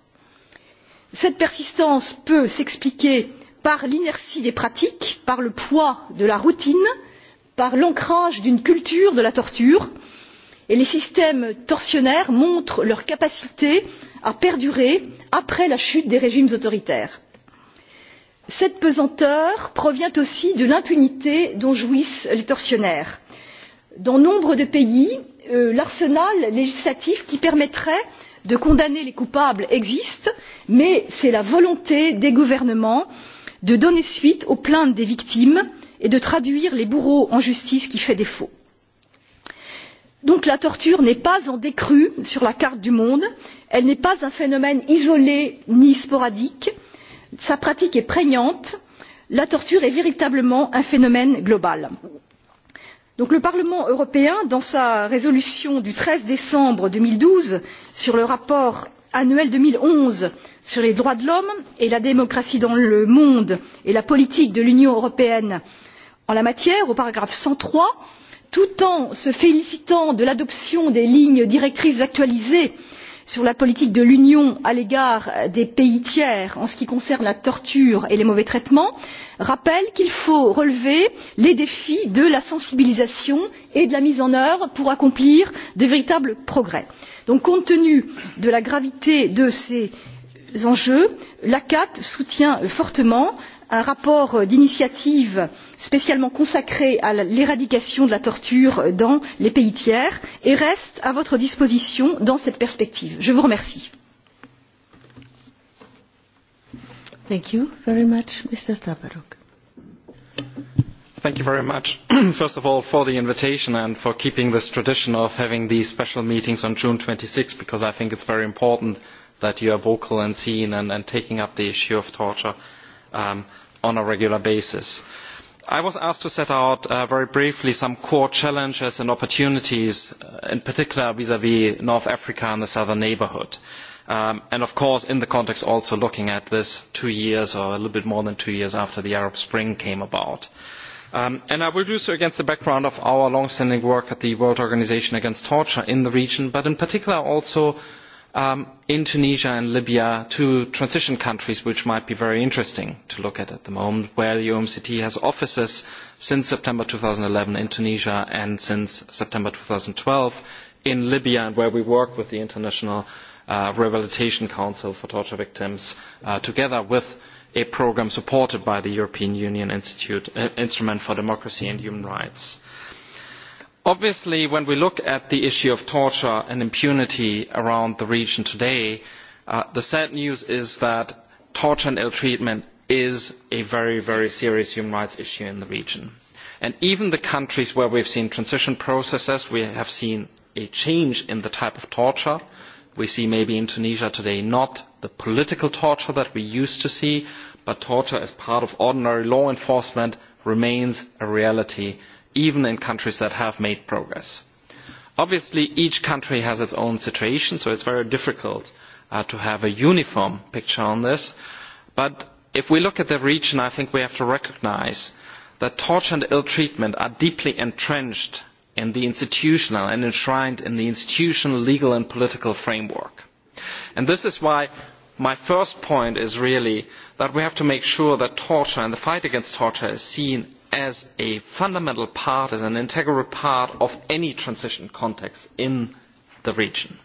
cette persistance peut s'expliquer par l'inertie des pratiques par le poids de la routine par l'ancrage d'une culture de la torture et les systèmes tortionnaires montrent leur capacité à perdurer après la chute des régimes autoritaires cette pesanteur provient aussi de l'impunité dont jouissent les tortionnaires. dans nombre de pays euh, l'arsenal législatif qui permettrait de condamner les coupables existe mais c'est la volonté des gouvernements de donner suite aux plaintes des victimes et de traduire les bourreaux en justice qui fait défaut. donc la torture n'est pas en décrue sur la carte du monde elle n'est pas un phénomène isolé ni sporadique sa pratique est prégnante la torture est véritablement un phénomène global. le parlement européen dans sa résolution du treize décembre deux mille douze sur le rapport annuel deux mille onze sur les droits de l'homme et la démocratie dans le monde et la politique de l'union européenne en la matière au paragraphe cent trois tout en se félicitant de l'adoption des lignes directrices actualisées sur la politique de l'union à l'égard des pays tiers en ce qui concerne la torture et les mauvais traitements rappelle qu'il faut relever les défis de la sensibilisation et de la mise en œuvre pour accomplir de véritables progrès. compte tenu de la gravité de ces enjeux l'acat soutient fortement m un rapport d'initiative spécialement consacré à l'éradication de la torture dans les pays tiers et reste à votre disposition dans cette perspective. je vous remercie. first of all for the invitation and for keeping this tradition of having these special meetings on twenty six june because i think it is very important that you are vocal and seen and taking up the issue of torture um, on a regular basis. I was asked to set out uh, very briefly some core challenges and opportunities, uh, in particular vis-à-vis -vis North Africa and the southern neighbourhood. Um, and of course, in the context also looking at this two years or a little bit more than two years after the Arab Spring came about. Um, and I will do so against the background of our long-standing work at the World Organization Against Torture in the region, but in particular also Um, in tunisia and libya two transition countries which might be very interesting to look at at the moment where the omct has offices since september two thousand and eleven in tunisia and since september two thousand and twelve in libya and where we work with the international uh, rehabilitation council for torture victims uh, together with a programme supported by the european union uh, instrument for democracy and human rights obviously when we look at the issue of torture and impunity around the region today, uh, the sad news is that torture and ill treatment is a very, very serious human rights issue in the region. And even the countries where we've seen transition processes, we have seen a change in the type of torture. We see maybe in Tunisia today not the political torture that we used to see, but torture as part of ordinary law enforcement remains a reality even in countries that have made progress. Obviously, each country has its own situation, so it's very difficult uh, to have a uniform picture on this. But if we look at the region, I think we have to recognize that torture and ill treatment are deeply entrenched in the institutional and enshrined in the institutional, legal and political framework. And this is why my first point is really that we have to make sure that torture and the fight against torture is seen as a fundamental part as an integral part of any transition context in the region.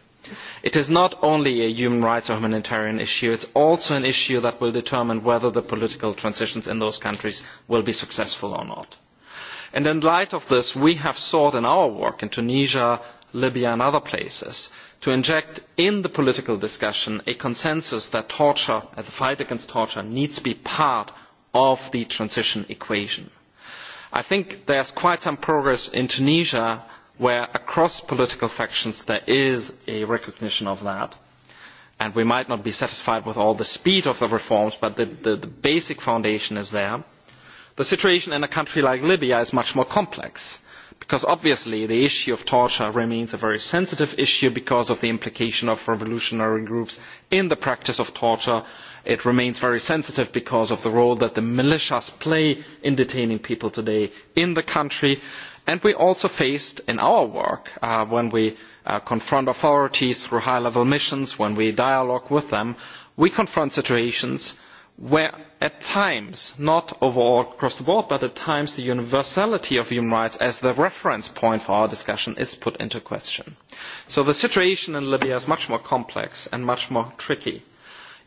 It is not only a human rights or humanitarian issue, it is also an issue that will determine whether the political transitions in those countries will be successful or not. And in light of this, we have sought in our work in Tunisia, Libya and other places to inject in the political discussion a consensus that torture, the fight against torture, needs to be part of the transition equation i think there is quite some progress in tunisia where across political factions there is a recognition of that and we might not be satisfied with all the speed of the reforms but the, the, the basic foundation is there. The situation in a country like Libya is much more complex because obviously the issue of torture remains a very sensitive issue because of the implication of revolutionary groups in the practice of torture it remains very sensitive because of the role that the militias play in detaining people today in the country. And we also faced in our work, uh, when we uh, confront authorities through high-level missions, when we dialogue with them, we confront situations where at times, not overall across the board, but at times the universality of human rights as the reference point for our discussion is put into question. So the situation in Libya is much more complex and much more tricky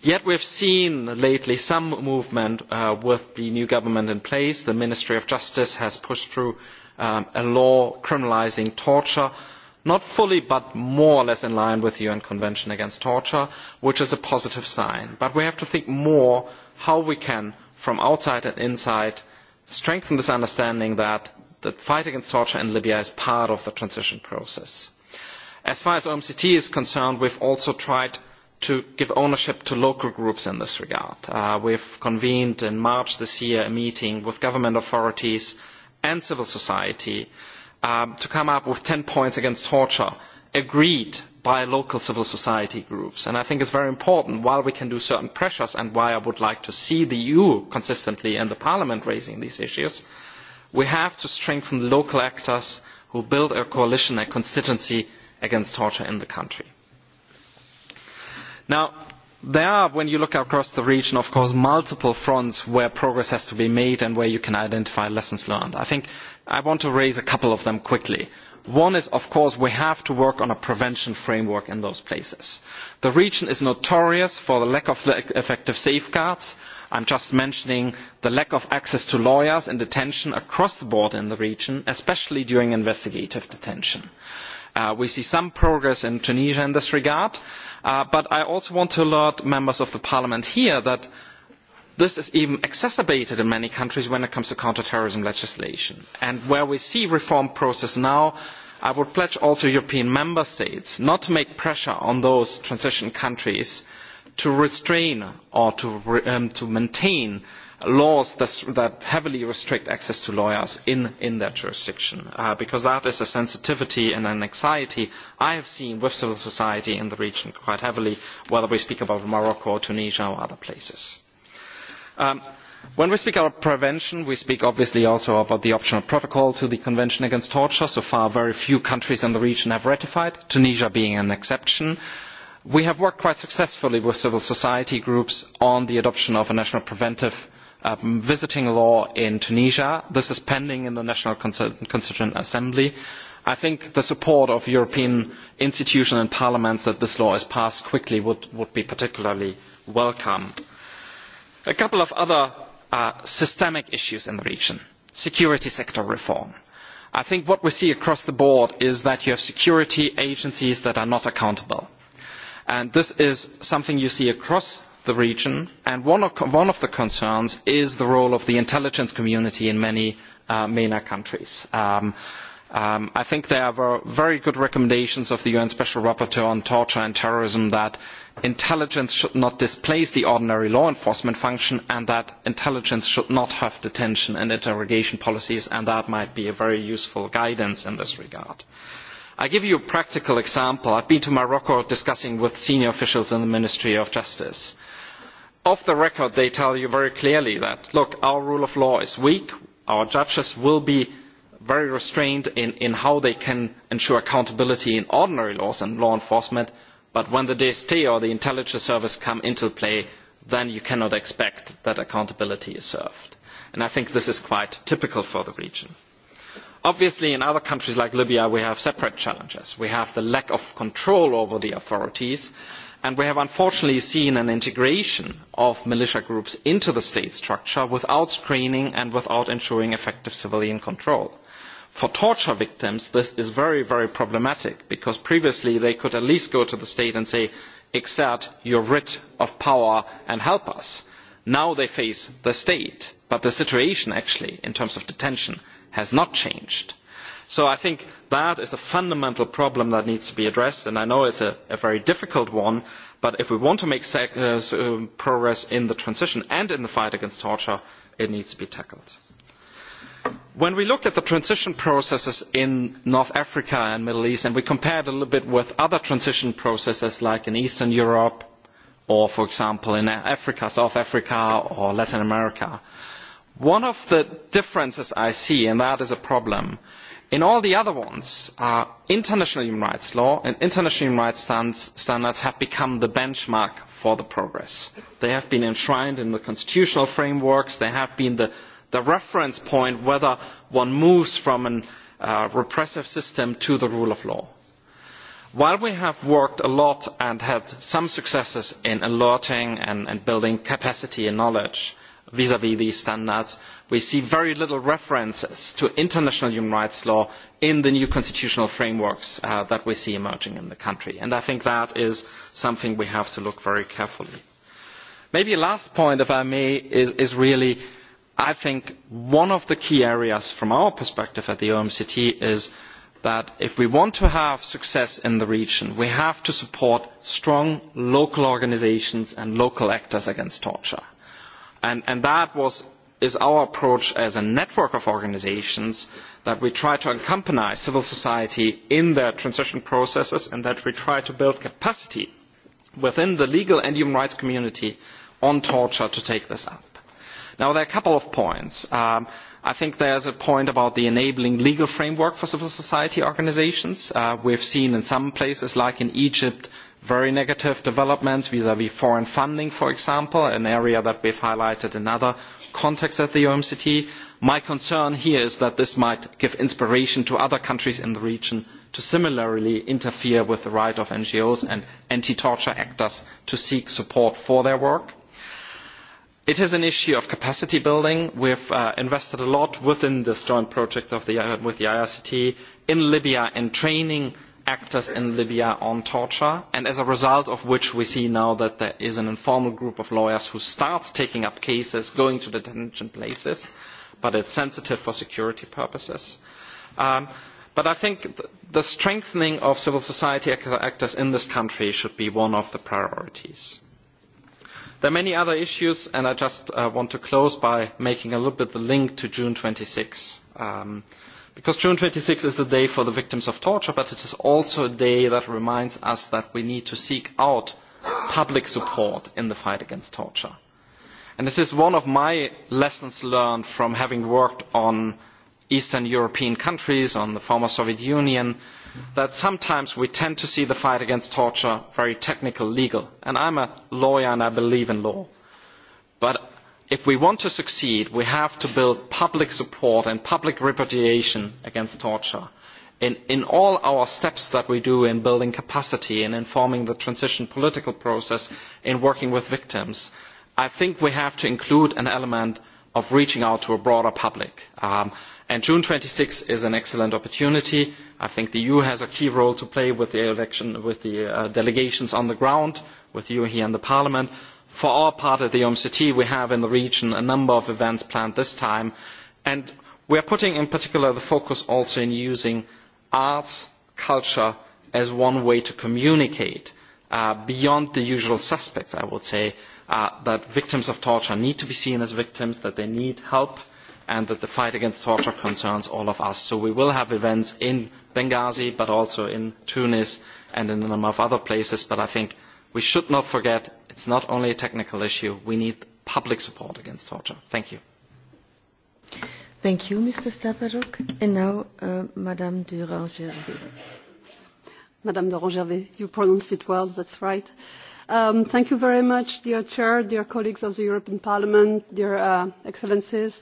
yet we have seen lately some movement uh, with the new government in place. the ministry of justice has pushed through um, a law criminalising torture not fully but more or less in line with the un convention against torture which is a positive sign but we have to think more how we can from outside and inside strengthen this understanding that the fight against torture in libya is part of the transition process. as far as omct is concerned we have also tried to give ownership to local groups in this regard. Uh, we have convened in March this year a meeting with government authorities and civil society um, to come up with 10 points against torture agreed by local civil society groups. And I think it's very important, while we can do certain pressures and why I would like to see the EU consistently and the Parliament raising these issues, we have to strengthen local actors who build a coalition, a constituency against torture in the country. Now, there are, when you look across the region, of course, multiple fronts where progress has to be made and where you can identify lessons learned. I think I want to raise a couple of them quickly. One is, of course, we have to work on a prevention framework in those places. The region is notorious for the lack of e-, effective safeguards. I'm just mentioning the lack of access to lawyers and detention across the board in the region, especially during investigative detention. Uh, we see some progress in tunisia in this regard uh, but i also want to alert members of the parliament here that this is even exacerbated in many countries when it comes to counter terrorism legislation and where we see reform process now i would pledge also european member states not to make pressure on those transition countries to restrain or to um, maintain laws that heavily restrict access to lawyers in, in their jurisdiction, uh, because that is a sensitivity and an anxiety I have seen with civil society in the region quite heavily, whether we speak about Morocco or Tunisia or other places. Um, when we speak about prevention, we speak obviously also about the optional protocol to the Convention Against Torture. So far, very few countries in the region have ratified, Tunisia being an exception. We have worked quite successfully with civil society groups on the adoption of a national preventive uh, um, visiting law in Tunisia. This is pending in the National Constituent Assembly. I think the support of European institutions and parliaments that this law is passed quickly would, would be particularly welcome. A couple of other uh, systemic issues in the region. Security sector reform. I think what we see across the board is that you have security agencies that are not accountable. And this is something you see across the region and one of the concerns is the role of the intelligence community in many uh, mena countries. Um, um, i think there were very good recommendations of the un special rapporteur on torture and terrorism that intelligence should not displace the ordinary law enforcement function and that intelligence should not have detention and interrogation policies and that might be a very useful guidance in this regard. i give you a practical example i have been to morocco discussing with senior officials in the ministry of justice off the record they tell you very clearly that look our rule of law is weak our judges will be very restrained in, in how they can ensure accountability in ordinary laws and law enforcement but when the DST or the intelligence service come into play then you cannot expect that accountability is served and i think this is quite typical for the region obviously in other countries like libya we have separate challenges we have the lack of control over the authorities uh, and we have unfortunately seen an integration of militia groups into the state structure without screening and without ensuring effective civilian control. for torture victims this is very problematic because previously they could at least go to the state and say exert your writ of power and help us'. now they face the state but the situation in terms of detention has not changed so i think that is a fundamental problem that needs to be addressed and i know it is a very difficult one but if we want to make uh, uh, progress in the transition and in the fight against torture it needs to be tackled. when we look at the transition processes in north africa and the middle east and we compare it a little bit with other transition processes like in eastern europe or for example in africa south africa or latin america one of the differences i see and that is a problem is in all the other ones international human rights law and international human rights standards have become the benchmark for progress. they have been enshrined in the constitutional frameworks they have been the reference point whether one moves from a uh, repressive system to the rule of law. while we have worked a lot and had some successes in alerting and building capacity and knowledge vis vis these standards we see very little reference to international human rights law in the new constitutional frameworks uh, that we see emerging in the country. And I think that is something we have to look very carefully. Maybe a last point, if I may, is, is really, I think, one of the key areas from our perspective at the OMCT is that if we want to have success in the region, we have to support strong local organizations and local actors against torture and that is our approach as a network of organisations that we try to accompany civil society in their transition processes and that we try to build capacity within the legal and human rights community on torture to take this up. Now there are a couple of points. Um, I think there's a point about the enabling legal framework for civil society organizations. Uh, we've seen in some places, like in Egypt, very negative developments vis vis foreign funding for example an area that we have highlighted in other contexts at the omct. my concern here is that this might give inspiration to other countries in the region to similarly interfere with the right of ngos and anti torture actors to seek support for their work. it is an issue of capacity building. we have uh, invested a lot within this joint project uh, with the irct in libya in training actors in Libya on torture, and as a result of which we see now that there is an informal group of lawyers who starts taking up cases, going to detention places, but it's sensitive for security purposes. Um, but I think th the strengthening of civil society actors in this country should be one of the priorities. There are many other issues, and I just uh, want to close by making a little bit the link to June 26. Um, because june twenty sixth is the day for the victims of torture but it is also a day that reminds us that we need to seek out public support in the fight against torture. And it is one of my lessons learned from having worked on Eastern European countries, on the former Soviet Union, that sometimes we tend to see the fight against torture very technical, legal. And I'm a lawyer and I believe in law. But if we want to succeed, we have to build public support and public repudiation against torture in, in all our steps that we do in building capacity and in informing the transition political process in working with victims. I think we have to include an element of reaching out to a broader public. Um, and June 26 is an excellent opportunity. I think the EU has a key role to play with the election, with the uh, delegations on the ground, with you e here in the parliament for our part of the OMCT, we have in the region a number of events planned this time, and we are putting in particular the focus also in using arts, culture as one way to communicate uh, beyond the usual suspects, I would say, uh, that victims of torture need to be seen as victims, that they need help, and that the fight against torture concerns all of us. So we will have events in Benghazi, but also in Tunis and in a number of other places, but I think we should not forget it is not only a technical issue we need public support against torture. thank you. thank you, mr. staparuk. and now, uh, madame durand-gervais. madame durand-gervais, you pronounced it well, that's right. Um, thank you very much, dear chair, dear colleagues of the european parliament, dear uh, excellencies,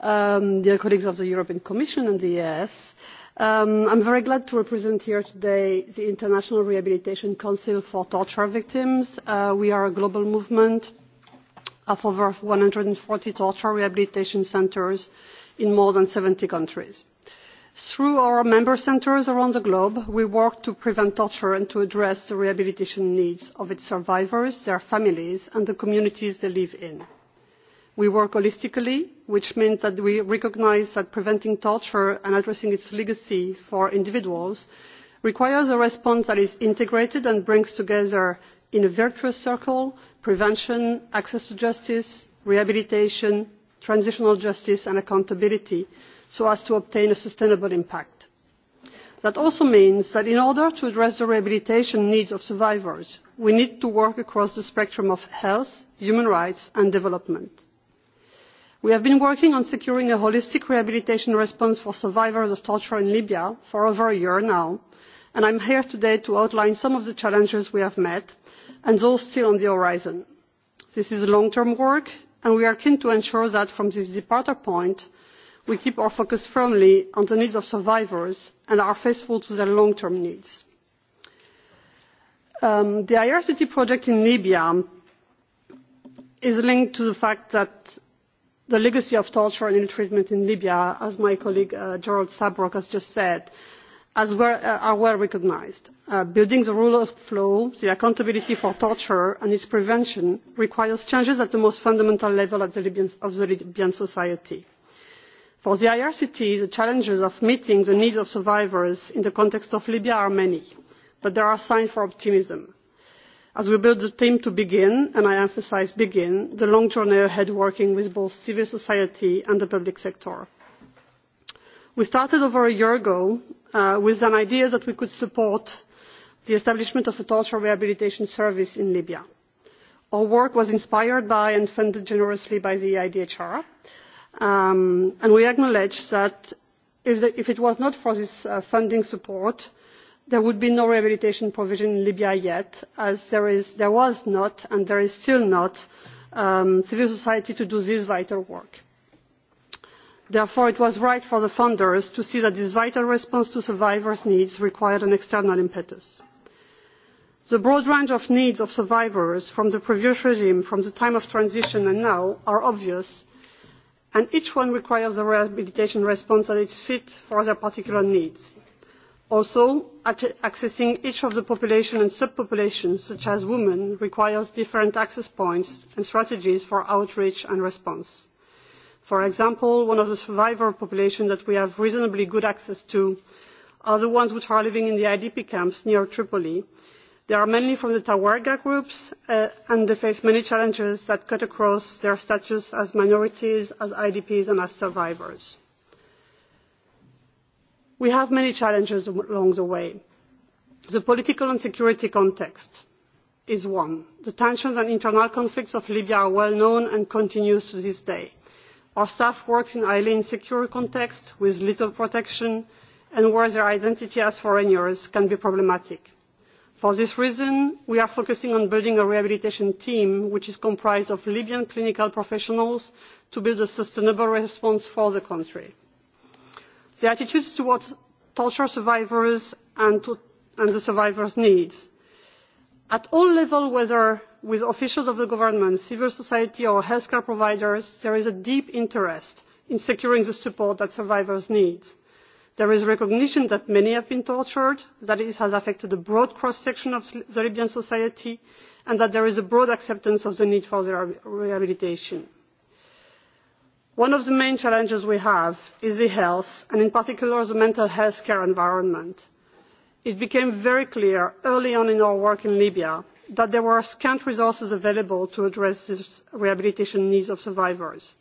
um, dear colleagues of the european commission and the eas. Uh, i am um, very glad to represent here today the international rehabilitation council for torture victims. Uh, we are a global movement of over one hundred and forty torture rehabilitation centres in more than seventy countries. through our member centres around the globe we work to prevent torture and to address the rehabilitation needs of its survivors their families and the communities they live in we work holistically which means that we recognise that preventing torture and addressing its legacy for individuals requires a response that is integrated and brings together in a virtuous circle prevention access to justice rehabilitation transitional justice and accountability so as to obtain a sustainable impact. that also means that in order to address the rehabilitation needs of survivors we need to work across the spectrum of health human rights and development we have been working on securing a holistic rehabilitation response for survivors of torture in libya for over a year now and i am here today to outline some of the challenges we have met and those still on the horizon. this is long term work and we are keen to ensure that from this departure point we keep our focus firmly on the needs of survivors and are faithful to their long term needs. Um, the irct project in libya is linked to the fact the legacy of torture and ill treatment in libya as my colleague uh, gerald srbok has just said uh, are well recognised. Uh, building the rule of law the accountability for torture and its prevention requires changes at the most fundamental level of libyan society. for the irct the challenges of meeting the needs of survivors in the context of libya are many but there are signs of optimism. As we build the team to begin, and I emphasize begin, the long journey ahead working with both civil society and the public sector. We started over a year ago uh, with an idea that we could support the establishment of a torture rehabilitation service in Libya. Our work was inspired by and funded generously by the EIDHR. Um, and we acknowledge that if, the, if it was not for this uh, funding support, there would be no rehabilitation provision in libya yet as there was not and there is still not um, civil society to do this vital work. therefore it was right for the funders to see that this vital response to survivors' needs required an external impetus. the broad range of needs of survivors from the previous regime from the time of transition and now are obvious and each one requires a rehabilitation response that is fit for their particular needs also accessing each of the population and sub populations such as women requires different access points and strategies for outreach and response. for example one of the survivor populations that we have reasonably good access to are the ones which are living in the idp camps near tripoli. they are mainly from the tuareg groups uh, and they face many challenges that cut across their status as minorities as idps and as survivors we have many challenges along the way. the political and security context is one. the tensions and internal conflicts of libya are well known and continue to this day. our staff work in a highly insecure context with little protection and where their identity as foreigners can be problematic. for this reason we are focusing on building a rehabilitation team which is comprised of libyan clinical professionals to build a sustainable response for the country the attitudes towards torture survivors and, to, and the survivors' needs. At all levels, whether with officials of the government, civil society or healthcare providers, there is a deep interest in securing the support that survivors need. There is recognition that many have been tortured, that it has affected a broad cross-section of the Libyan society, and that there is a broad acceptance of the need for their rehabilitation one of the main challenges we have is e health and in particular the mental health care environment. it became very clear early on in our work in libya that there were scant resources available to address the rehabilitation needs of survivors.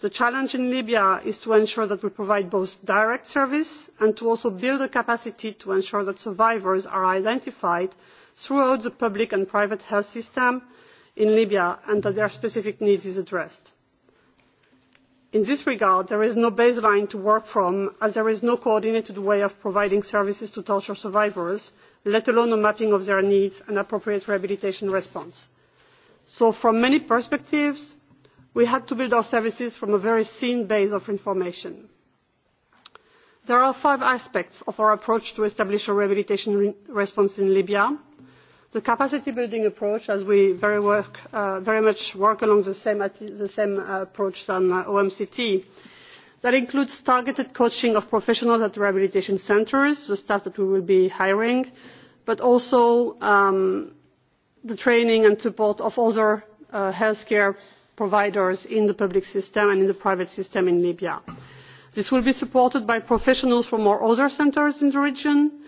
the challenge in libya is to ensure that we provide both direct service and to also build the capacity to ensure that survivors are identified throughout the public and private health system in libya and that their specific needs are addressed. In this regard, there is no baseline to work from as there is no coordinated way of providing services to torture survivors, let alone a mapping of their needs and appropriate rehabilitation response. So from many perspectives, we had to build our services from a very thin base of information. There are five aspects of our approach to establish a rehabilitation re response in Libya the capacity building approach as we very uh, much work along the same uh, approach as uh, omct. that includes targeted coaching of professionals at rehabilitation centres the staff that we will be hiring but also um, the training and support of other healthcare providers in the public system and in the private system in libya. this will be supported by professionals from our other centres in the region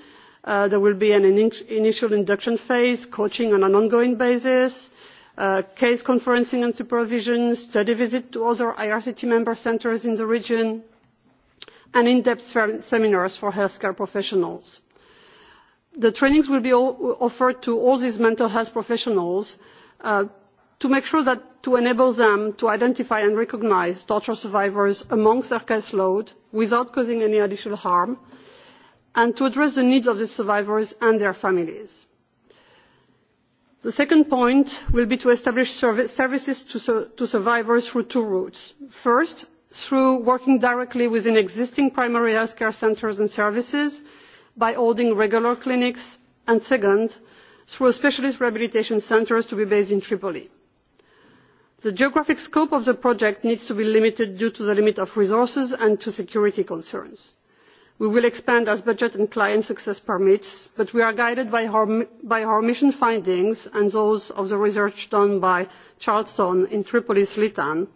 Uh, there will be an in- initial induction phase, coaching on an ongoing basis, uh, case conferencing and supervision, study visit to other IRCT member centres in the region, and in-depth sem- seminars for healthcare professionals. The trainings will be all- offered to all these mental health professionals uh, to make sure that to enable them to identify and recognise torture survivors amongst their caseload without causing any additional harm and to address the needs of the survivors and their families. The second point will be to establish services to survivors through two routes. First, through working directly within existing primary health care centres and services by holding regular clinics, and second, through specialist rehabilitation centres to be based in Tripoli. The geographic scope of the project needs to be limited due to the limit of resources and to security concerns we will expand as budget and client success permits but we are guided by our mission findings and those of the research done by charlton in tripolis litani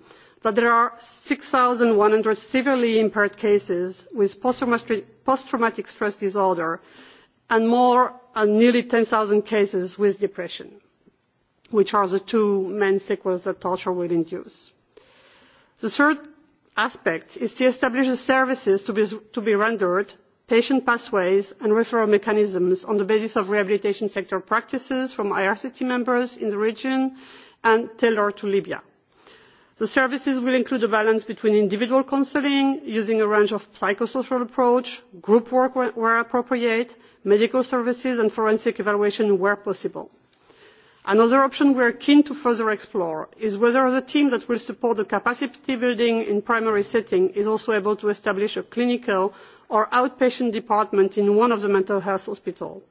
that there are six one hundred severely impaired cases with post traumatic stress disorder and more than nearly ten zero cases with depression which are the two main sequelae that torture will induce. the third aspects is to establish the services to be, to be rendered, patient pathways and referral mechanisms on the basis of rehabilitation sector practices from IRCT members in the region and tailored to Libya. The services will include a balance between individual counselling, using a range of psychosocial approach, group work where appropriate, medical services and forensic evaluation where possible another option we are keen to further explore is whether the team that will support the capacity building in the primary setting is also able to establish a clinical or outpatient department in one of the mental health hospitals.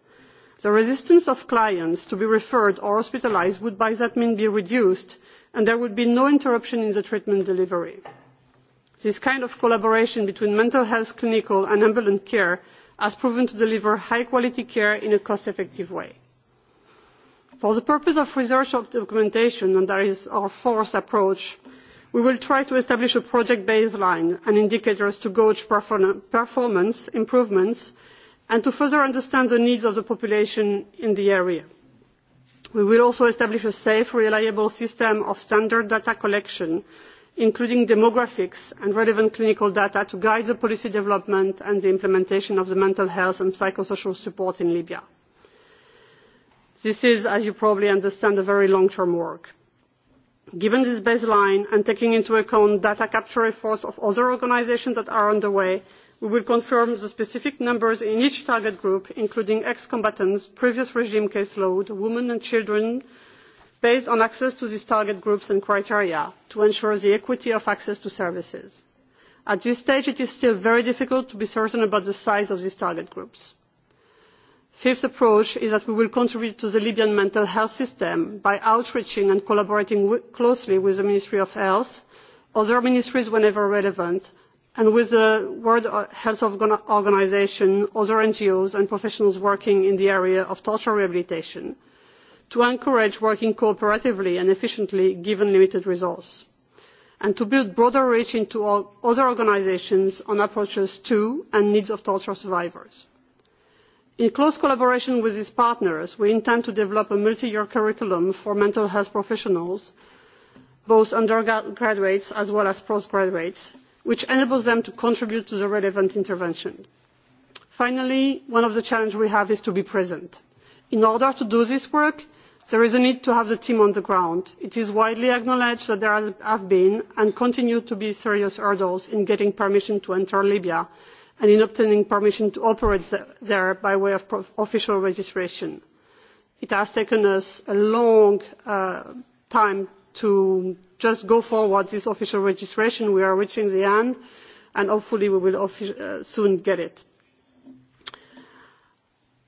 the resistance of clients to be referred or hospitalised would by that means be reduced and there would be no interruption in the treatment delivery. this kind of collaboration between mental health clinical and ambulant care has proven to deliver high quality care in a cost effective way. For the purpose of research documentation, and that is our fourth approach, we will try to establish a project baseline and indicators to gauge performance improvements and to further understand the needs of the population in the area. We will also establish a safe, reliable system of standard data collection, including demographics and relevant clinical data to guide the policy development and the implementation of the mental health and psychosocial support in libya. This is, as you probably understand, a very long-term work. Given this baseline and taking into account data capture efforts of other organizations that are underway, we will confirm the specific numbers in each target group, including ex-combatants, previous regime caseload, women and children, based on access to these target groups and criteria to ensure the equity of access to services. At this stage, it is still very difficult to be certain about the size of these target groups the fifth approach is that we will contribute to the libyan mental health system by outreaching and collaborating closely with the ministry of health other ministries whenever relevant and with the world health organisation other ngos and professionals working in the area of torture rehabilitation to encourage working cooperatively and efficiently given limited resources and to build broader reach into other organisations on approaches to and needs of torture survivors in close collaboration with these partners we intend to develop a multi year curriculum for mental health professionals both undergraduates as well as postgraduates which enables them to contribute to the relevant intervention. finally one of the challenges we have is to be present. in order to do this work there is a need to have the team on the ground. it is widely acknowledged that there have been and continue to be serious hurdles in getting permission to enter and in obtaining permission to operate there by way of official registration. it has taken us a long uh, time to just go forward with this official registration. we are reaching the end and hopefully we will uh, soon get it.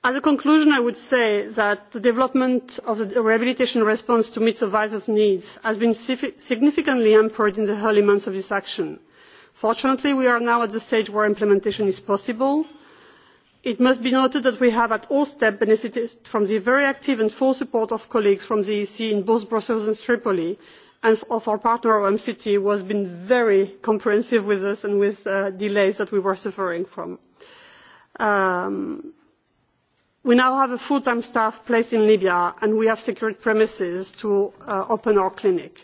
as a conclusion i would say that the development of the rehabilitation response to meet survivors' needs has been significantly hampered in the early months of this action. Fortunately, we are now at the stage where implementation is possible. It must be noted that we have at all steps benefited from the very active and full support of colleagues from the EC in both Brussels and Tripoli, and of our partner OMCT, who has been very comprehensive with us and with uh, delays that we were suffering from. Um, we now have a full-time staff placed in Libya, and we have secured premises to uh, open our clinic.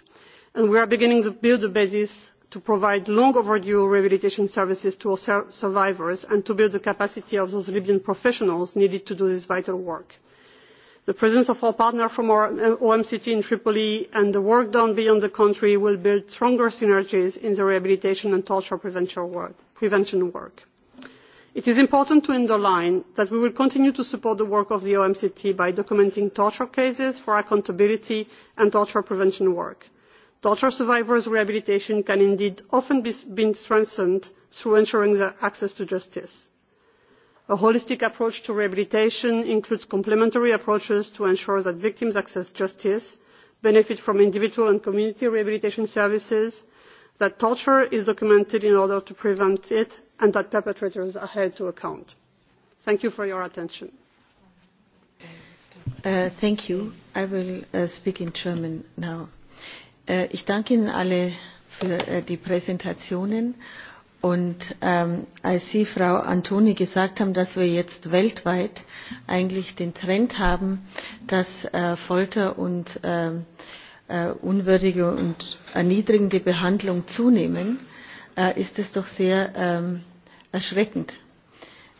And we are beginning to build the basis to provide long overdue rehabilitation services to survivors and to build the capacity of those libyan professionals needed to do this vital work. the presence of our partner from our uh, omct in tripoli and the work done beyond the country will build stronger synergies in the rehabilitation and torture prevention work. it is important to underline that we will continue to support the work of the omct by documenting torture cases for accountability and torture prevention work torture survivors' rehabilitation can indeed often be, be strengthened through ensuring their access to justice. A holistic approach to rehabilitation includes complementary approaches to ensure that victims access justice, benefit from individual and community rehabilitation services, that torture is documented in order to prevent it, and that perpetrators are held to account. Thank you for your attention. Uh, thank you. I will uh, speak in German now. Äh, ich danke Ihnen alle für äh, die Präsentationen. Und ähm, als Sie, Frau Antoni, gesagt haben, dass wir jetzt weltweit eigentlich den Trend haben, dass äh, Folter und äh, äh, unwürdige und erniedrigende Behandlung zunehmen, äh, ist das doch sehr ähm, erschreckend.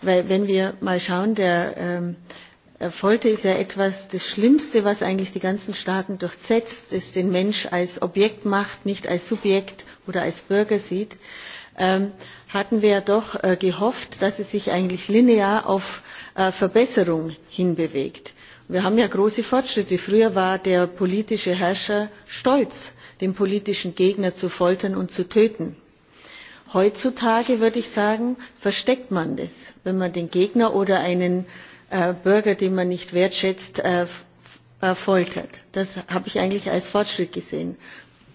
Weil wenn wir mal schauen, der äh, Äh, Folter ist ja etwas, das Schlimmste, was eigentlich die ganzen Staaten durchsetzt, das den Mensch als Objekt macht, nicht als Subjekt oder als Bürger sieht, ähm, hatten wir ja doch äh, gehofft, dass es sich eigentlich linear auf äh, Verbesserung hinbewegt. Wir haben ja große Fortschritte. Früher war der politische Herrscher stolz, den politischen Gegner zu foltern und zu töten. Heutzutage, würde ich sagen, versteckt man das, wenn man den Gegner oder einen Äh, bürger die man nicht wertschätzt äh, äh, foltert. das habe ich eigentlich als fortschritt gesehen.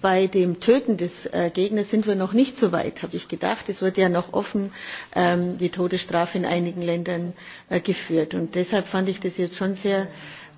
bei dem töten des gegners sind wir noch nicht so weit habe ich gedacht. es wird ja noch offen ähm, die todesstrafe in einigen ländern geführt. deshalb fand ich das jetzt schon sehr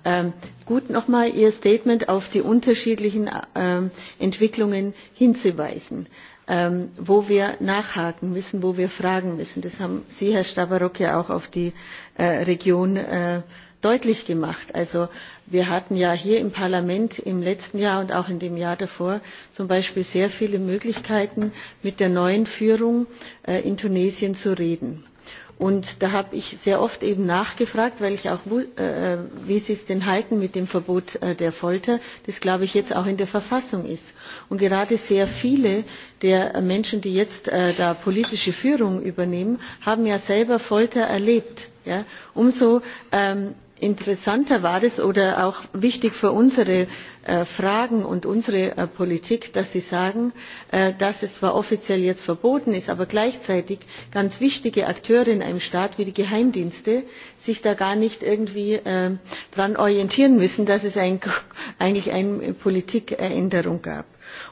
Ähm, gut nochmal ihr statement auf die unterschiedlichen ähm, entwicklungen hinzuweisen ähm, wo wir nachhaken müssen wo wir fragen müssen. das haben sie herr stavrakou ja auch auf die äh, region äh, deutlich gemacht. also wir hatten ja hier im parlament im letzten jahr und auch in dem jahr davor zum beispiel sehr viele möglichkeiten mit der neuen führung äh, in tunesien zu reden und da habe ich sehr oft eben nachgefragt weil ich auch äh, äh, wie sie es denn halten mit dem verbot äh, der folter das glaube ich jetzt auch in der verfassung ist und gerade sehr viele der menschen die jetzt äh, da politische führung übernehmen haben ja selber folter erlebt ja umso ähm, interessanter war es oder auch wichtig für unsere äh, fragen und unsere äh, politik dass sie sagen äh, dass es zwar offiziell jetzt verboten ist aber gleichzeitig ganz wichtige akteure in einem staat wie die geheimdienste sich da gar nicht irgendwie daran orientieren müssen dass es eigentlich eine politikänderung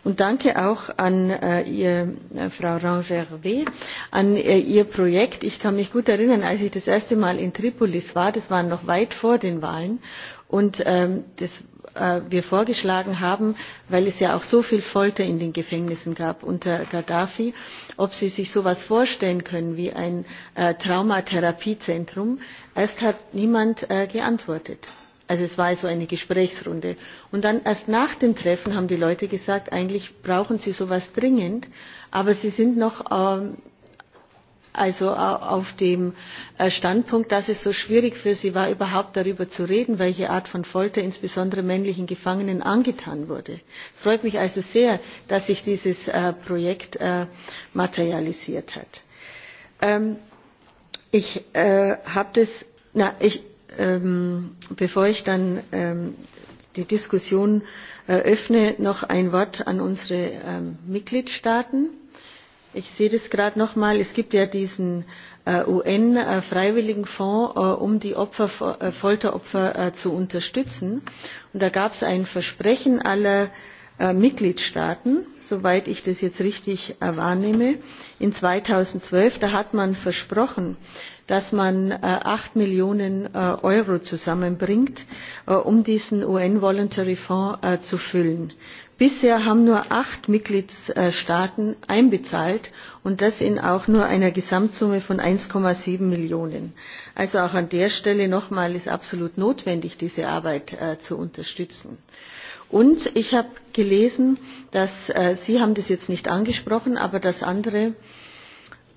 Und danke auch an äh, ihr, äh, Frau Rangervé, an äh, ihr Projekt. Ich kann mich gut erinnern, als ich das erste Mal in Tripolis war, das war noch weit vor den Wahlen, und ähm, das äh, wir vorgeschlagen haben, weil es ja auch so viel Folter in den Gefängnissen gab unter Gaddafi, ob Sie sich sowas vorstellen können wie ein äh, Traumatherapiezentrum. Erst hat niemand äh, geantwortet. Also es war so eine Gesprächsrunde. Und dann erst nach dem Treffen haben die Leute gesagt, eigentlich brauchen sie sowas dringend, aber sie sind noch ähm, also äh, auf dem äh, Standpunkt, dass es so schwierig für sie war, überhaupt darüber zu reden, welche Art von Folter insbesondere männlichen Gefangenen angetan wurde. Es freut mich also sehr, dass sich dieses äh, Projekt äh, materialisiert hat. Ähm, ich äh, habe das, na, ich, ähm, bevor ich dann ähm, die Diskussion eröffne, noch ein Wort an unsere ähm, Mitgliedstaaten. Ich sehe das gerade noch mal. Es gibt ja diesen äh, UN-Freiwilligenfonds, äh, um die Opfer, äh, Folteropfer äh, zu unterstützen. Und da gab es ein Versprechen aller äh, Mitgliedstaaten, soweit ich das jetzt richtig äh, wahrnehme, in 2012. Da hat man versprochen, dass man äh, acht Millionen äh, Euro zusammenbringt, äh, um diesen UN Voluntary Fund zu füllen. Bisher haben nur acht Mitgliedstaaten einbezahlt und das in auch nur einer Gesamtsumme von 1,7 Millionen. Also auch an der Stelle nochmal ist absolut notwendig, diese Arbeit zu unterstützen. Und ich habe gelesen, dass Sie haben das jetzt nicht angesprochen, aber dass andere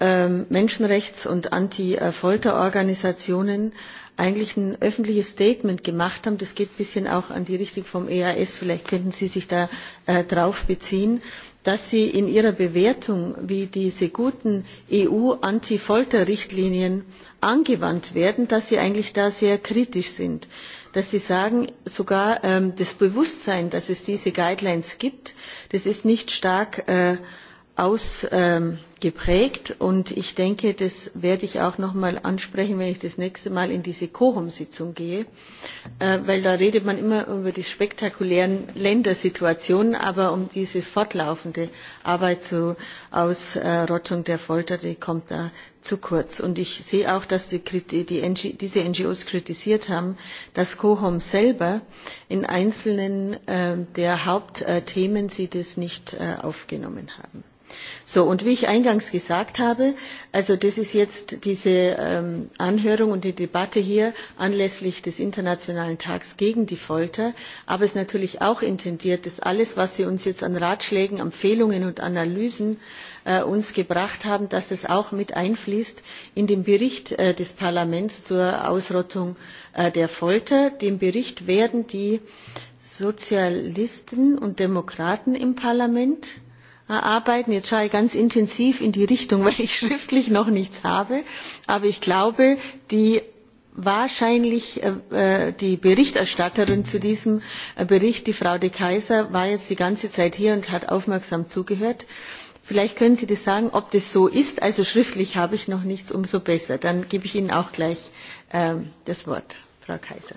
Ähm, Menschenrechts- und Anti-Folter-Organisationen eigentlich ein öffentliches Statement gemacht haben. Das geht ein bisschen auch an die Richtung vom EAS. Vielleicht könnten Sie sich da äh, drauf beziehen, dass Sie in Ihrer Bewertung, wie diese guten EU-Anti-Folter-Richtlinien angewandt werden, dass Sie eigentlich da sehr kritisch sind. Dass Sie sagen, sogar ähm, das Bewusstsein, dass es diese Guidelines gibt, das ist nicht stark äh, aus, ähm, geprägt und ich denke, das werde ich auch noch mal ansprechen, wenn ich das nächste Mal in diese Quorum-Sitzung gehe, äh, weil da redet man immer über die spektakulären Ländersituationen, aber um diese fortlaufende Arbeit zur Ausrottung äh, der Folter, die kommt da zu kurz. Und ich sehe auch, dass die, die NG, diese NGOs kritisiert haben, dass Cohom selber in einzelnen äh, der Hauptthemen äh, sie das nicht äh, aufgenommen haben. Äh, und wie ich eingangs gesagt habe das ist jetzt diese ähm, anhörung und die debatte hier anlässlich des internationalen tags gegen die folter aber es ist natürlich auch intendiert dass alles was sie uns jetzt an ratschlägen empfehlungen und analysen äh, gebracht haben auch mit einfließt in den bericht äh, des parlaments zur ausrottung äh, der folter. den bericht werden die sozialisten und demokraten im parlament arbeiten. Jetzt schaue ich ganz intensiv in die Richtung, weil ich schriftlich noch nichts habe. Aber ich glaube, die wahrscheinlich äh, äh die Berichterstatterin zu diesem äh, Bericht, die Frau de Kaiser, war jetzt die ganze Zeit hier und hat aufmerksam zugehört. Vielleicht können Sie das sagen, ob das so ist. Also schriftlich habe ich noch nichts, umso besser. Dann gebe ich Ihnen auch gleich äh, das Wort, Frau Kaiser.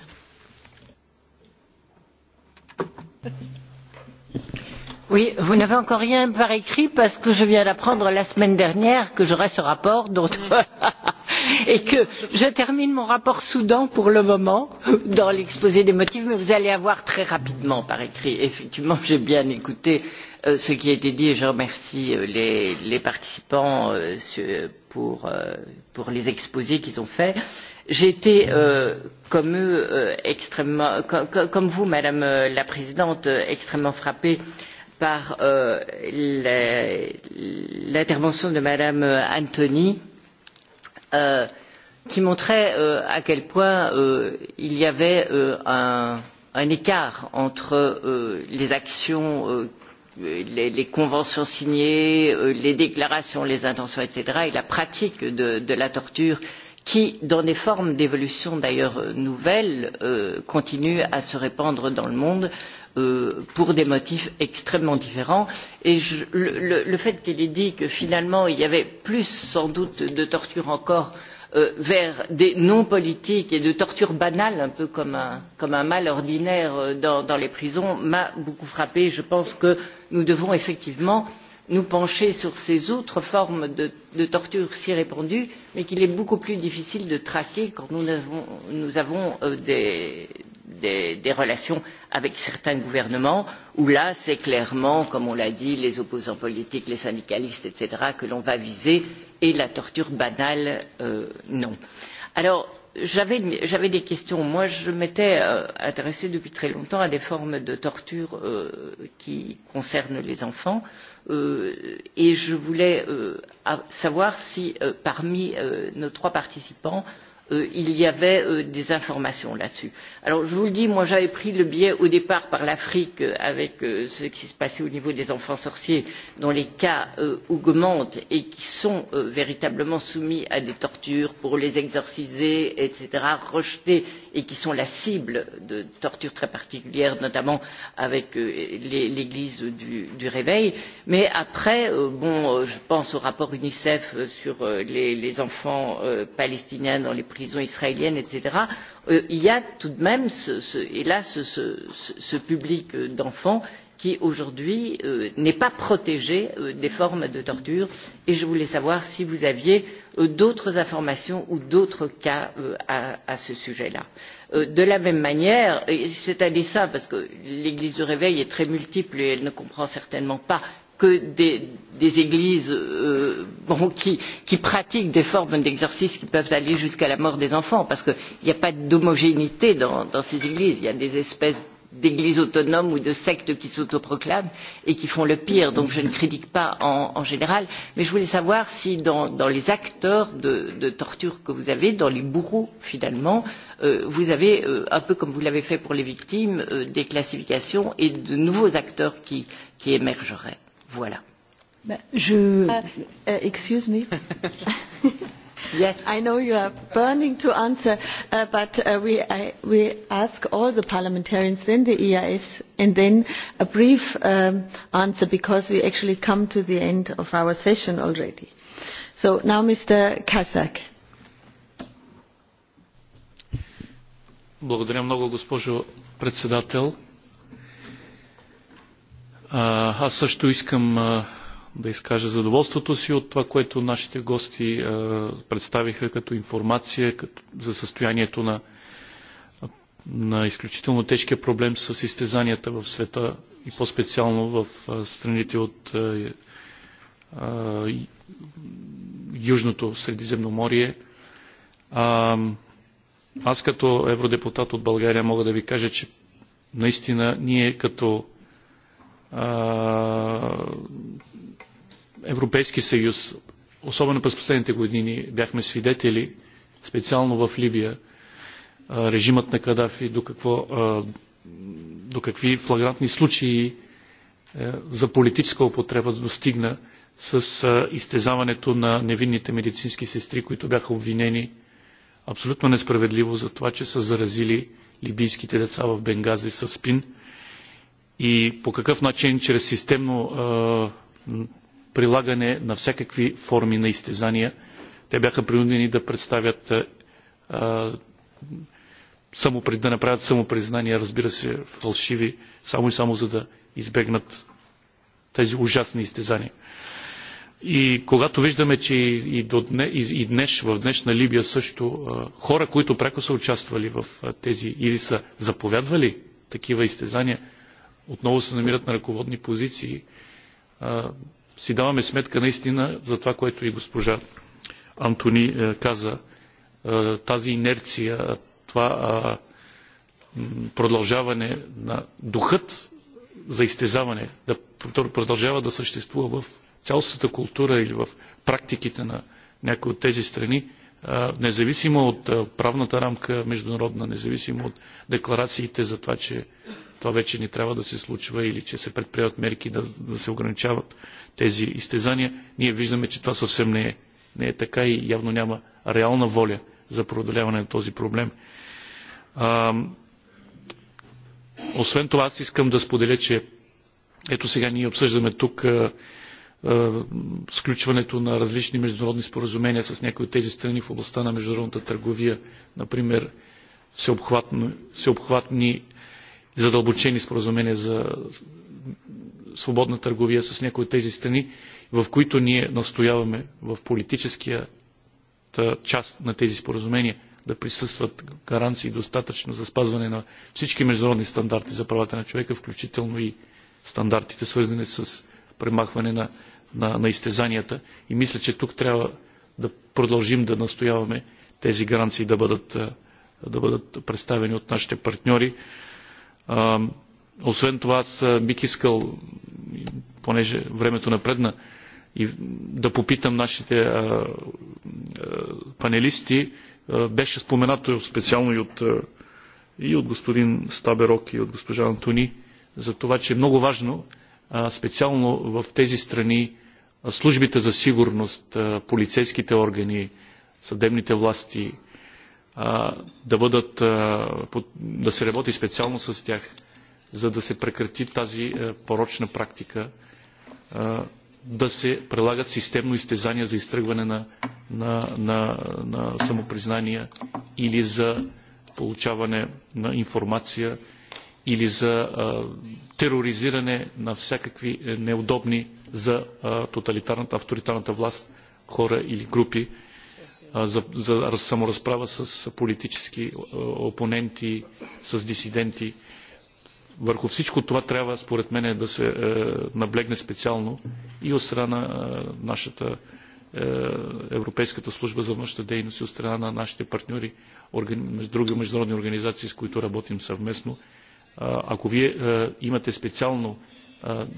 vous n'avez encore rien par écrit parce que je viens d'apprendre la semaine dernière que j'aurai ce rapport et que je termine mon rapport soudan pour le moment dans l'exposé des motifs mais vous allez avoir très rapidement par écrit. effectivement j'ai bien écouté euh, ce qui a été dit et je remercie euh, les, les participants euh, pour, pour les exposés qu'ils ont faits. J'ai été euh, comme eux euh, extrêmement comme, comme vous, Madame la Présidente, extrêmement frappée euh, par euh, l'intervention de mme anthony euh, qui montrait euh, à quel point il y avait un écart entre les actions les conventions signées les déclarations les intentions etc. et la pratique de la torture qui dans des formes d'évolution d'ailleurs nouvelles continue à se répandre dans le monde. Euh, pour des motifs extrêmement différents et le fait qu'il ait dit que finalement il y avait plus sans doute de torture encore euh, vers des non politiques et de torture banale un peu comme un mal ordinaire euh, dans les prisons m'a beaucoup frappée. je pense que nous devons effectivement nous pencher sur ces autres formes de torture si répandues mais qu'il est beaucoup plus difficile de traquer quand nous avons des relations avec certains gouvernements où là c'est clairement comme on l'a dit les opposants politiques les syndicalistes etc. que l'on va viser et la torture banale euh, non. j'avais des questions. je m'étais euh, intéressée depuis très longtemps à des formes de torture euh, qui concernent les enfants et je voulais savoir si parmi nos trois participants Euh, il y avait euh, des informations là dessus. alors je vous le dis j'avais pris le biais au départ par l'afrique euh, avec ce qui se passait au niveau des enfants sorciers dont les cas augmentent et qui sont véritablement soumis à des tortures pour les exorciser etc. rejetés et qui sont la cible de tortures très particulières notamment avec l'église du, du réveil. mais après bon, je pense au rapport unicef sur les, les enfants palestiniens dans les prisons israéliennes etc. Euh, il y a tout de même hélas ce public euh, d'enfants qui aujourd'hui euh, n'est pas protégé des formes de torture et je voulais savoir si vous aviez d'autres informations ou d'autres cas à ce sujet là. de la même manière c'est indécent parce que l'église du réveil est très multiple et elle ne comprend certainement pas que des, des églises euh, bon, qui, qui pratiquent des formes d'exorcisme qui peuvent aller jusqu'à la mort des enfants, parce qu'il n'y a pas d'homogénéité dans, dans ces églises. Il y a des espèces d'églises autonomes ou de sectes qui s'autoproclament et qui font le pire. Donc je ne critique pas en, en général, mais je voulais savoir si dans, dans les acteurs de, de torture que vous avez, dans les bourreaux finalement, euh, vous avez, euh, un peu comme vous l'avez fait pour les victimes, euh, des classifications et de nouveaux acteurs qui, qui émergeraient voilà. Je... Uh, uh, excuse me. yes, I know you are burning to answer, uh, but uh, we, I, we ask all the parliamentarians, then the EIS, and then a brief um, answer because we actually come to the end of our session already. So now, Mr. Kasak. Благодаря много, госпожо председател. Аз също искам да изкажа задоволството си от това, което нашите гости представиха като информация за състоянието на, на изключително тежкия проблем с изтезанията в света и по-специално в страните от Южното Средиземноморие. Аз като евродепутат от България мога да ви кажа, че наистина ние като европейски съюз особено през последните години бяхме свидетели специално в Либия режимът на Кадафи до, какво, до какви флагрантни случаи за политическа употреба достигна с изтезаването на невинните медицински сестри, които бяха обвинени абсолютно несправедливо за това, че са заразили либийските деца в Бенгази с спин и по какъв начин чрез системно прилагане на всякакви форми на изтезания те бяха принудени да представят да направят самопризнания, разбира се, фалшиви, само и само за да избегнат тези ужасни изтезания. И когато виждаме, че и, до дне, и днеш, в днешна Либия също хора, които преко са участвали в тези или са заповядвали такива изтезания, отново се намират на ръководни позиции. Си даваме сметка наистина за това, което и госпожа Антони каза. Тази инерция, това продължаване на духът за изтезаване, да продължава да съществува в цялостната култура или в практиките на някои от тези страни, не зависимо от правната рамка международна, независимо от декларациите за това, че това вече не трябва да се случва или че се предприемат мерки да, да се ограничават тези изтезания, ние виждаме, че това съвсем не е, не е така и явно няма реална воля за преодоляване на този проблем. А, освен това, аз искам да споделя, че ето сега ние обсъждаме тук а, сключването на различни международни споразумения с някои от тези страни в областта на международната търговия, например всеобхватни, всеобхватни задълбочени споразумения за свободна търговия с някои от тези страни, в които ние настояваме в политическия част на тези споразумения да присъстват гаранции достатъчно за спазване на всички международни стандарти за правата на човека, включително и стандартите, свързани с премахване на, на, на изтезанията. И мисля, че тук трябва да продължим да настояваме тези гаранции да бъдат, да бъдат представени от нашите партньори. А, освен това, аз бих искал, понеже времето напредна, и да попитам нашите а, а, панелисти. А, беше споменато специално и от, а, и от господин Стаберок и от госпожа Антони за това, че е много важно specialno v tezi strani službite za sigurnost, policijskite organi, sodebnite vlasti, da, bodat, da se reboti specialno s tih, za da se prekrati tazi poročna praktika, da se prelaga sistemno istezanje za iztrgvanje na, na, na, na samopriznanje ili za получаване на информация или за а, тероризиране на всякакви неудобни за а, тоталитарната, авторитарната власт хора или групи а, за, за саморазправа с политически а, опоненти, с дисиденти. Върху всичко това трябва, според мен, да се а, наблегне специално и от страна на нашата Европейската служба за външната дейност и от страна на нашите партньори, органи... други международни организации, с които работим съвместно ако вие имате специално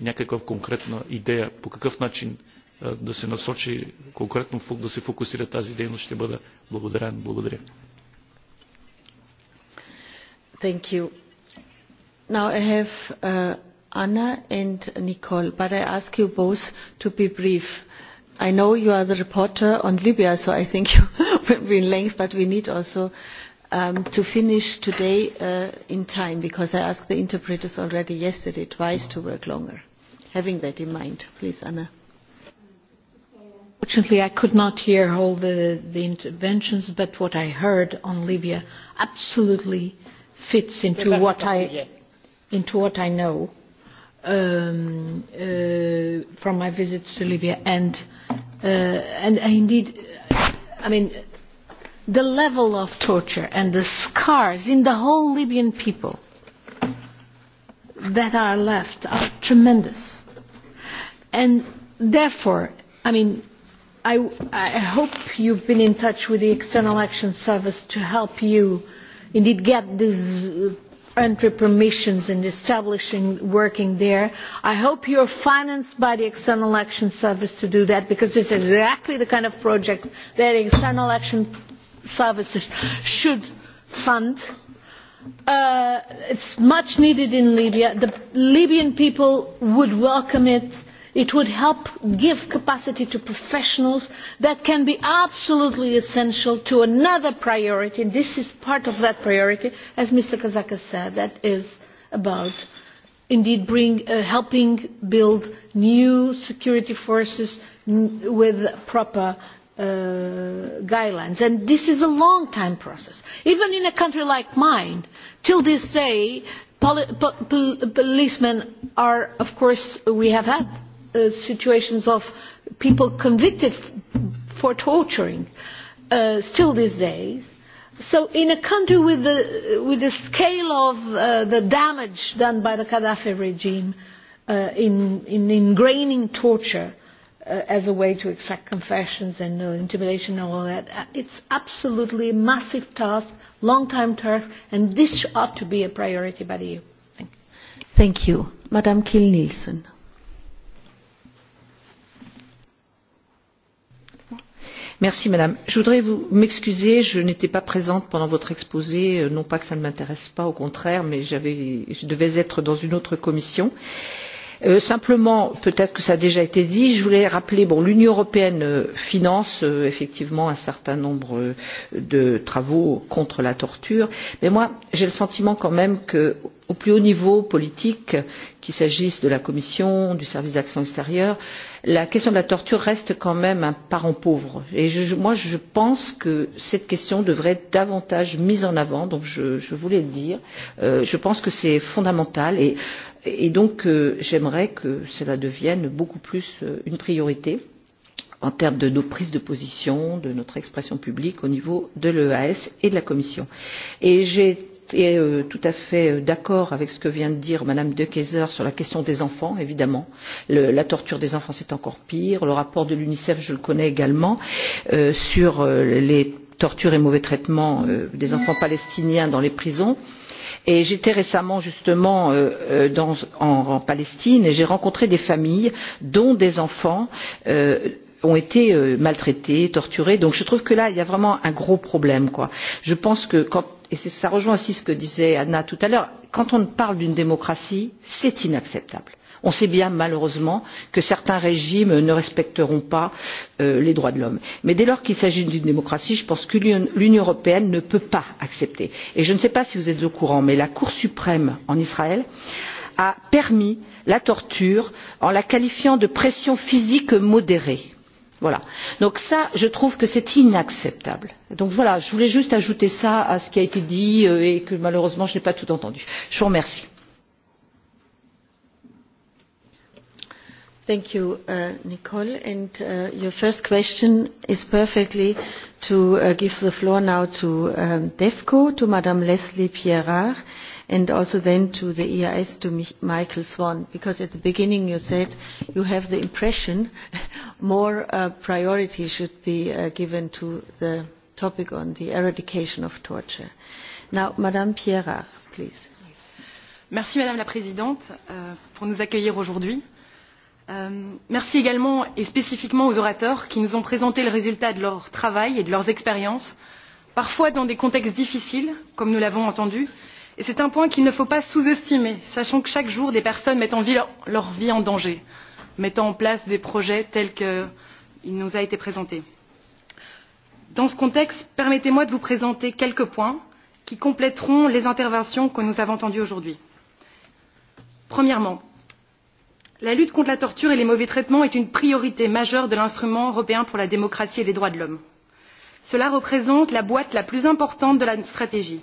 някаква конкретна идея по какъв начин да се насочи конкретно да се фокусира тази дейност, ще бъда благодарен. Благодаря. Thank you. Now I have uh, Anna and Nicole, but I ask you both to be brief. I know you are the reporter on Libya, so I think you will be in length, but we need also um, to finish today uh, in time because I asked the interpreters already yesterday twice to work longer. Having that in mind, please, Anna. Unfortunately, I could not hear all the, the interventions, but what I heard on Libya absolutely fits into what I, into what I know. Um, uh, from my visits to Libya, and uh, and uh, indeed, I mean, the level of torture and the scars in the whole Libyan people that are left are tremendous. And therefore, I mean, I, I hope you've been in touch with the External Action Service to help you indeed get these uh, entry permissions and establishing working there. I hope you're financed by the External Action Service to do that because this is exactly the kind of project that the External Action Service services should fund. Uh, it is much needed in libya. the libyan people would welcome it. it would help give capacity to professionals that can be absolutely essential to another priority. this is part of that priority, as mr kazaka said, that is about indeed bring, uh, helping build new security forces n- with proper uh, guidelines. And this is a long time process. Even in a country like mine, till this day, poli- po- pol- policemen are, of course, we have had uh, situations of people convicted f- for torturing, uh, still these days. So, in a country with the, with the scale of uh, the damage done by the Gaddafi regime uh, in, in ingraining torture, uh, as a way to exact confessions and uh, intimidation and all that. Uh, it's absolutely a massive task, long time task, and this ought to be a priority by the EU. Thank you. Thank you. Madame Kiel Nielsen. Merci Madame. Je voudrais vous m'excuser, je n'étais pas présente pendant votre exposé, euh, non pas que ça ne m'intéresse pas, au contraire, mais j'avais, je devais être dans une autre commission. Euh, Euh, simplement peut être que cela a déjà été dit je voulais rappeler que l'union européenne euh, finance euh, effectivement un certain nombre de travaux contre la torture mais j'ai le sentiment quand même qu'au plus haut niveau politique qu'il s'agisse de la commission du service pour l'action extérieure la question de la torture reste quand même un parent pauvre et je pense que cette question devrait être davantage mise en avant donc je voulais le dire je pense que c'est fondamental et et donc euh, j'aimerais que cela devienne beaucoup plus euh, une priorité en termes de nos prises de position de notre expression publique au niveau de l'eas et de la commission. j'ai été euh, tout à fait d'accord avec ce que vient de dire mme de keyser sur la question des enfants évidemment la torture des enfants c'est encore pire le rapport de l'unicef je le connais également sur les tortures et mauvais traitements des enfants palestiniens dans les prisons j'étais récemment justement euh, euh, en palestine et j'ai rencontré des familles dont des enfants euh, ont été maltraités torturés donc je trouve que là il y a vraiment un gros problème. je pense que et cela rejoint aussi ce que disait anna tout à l'heure quand on parle d'une démocratie c'est inacceptable on sait bien malheureusement que certains régimes ne respecteront pas euh, les droits de l'homme mais dès lors qu'il s'agit d'une démocratie je pense que l'union européenne ne peut pas accepter et je ne sais pas si vous êtes au courant mais la cour suprême en israël a permis la torture en la qualifiant de pression physique modérée. voilà donc ça je trouve que c'est inacceptable. donc voilà je voulais juste ajouter cela à ce qui a été dit euh, et que malheureusement je n'ai pas tout entendu. je vous remercie. Thank you, uh, Nicole. And uh, your first question is perfectly to uh, give the floor now to um, DEFCO, to Madame Leslie Pierrard, and also then to the EIS, to Mich Michael Swan. Because at the beginning you said you have the impression more uh, priority should be uh, given to the topic on the eradication of torture. Now, Madame Pierrard, please. Merci, Madame la Présidente, uh, pour nous accueillir aujourd'hui. Euh, merci également et spécifiquement aux orateurs qui nous ont présenté le résultat de leur travail et de leurs expériences parfois dans des contextes difficiles comme nous l'avons entendu et c'est un point qu'il ne faut pas sous estimer sachant que chaque jour des personnes mettent leur vie en danger mettant en place des projets tels qu'il nous a été présenté. dans ce contexte permettez moi de vous présenter quelques points qui compléteront les interventions que nous avons entendues aujourd'hui. premièrement la lutte contre la torture et les mauvais traitements est une priorité majeure de l'instrument européen pour la démocratie et les droits de l'homme. cela représente la boîte la plus importante de la stratégie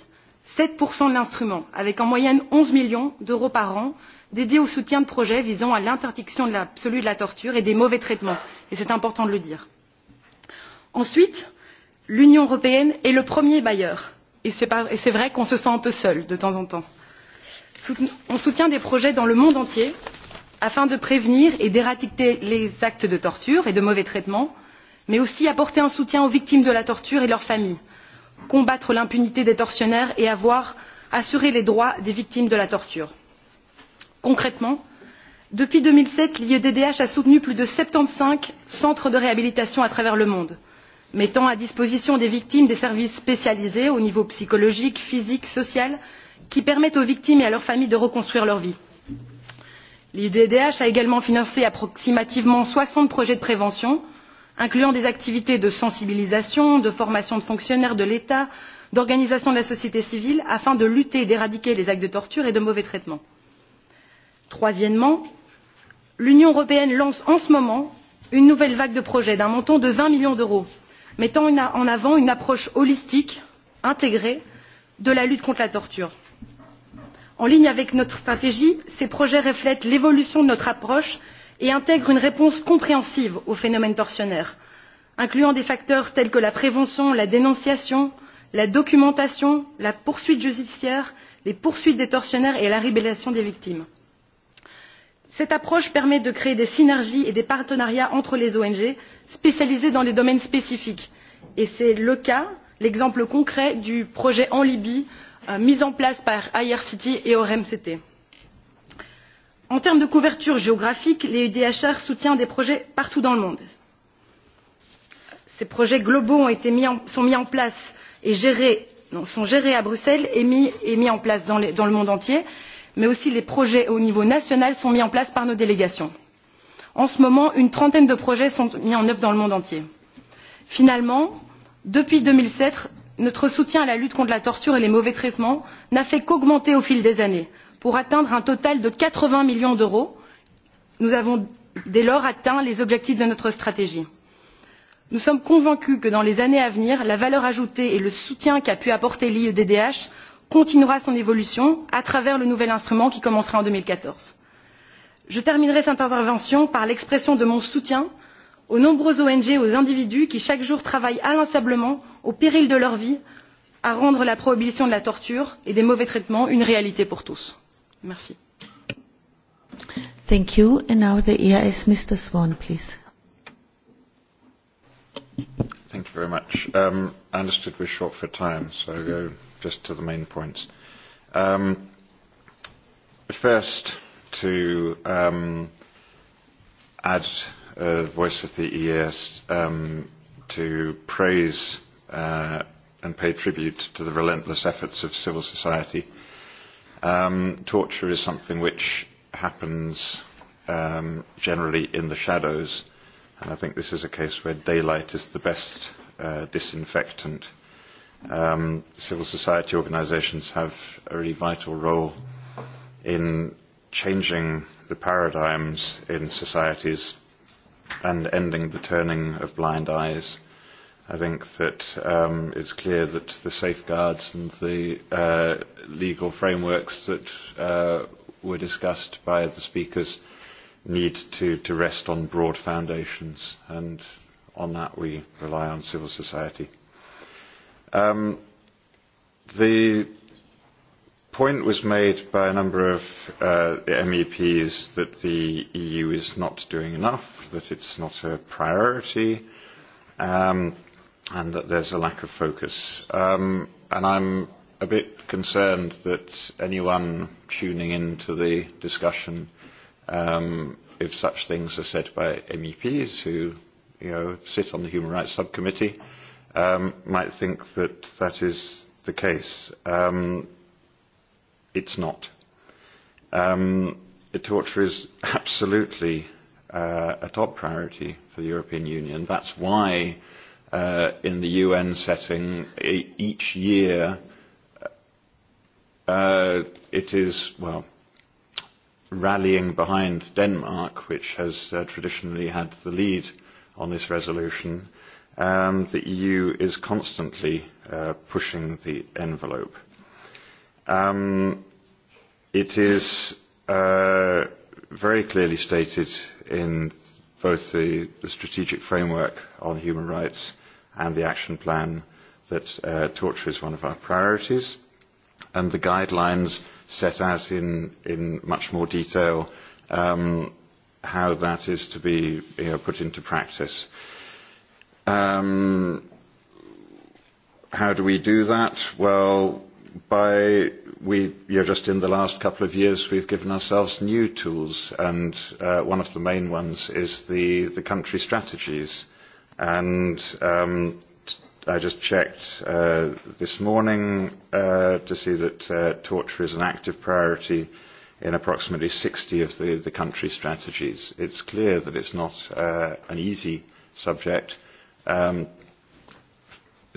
sept de l'instrument avec en moyenne onze millions d'euros par an dédiés au soutien de projets visant à l'interdiction absolue de la torture et des mauvais traitements et c'est important de le dire. ensuite l'union européenne est le premier bailleur et c'est vrai qu'on se sent un peu seul de temps en temps. on soutient des projets dans le monde entier afin de prévenir et d'éradiquer les actes de torture et de mauvais traitements mais aussi d'apporter un soutien aux victimes de la torture et à leurs familles de combattre l'impunité des tortionnaires et d'assurer les droits des victimes de la torture. concrètement depuis deux mille sept l'iedh a soutenu plus de soixante quinze centres de réhabilitation à travers le monde mettant à disposition des victimes des services spécialisés aux niveaux psychologique physique social qui permettent aux victimes et à leurs familles de reconstruire leur vie l'iddh a également financé approximativement soixante projets de prévention incluant des activités de sensibilisation de formation de fonctionnaires de l'état d'organisations de la société civile afin de lutter et d'éradiquer les actes de torture et de mauvais traitements. troisièmement l'union européenne lance en ce moment une nouvelle vague de projets d'un montant de vingt millions d'euros mettant en avant une approche holistique intégrée de la lutte contre la torture en ligne avec notre stratégie ces projets reflètent l'évolution de notre approche et intègrent une réponse compréhensive aux phénomènes tortionnaires incluant des facteurs tels que la prévention la dénonciation la documentation la poursuite judiciaire les poursuites des tortionnaires et la révélation des victimes. cette approche permet de créer des synergies et des partenariats entre les ong spécialisées dans les domaines spécifiques et c'est le cas l'exemple concret du projet en libye Euh, mis en place par irct et oremct. en termes de couverture géographique le eudhr soutient des projets partout dans le monde. ces projets globaux sont mis en place et gérés à bruxelles et mis en place dans le monde entier mais aussi les projets au niveau national sont mis en place par nos délégations. en ce moment une trentaine de projets sont mis en œuvre dans le monde entier. finalement depuis deux mille sept notre soutien à la lutte contre la torture et les mauvais traitements n'a fait qu'augmenter au fil des années pour atteindre un total de quatre vingts millions d'euros. nous avons dès lors atteint les objectifs de notre stratégie. nous sommes convaincus que dans les années à venir la valeur ajoutée et le soutien qu'a pu apporter l'iedh continueront leur évolution à travers le nouvel instrument qui commencera en. deux mille quatorze je terminerai cette intervention par l'expression de mon soutien aux nombreuses ong aux individus qui chaque jour travaillent inlassablement au péril de leur vie à rendre la prohibition de la torture et des mauvais traitements une réalité pour tous. Um, um, first to um, add uh, voice of the EES um, to praise uh, and pay tribute to the relentless efforts of civil society. Um, torture is something which happens um, generally in the shadows, and I think this is a case where daylight is the best uh, disinfectant. Um, civil society organizations have a really vital role in changing the paradigms in societies and ending the turning of blind eyes. I think that um, it's clear that the safeguards and the uh, legal frameworks that uh, were discussed by the speakers need to, to rest on broad foundations, and on that we rely on civil society. Um, the point was made by a number of uh, MEPs that the EU is not doing enough, that it's not a priority, um, and that there's a lack of focus. Um, and I'm a bit concerned that anyone tuning into the discussion, um, if such things are said by MEPs who you know, sit on the Human Rights Subcommittee, um, might think that that is the case. Um, it's not. Um, torture is absolutely uh, a top priority for the European Union. That's why uh, in the UN setting, e- each year, uh, uh, it is, well, rallying behind Denmark, which has uh, traditionally had the lead on this resolution, um, the EU is constantly uh, pushing the envelope. Um, it is uh, very clearly stated in both the, the strategic framework on human rights and the action plan that uh, torture is one of our priorities. And the guidelines set out in, in much more detail um, how that is to be you know, put into practice. Um, how do we do that? Well, by we you know, just in the last couple of years we've given ourselves new tools and uh, one of the main ones is the the country strategies and um, I just checked uh, this morning uh, to see that uh, torture is an active priority in approximately 60 of the, the country strategies. It's clear that it's not uh, an easy subject, um,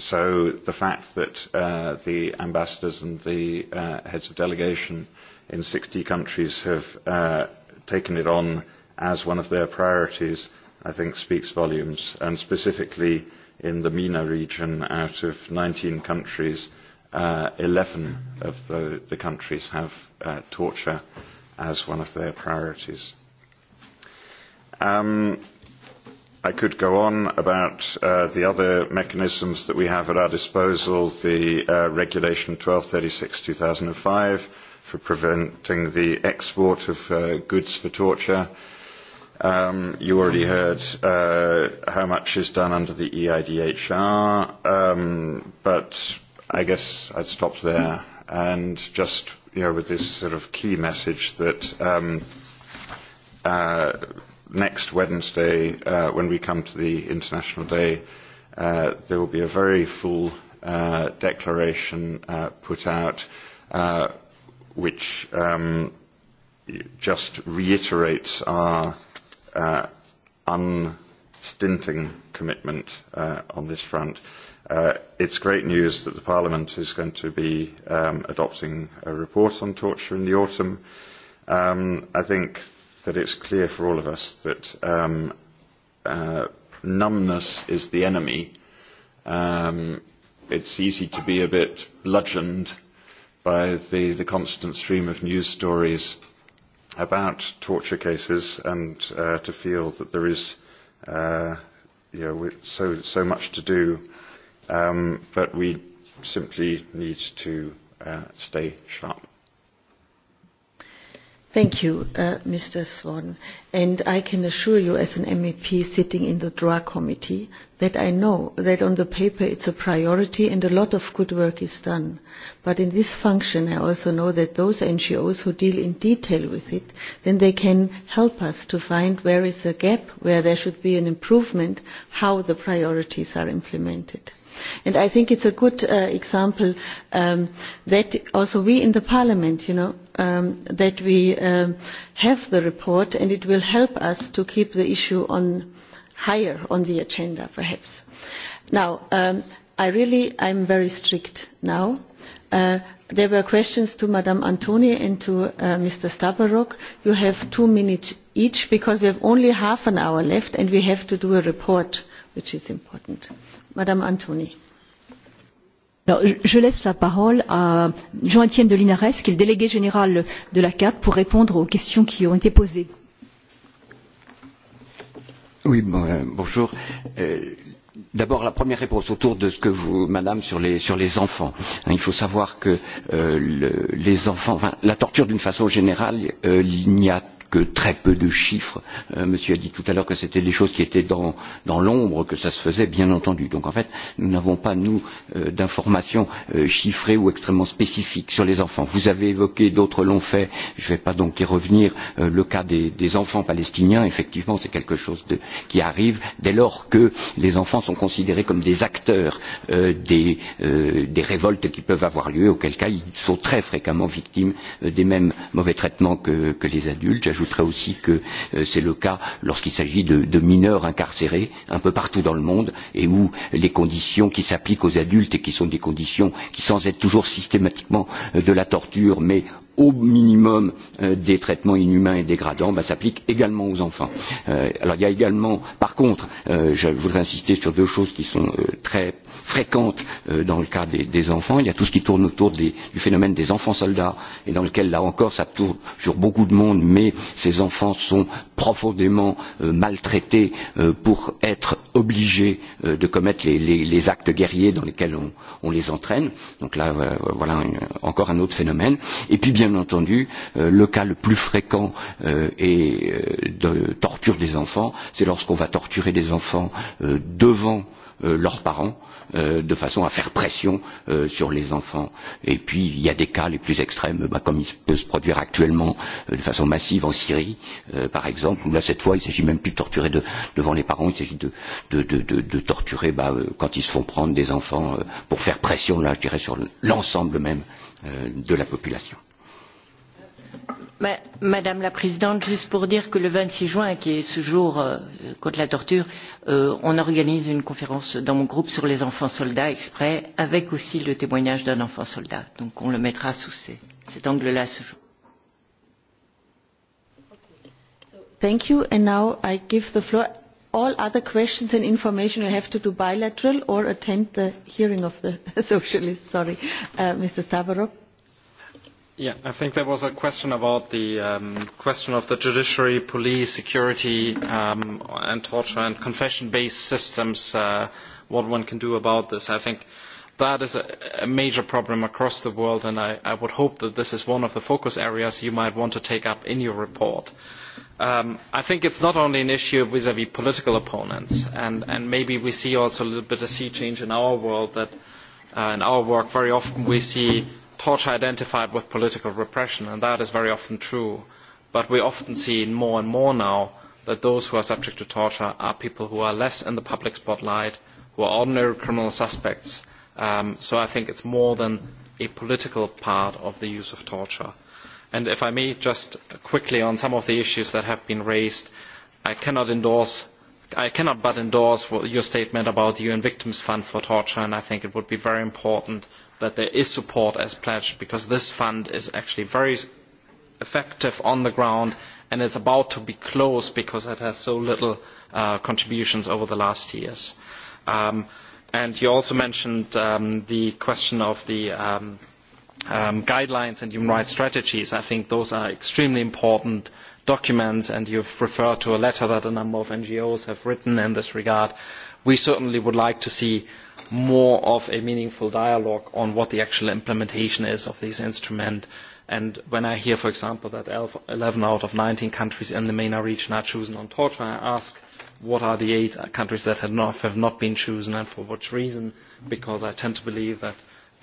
so the fact that uh, the ambassadors and the uh, heads of delegation in 60 countries have uh, taken it on as one of their priorities, I think, speaks volumes. And specifically in the MENA region, out of 19 countries, uh, 11 of the, the countries have uh, torture as one of their priorities. Um, I could go on about uh, the other mechanisms that we have at our disposal, the uh, Regulation 1236-2005 for preventing the export of uh, goods for torture. Um, you already heard uh, how much is done under the EIDHR, um, but I guess I'd stop there and just, you know, with this sort of key message that um, uh, next Wednesday, uh, when we come to the International Day, uh, there will be a very full uh, declaration uh, put out, uh, which um, just reiterates our uh, unstinting commitment uh, on this front. Uh, it's great news that the Parliament is going to be um, adopting a report on torture in the autumn. Um, I think that it's clear for all of us that um, uh, numbness is the enemy. Um, it's easy to be a bit bludgeoned by the, the constant stream of news stories about torture cases and uh, to feel that there is uh, you know, so, so much to do. Um, but we simply need to uh, stay sharp. Thank you, uh, Mr. Swan. And I can assure you, as an MEP sitting in the DRA committee, that I know that on the paper it's a priority and a lot of good work is done. But in this function, I also know that those NGOs who deal in detail with it, then they can help us to find where is the gap, where there should be an improvement, how the priorities are implemented. And I think it's a good uh, example um, that also we in the parliament, you know, um, that we um, have the report and it will help us to keep the issue on higher on the agenda perhaps. Now, um, I really, I'm very strict now. Uh, there were questions to Madame Antoni and to uh, Mr. Stabarok. You have two minutes each because we have only half an hour left and we have to do a report which is important. Madame Antoni je laisse la parole à jean étienne de linares qui est le délégué général de la cat pour répondre aux questions qui ont été posées. Oui, bon, euh, bonjour. Euh, D'abord, la première réponse autour de ce que vous, madame, sur les, sur les enfants. Hein, il faut savoir que euh, le, les enfants, enfin, la torture d'une façon générale, euh, il n'y a que très peu de chiffres. Euh, monsieur a dit tout à l'heure que c'était des choses qui étaient dans, dans l'ombre, que ça se faisait, bien entendu. Donc en fait, nous n'avons pas, nous, euh, d'informations euh, chiffrées ou extrêmement spécifiques sur les enfants. Vous avez évoqué, d'autres l'ont fait, je ne vais pas donc y revenir, euh, le cas des, des enfants palestiniens. Effectivement, c'est quelque chose de, qui arrive dès lors que les enfants sont considérés comme des acteurs euh, des, euh, des révoltes qui peuvent avoir lieu, auquel cas ils sont très fréquemment victimes euh, des mêmes mauvais traitements que, que les adultes j'ajouterais aussi que euh, c'est le cas lorsqu'il s'agit de, de mineurs incarcérés un peu partout dans le monde et où les conditions qui s'appliquent aux adultes et qui sont des conditions qui sans être toujours systématiquement euh, de la torture mais au minimum euh, des traitements inhumains et dégradants ben, s'applique également aux enfants. Euh, alors il y a également, par contre, euh, je voudrais insister sur deux choses qui sont euh, très fréquentes euh, dans le cas des, des enfants. Il y a tout ce qui tourne autour des, du phénomène des enfants soldats et dans lequel là encore ça tourne sur beaucoup de monde, mais ces enfants sont profondément euh, maltraités euh, pour être obligés euh, de commettre les, les, les actes guerriers dans lesquels on, on les entraîne. Donc là, euh, voilà une, encore un autre phénomène. Et puis bien bien entendu euh, le cas le plus fréquent est euh, euh, de torture des enfants c'est lorsqu'on va torturer des enfants devant leurs parents de façon à faire pression sur les enfants et puis il y a des cas les plus extrêmes comme il peut se produire actuellement de façon massive en Syrie par exemple où là cette fois il s'agit même plus de torturer de, devant les parents il s'agit de, de, de, de, de torturer bah, quand ils se font prendre des enfants pour faire pression là je dirais sur l'ensemble même de la population madame la présidente juste pour dire que le vingt six juin qui est ce jour euh, contre la torture euh, on organise une conférence dans mon groupe sur les enfants soldats exprès avec aussi le témoignage d'un enfant soldat donc on le mettra sous cet angle là ce jour. thank you and now i give the floor all other questions and information you have to do bilateral or attend the hearing of the socialists sorry uh, mr stavrou. Yeah, I think there was a question about the um, question of the judiciary, police, security, um, and torture and confession-based systems, uh, what one can do about this. I think that is a, a major problem across the world, and I, I would hope that this is one of the focus areas you might want to take up in your report. Um, I think it's not only an issue vis-à-vis -vis political opponents, and, and maybe we see also a little bit of sea change in our world that uh, in our work very often we see torture identified with political repression, and that is very often true. But we often see more and more now that those who are subject to torture are people who are less in the public spotlight, who are ordinary criminal suspects. Um, so I think it's more than a political part of the use of torture. And if I may, just quickly on some of the issues that have been raised, I cannot endorse. I cannot but endorse your statement about the UN Victims Fund for Torture, and I think it would be very important that there is support as pledged because this fund is actually very effective on the ground and it's about to be closed because it has so little uh, contributions over the last years. Um, and you also mentioned um, the question of the um, um, guidelines and human rights strategies. I think those are extremely important documents and you've referred to a letter that a number of NGOs have written in this regard. We certainly would like to see more of a meaningful dialogue on what the actual implementation is of this instrument. And when I hear, for example, that 11 out of 19 countries in the MENA region are chosen on torture, I ask what are the eight countries that have not, have not been chosen and for what reason, because I tend to believe that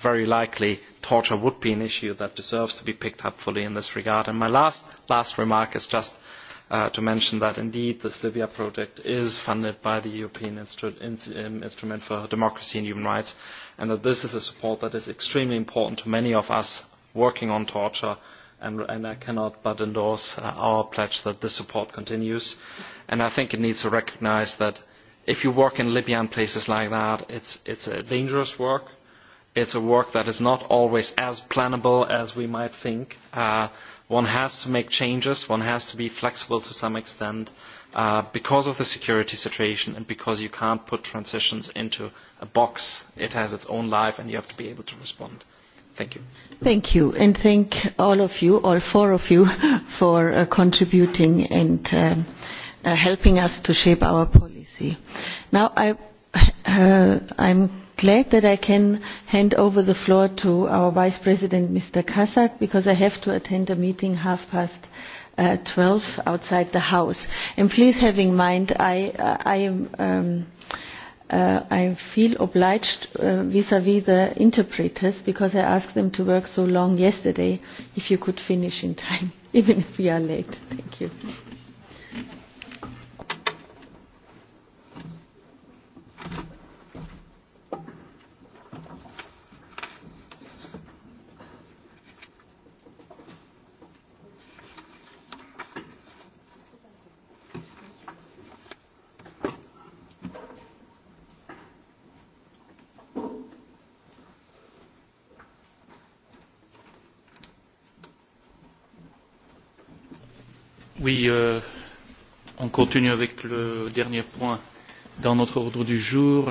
very likely torture would be an issue that deserves to be picked up fully in this regard. And my last, last remark is just – Uh, to mention that indeed this Libya project is funded by the European Instru in um, Instrument for Democracy and Human Rights, and that this is a support that is extremely important to many of us working on torture, and, and I cannot but endorse uh, our pledge that this support continues. And I think it needs to recognize that if you work in Libya and places like that, it's, it's a dangerous work. It's a work that is not always as plannable as we might think. Uh, one has to make changes, one has to be flexible to some extent uh, because of the security situation and because you can't put transitions into a box. It has its own life and you have to be able to respond. Thank you. Thank you. And thank all of you, all four of you, for uh, contributing and um, uh, helping us to shape our policy. Now, I, uh, I'm glad that I can hand over the floor to our Vice President, Mr. Kasak, because I have to attend a meeting half past uh, 12 outside the House. And please have in mind, I, uh, I, um, uh, I feel obliged uh, vis-à-vis uh, -vis the interpreters because I asked them to work so long yesterday if you could finish in time, even if we are late. Thank you. Mm -hmm. Euh, on continue avec le dernier point dans notre ordre du jour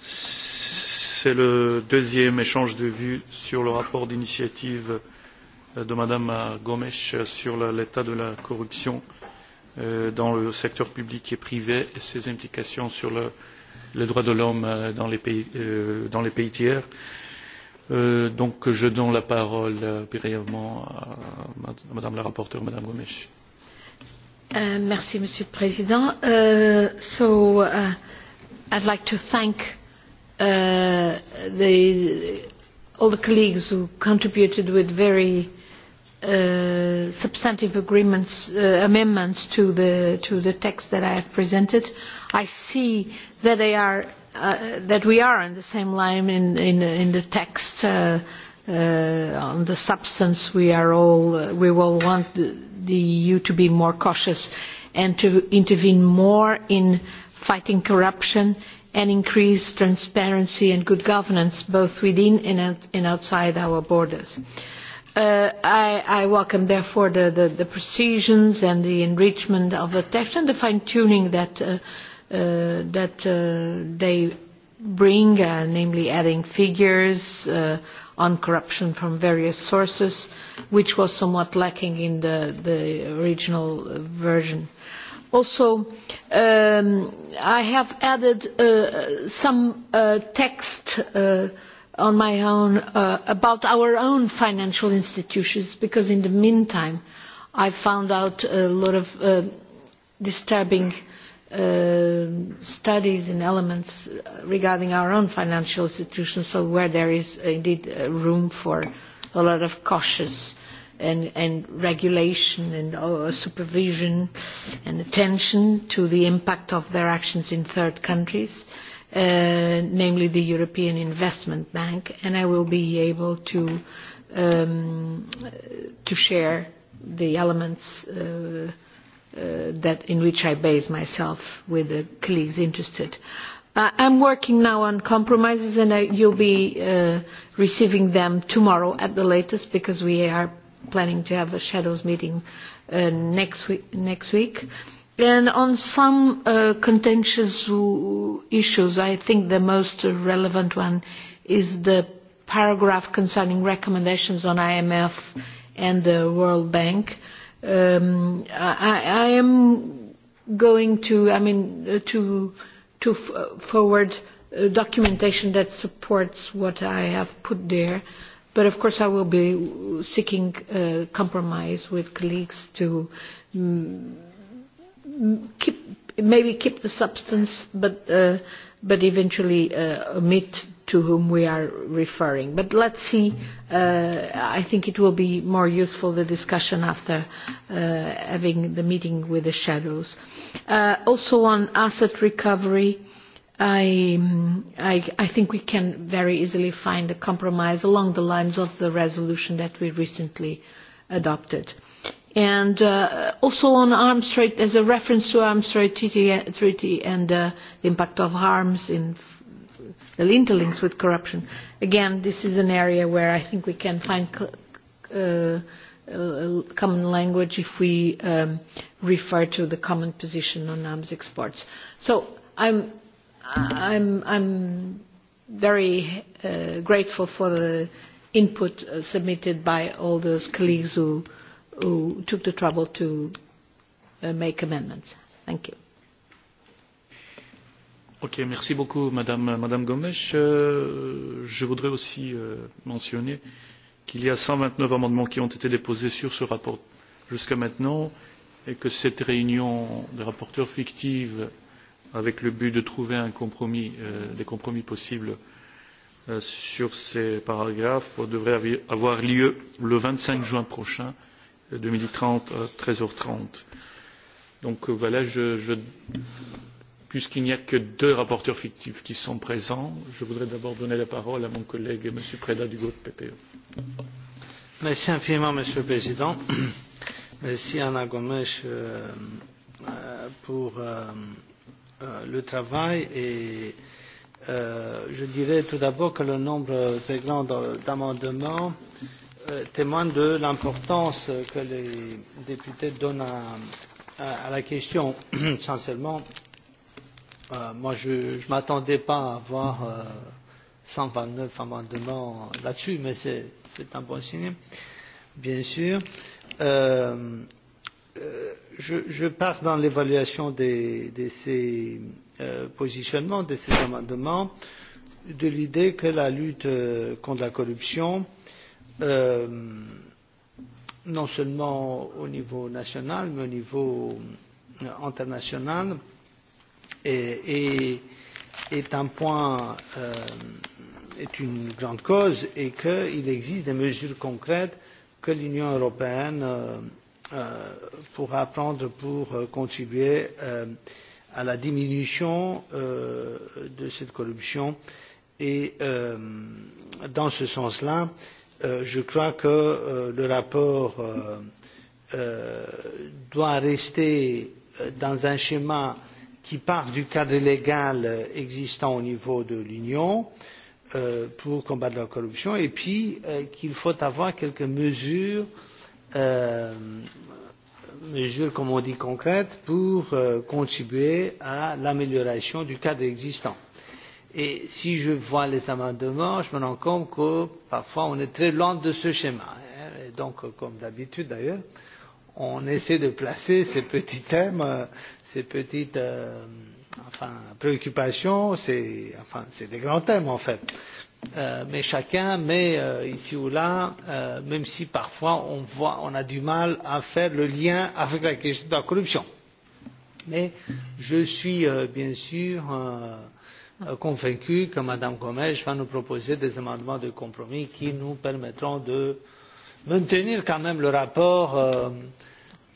c'est le deuxième échange de vues sur le rapport d'initiative de mme gomes sur l'état de la corruption euh, dans le secteur public et privé et ses implications sur les droits de l'homme euh, dans les pays tiers. donc je donne la parole brièvement à mme la rapporteure mme gomes. Uh, monsieur le président je voudrais remercier tous les collègues qui ont contribué avec de très substantifs amendements au texte que j'ai présenté. je vois que nous sommes sur la même ligne dans le texte. Uh, on the substance we are all uh, we will want the, the EU to be more cautious and to intervene more in fighting corruption and increase transparency and good governance both within and, out, and outside our borders. Uh, I, I welcome therefore the, the, the precisions and the enrichment of the text and the fine-tuning that, uh, uh, that uh, they bring, uh, namely adding figures uh, on corruption from various sources, which was somewhat lacking in the, the original version. Also, um, I have added uh, some uh, text uh, on my own uh, about our own financial institutions, because in the meantime, I found out a lot of uh, disturbing mm -hmm. Um, studies and elements regarding our own financial institutions, so where there is indeed uh, room for a lot of cautious and, and regulation and uh, supervision and attention to the impact of their actions in third countries, uh, namely the European Investment Bank, and I will be able to, um, to share the elements uh, Uh, in which i base myself with the colleagues interested. Uh, i am working now on compromises and uh, you will be receiving them tomorrow at the latest because we are planning to have a shadows meeting next week. on some contentious issues i think the most relevant one is the paragraph concerning recommendations on imf and the world bank um, I, I am going to, I mean, uh, to, to f- uh, forward uh, documentation that supports what I have put there. But of course, I will be seeking uh, compromise with colleagues to mm, keep, maybe keep the substance, but, uh, but eventually uh, omit to whom we are referring. But let's see. Uh, I think it will be more useful the discussion after uh, having the meeting with the shadows. Uh, also on asset recovery, I, um, I, I think we can very easily find a compromise along the lines of the resolution that we recently adopted. And uh, also on arms trade, as a reference to arms trade treaty and uh, the impact of arms in the interlinks with corruption. Again, this is an area where I think we can find co- uh, uh, common language if we um, refer to the common position on arms exports. So I'm, I'm, I'm very uh, grateful for the input uh, submitted by all those colleagues who, who took the trouble to uh, make amendments. Thank you merci beaucoup madame gomes. Euh, je voudrais aussi euh, mentionner qu'il y a cent vingt neuf amendements qui ont été déposés sur ce rapport jusqu'à maintenant et que cette réunion des rapporteurs fictive avec le but de trouver euh, des compromis possibles sur ces paragraphes devrait avoir lieu le vingt cinq juin prochain deux mille trente à treize heures trente. voilà je puisqu'il n'y a que deux rapporteurs fictifs qui sont présents je voudrais d'abord donner la parole à mon collègue m. preda du groupe ppe. merci infiniment monsieur le président. merci anna gomes euh, euh, pour euh, le travail et je dirais tout d'abord que le nombre très grand d'amendements témoigne de l'importance que les députés donnent à la question essentiellement Euh, je ne m'attendais pas à avoir euh, 129 amendements là-dessus, mais c'est un bon signe, bien sûr. Euh, euh je, je pars dans l'évaluation de ces euh, positionnements, de ces amendements, de l'idée que la lutte euh, contre la corruption, euh, non seulement au niveau national, mais au niveau international, euh, Euh, est une grande cause et qu'il existe des mesures concrètes que l'union européenne euh, euh, pourra prendre pour contribuer à la diminution de cette corruption et dans ce sens là je crois que le rapport doit rester dans un schéma qui part du cadre légal existant au niveau de l'union euh, pour combattre la corruption et puis euh, qu'il faut avoir quelques euh, mesures comme on dit concrètes pour contribuer à l'amélioration du cadre existant. et si je vois les amendements je me rends compte que parfois on est très loin de ce schéma. donc comme d'habitude d'ailleurs on essaie de placer ces petits thèmes, euh, ces petites euh, enfin, préoccupations, c'est enfin, des grands thèmes en fait. Euh, mais chacun met euh, ici ou là, euh, même si parfois on voit, on a du mal à faire le lien avec la question de la corruption. Mais je suis euh, bien sûr euh, euh convaincu que Mme Gomes va nous proposer des amendements de compromis qui nous permettront de euh, maintenir quand même le rapport euh,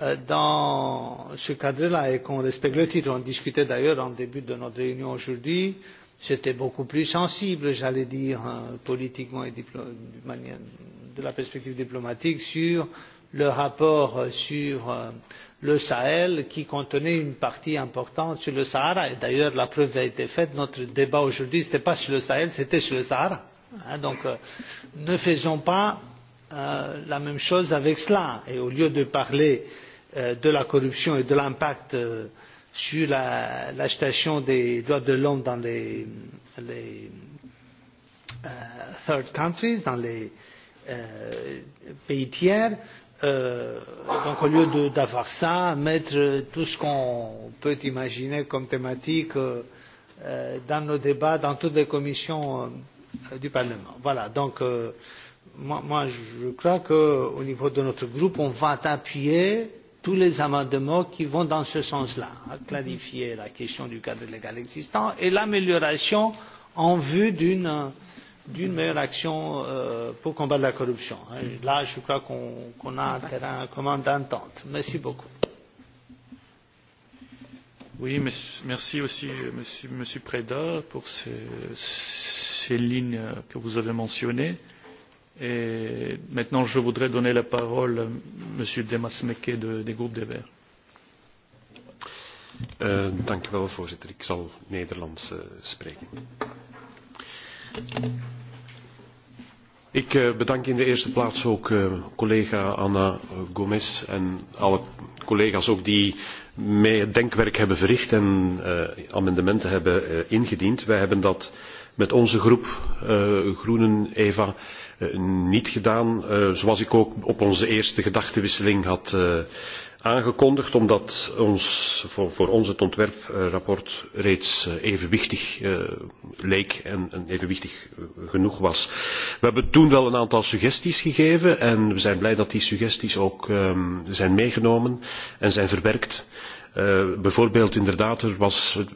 euh, dans ce cadre là et qu'on respecte le titre. on discutait d'ailleurs en début de notre réunion aujourd'hui c'était beaucoup plus sensible j'allais dire politiquement et de la perspective diplomatique sur le rapport euh, sur le Sahel qui contenait une partie importante sur le Sahara. Et d'ailleurs, la preuve a été faite, notre débat aujourd'hui, ce n'était pas sur le Sahel, c'était sur le Sahara. Hein, donc, euh, ne faisons pas Euh, la même chose avec cela et au lieu de parler euh, de la corruption et de l'impact euh, sur la situation des droits de l'homme dans les third countries dans les pays tiers donc au lieu d'avoir cela mettre tout ce qu'on peut imaginer comme thématique dans nos débats dans toutes les commissions du parlement. voilà donc moi, moi je crois qu'au niveau de notre groupe, on va appuyer tous les amendements qui vont dans ce sens-là, à clarifier la question du cadre légal existant et l'amélioration en vue d'une, d'une meilleure action euh, pour combattre la corruption. Et mm. là, je crois qu'on, qu'on a un terrain commun d'entente. Merci beaucoup. Oui, merci aussi, Monsieur, monsieur Preda, pour ces, ces lignes que vous avez mentionnées et maintenant je voudrais donner la parole à m. demas meke du groupe des verts. Eh, voorzitter ik zal nederlands eh, spreken. ik eh, bedank in de eerste plaats ook collega anna gomes en alle collega's ook die mee denkwerk hebben verricht en amendementen hebben ingediend. wij hebben dat met onze groep groenen eva Eh, niet gedaan eh, zoals ik ook op onze eerste gedachtewisseling had eh, aangekondigd omdat voor ons het ontwerpverslag reeds evenwichtig leek en evenwichtig genoeg was. we hebben toen wel een aantal suggesties gegeven en we zijn blij dat die suggesties ook ehm, zijn meegenomen en zijn verwerkt. Eh, bijvoorbeeld inderdaad er,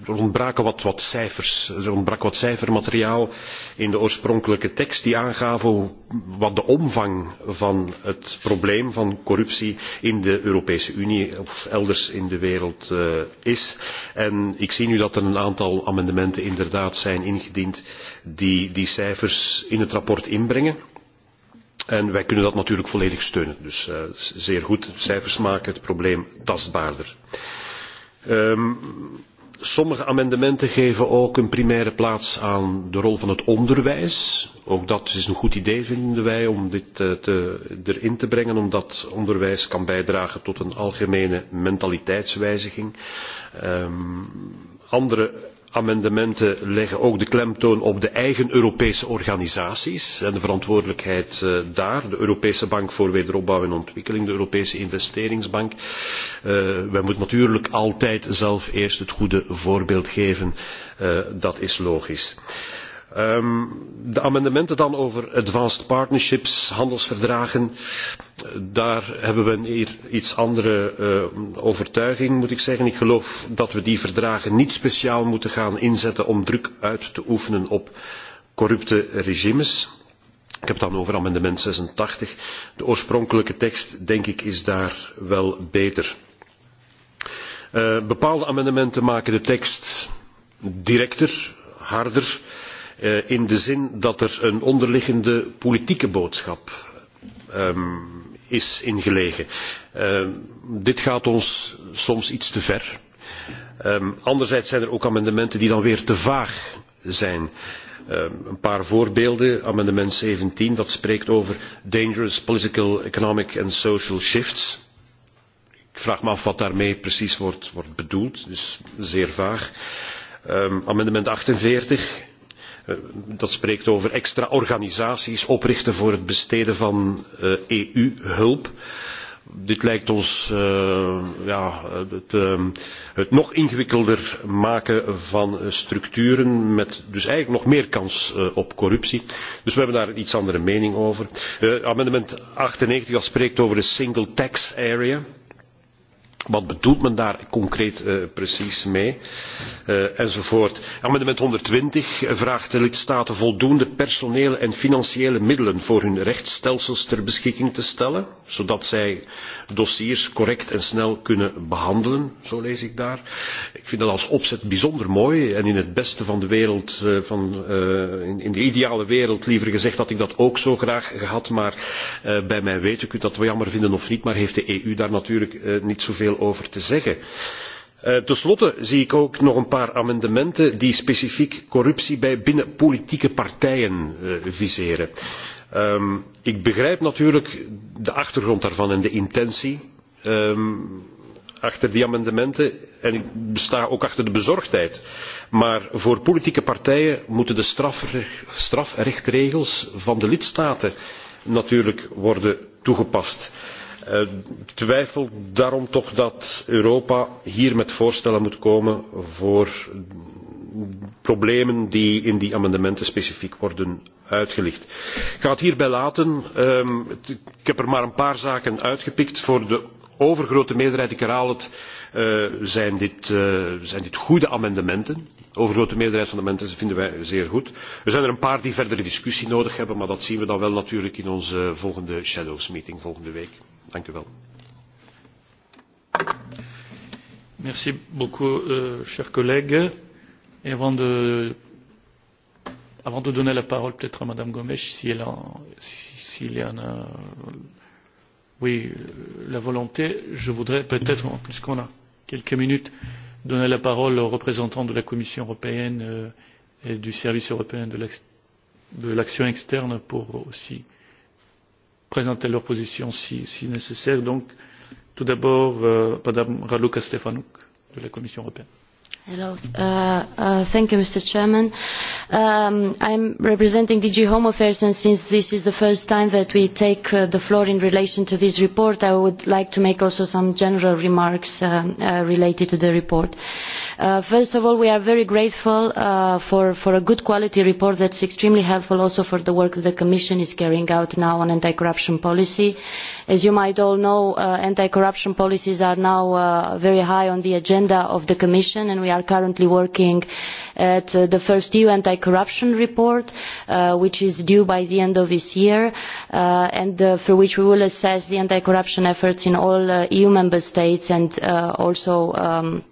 er ontbraken wat cijfers er ontbrak wat cijfermateriaal in de oorspronkelijke tekst die aangaven wat de omvang van het probleem van corruptie in de europese unie of elders in de wereld eh, is. ik zie nu dat er een aantal amendementen inderdaad zijn ingediend die die cijfers in het verslag inbrengen en wij kunnen dat natuurlijk volledig steunen. dus eh, zeer goed cijfers maken het probleem tastbaarder. Ehm, sommige amendementen geven ook een primaire plaats aan de rol van het onderwijs. ook dat is een goed idee vinden wij om dit eh, te, erin te brengen omdat onderwijs kan bijdragen tot een algemene mentaliteitswijziging. Ehm, andere amendementen amendementen leggen ook de klemtoon op de eigen europese organisaties en de verantwoordelijkheid eh, daar de europese bank voor wederopbouw en ontwikkeling de europese investeringsbank. Eh, wij moeten natuurlijk altijd zelf eerst het goede voorbeeld geven eh, dat is logisch. Ehm, de amendementen dan over advanced partnerships handelsverdragen daar hebben we een iets andere eh, overtuiging moet ik zeggen. ik geloof dat we die verdragen niet speciaal moeten gaan inzetten om druk uit te oefenen op corrupte regimes. ik heb het dan over amendement zesentachtig. de oorspronkelijke tekst denk ik is daar wel beter. Eh, bepaalde amendementen maken de tekst directer harder Eh, in de zin dat er een onderliggende politieke boodschap ehm, is ingelegen. Ehm, dit gaat ons soms iets te ver. Ehm, anderzijds zijn er ook amendementen die dan weer te vaag zijn. een paar voorbeelden amendement zeventien dat spreekt over dangerous political economic and social shifts. ik vraag me af wat daarmee precies wordt bedoeld. het is zeer vaag. amendement achtenveertig Eh, dat spreekt over extra organisaties oprichten voor het besteden van eu eh, e hulp. dit lijkt ons uh, ja, het, uh, het nog ingewikkelder maken van structuren met dus eigenlijk nog meer kans uh, op corruptie. dus we hebben daar een iets andere mening over. Uh, amendement 98 dat spreekt over de single tax area wat bedoelt men daar concreet eh, precies mee eh, enzovoort. amendement honderdtwintig vraagt de lidstaten voldoende personele en financiële middelen voor hun rechtsstelsels ter beschikking te stellen zodat zij dossiers correct en snel kunnen behandelen zo lees ik daar. ik vind dat als opzet bijzonder mooi en in het beste van de wereld eh, van, uh, in de ideale wereld liever gezegd had ik dat ook zo graag gehad maar uh, bij mijn weten kunt dat wel jammer vinden of niet maar heeft de eu daar natuurlijk uh, niet zoveel veel over te zeggen. Eh, ten slotte zie ik ook nog een paar amendementen die specifiek corruptie binnen politieke partijen eh, viseren. Ehm, ik begrijp natuurlijk de achtergrond daarvan en de intentie ehm, achter die amendementen en ik besta ook achter de bezorgdheid. Maar voor politieke partijen moeten de strafrechtregels van de lidstaten natuurlijk worden toegepast ik eh, twijfel daarom toch dat europa hier met voorstellen moet komen voor problemen die in die amendementen specifiek worden uitgelicht. ik ga het hierbij laten. Ehm, ik heb er maar een paar zaken uitgepikt. voor de overgrote meerderheid ik herhaal het eh, eh, zijn dit goede amendementen. de overgrote meerderheid van de amendementen vinden wij zeer goed. er zijn er een paar die verdere discussie nodig hebben maar dat zien we dan wel natuurlijk in onze volgende schaduwrapporteurs vergadering volgende week. Dank u wel. Merci beaucoup, euh, chers collègues. Et avant de, avant de donner la parole peut-être à Madame Gomes, si elle en, si, si elle en a, oui, euh, la volonté, je voudrais peut-être, puisqu'on a quelques minutes, donner la parole aux représentants de la Commission européenne euh, et du Service européen de l'action externe pour aussi euh, présenter leur position si, si nécessaire. donc tout d'abord euh, mme raluca stefanu de la commission européenne. Hello. Uh, uh, thank you, Mr. Chairman. Um, I'm representing DG Home Affairs, and since this is the first time that we take uh, the floor in relation to this report, I would like to make also some general remarks uh, uh, related to the report. Uh, first of all, we are very grateful uh, for, for a good quality report that's extremely helpful also for the work that the Commission is carrying out now on anti-corruption policy. As you might all know, uh, anti-corruption policies are now uh, very high on the agenda of the Commission, and we are currently working on uh, the first eu anti corruption report uh, which is due by the end of this year uh, and for which we will assess the anti corruption efforts in all eu member states and also um,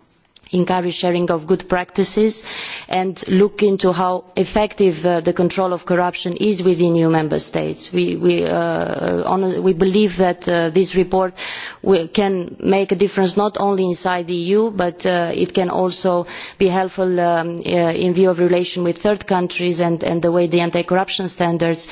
encourage sharing of good practices and look into how effective uh, the control of corruption is within eu member states. we uh, believe that uh, this report can make a difference not only inside the eu but it can also be helpful um, in view of relations with third countries and the way the anti corruption standards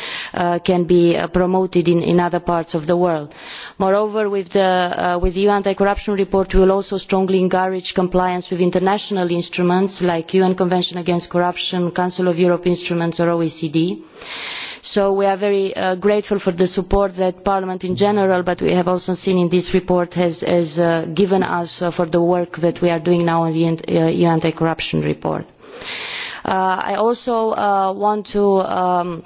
can be promoted in other parts of the world. moreover with the eu anti corruption report we will also strongly encourage compliance compliance with international instruments like the un convention against corruption the council of europe instruments or the oecd. so we are very uh, grateful for the support that parliament in general and we have also seen in this report has uh, given us uh, for the work that we are doing now on the eu anti corruption report. i also want to um,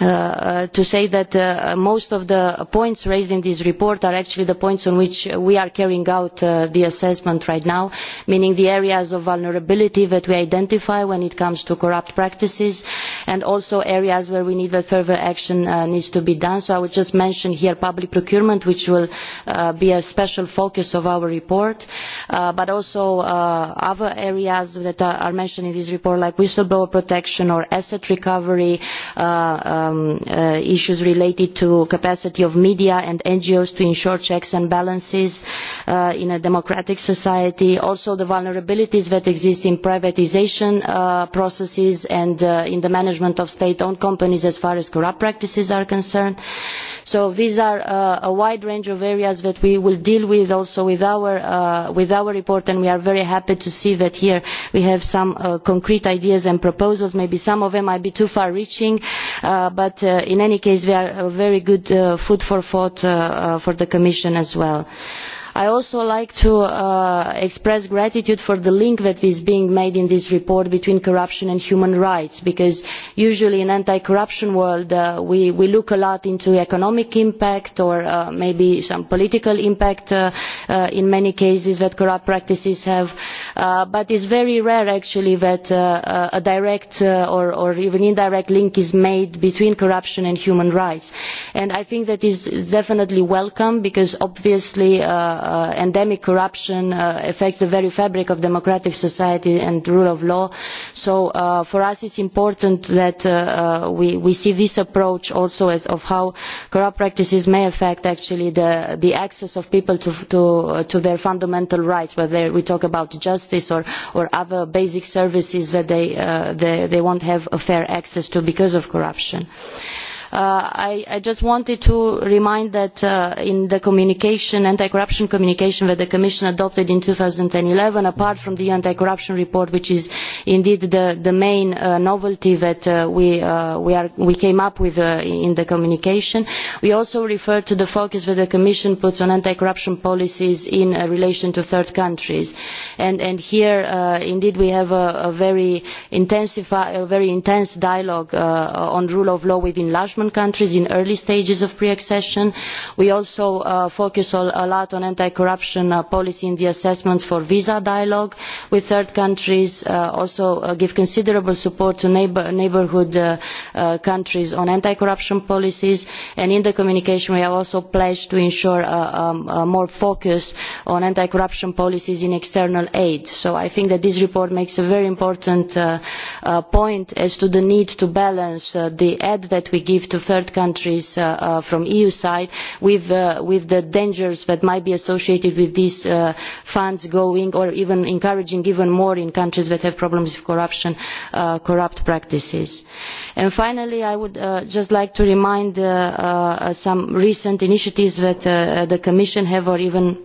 Uh, uh, to say that uh, most of the points raised in this report are actually the points on which we are carrying out the assessment right now meaning the areas of vulnerability that we identify when it comes to corrupt practices and also areas where we need further action needs to be done. so i would just mention here public procurement which will be a special focus of our report but also other areas that are mentioned in this report like whistleblower protection or asset recovery uh, uh, um, uh, issues related to capacity of media and NGOs to ensure checks and balances uh, in a democratic society, also the vulnerabilities that exist in privatization uh, processes and uh, in the management of state-owned companies as far as corrupt practices are concerned so these are uh, a wide range of areas that we will deal with also uh, with our report and we are very happy to see that here we have some uh, concrete ideas and proposals maybe some of them might be too far reaching but in any case they are very good food for thought for the commission as well i also like to uh, express gratitude for the link that is being made in this report between corruption and human rights because usually in the anti corruption world uh, we look a lot into economic impact or uh, maybe some political impact in many cases that corrupt practices have but it is very rare actually that a direct or even indirect link is made between corruption and human rights and i think that is definitely welcome because obviously Uh, endemic corruption uh, affects the very fabric of democratic society and the rule of law so uh, for us it is important that we see this approach also as to how corrupt practices may affect the access of people to their fundamental rights whether we talk about justice or other basic services that they will not have fair access to because of corruption. Uh, i just wanted to remind you that uh, in the anti corruption communication that the commission adopted in two thousand and eleven apart from the anti corruption report which is indeed the main uh, novelty that we came up with in the communication we also referred to the focus that the commission puts on anti corruption policies in relation to third countries and here indeed we have a very intense dialogue on rule of law with enlargement attachment countries in early stages of pre accession. we also uh, focus a lot on anti corruption uh, policy in the assessments for visa dialogue with third countries and uh, also give considerable support to neighbourhood countries on anti corruption policies and in the communication we have also pledged to ensure um, more focus on anti corruption policies in external aid. so i think that this report makes a very important point as to the need to balance the aid that we to third countries uh, uh, from eu side with, uh, with the dangers that might be associated with these uh, funds going or even encouraging even more in countries that have problems with corruption uh, corrupt practices and finally i would uh, just like to remind uh, uh, some recent initiatives that uh, the commission have or even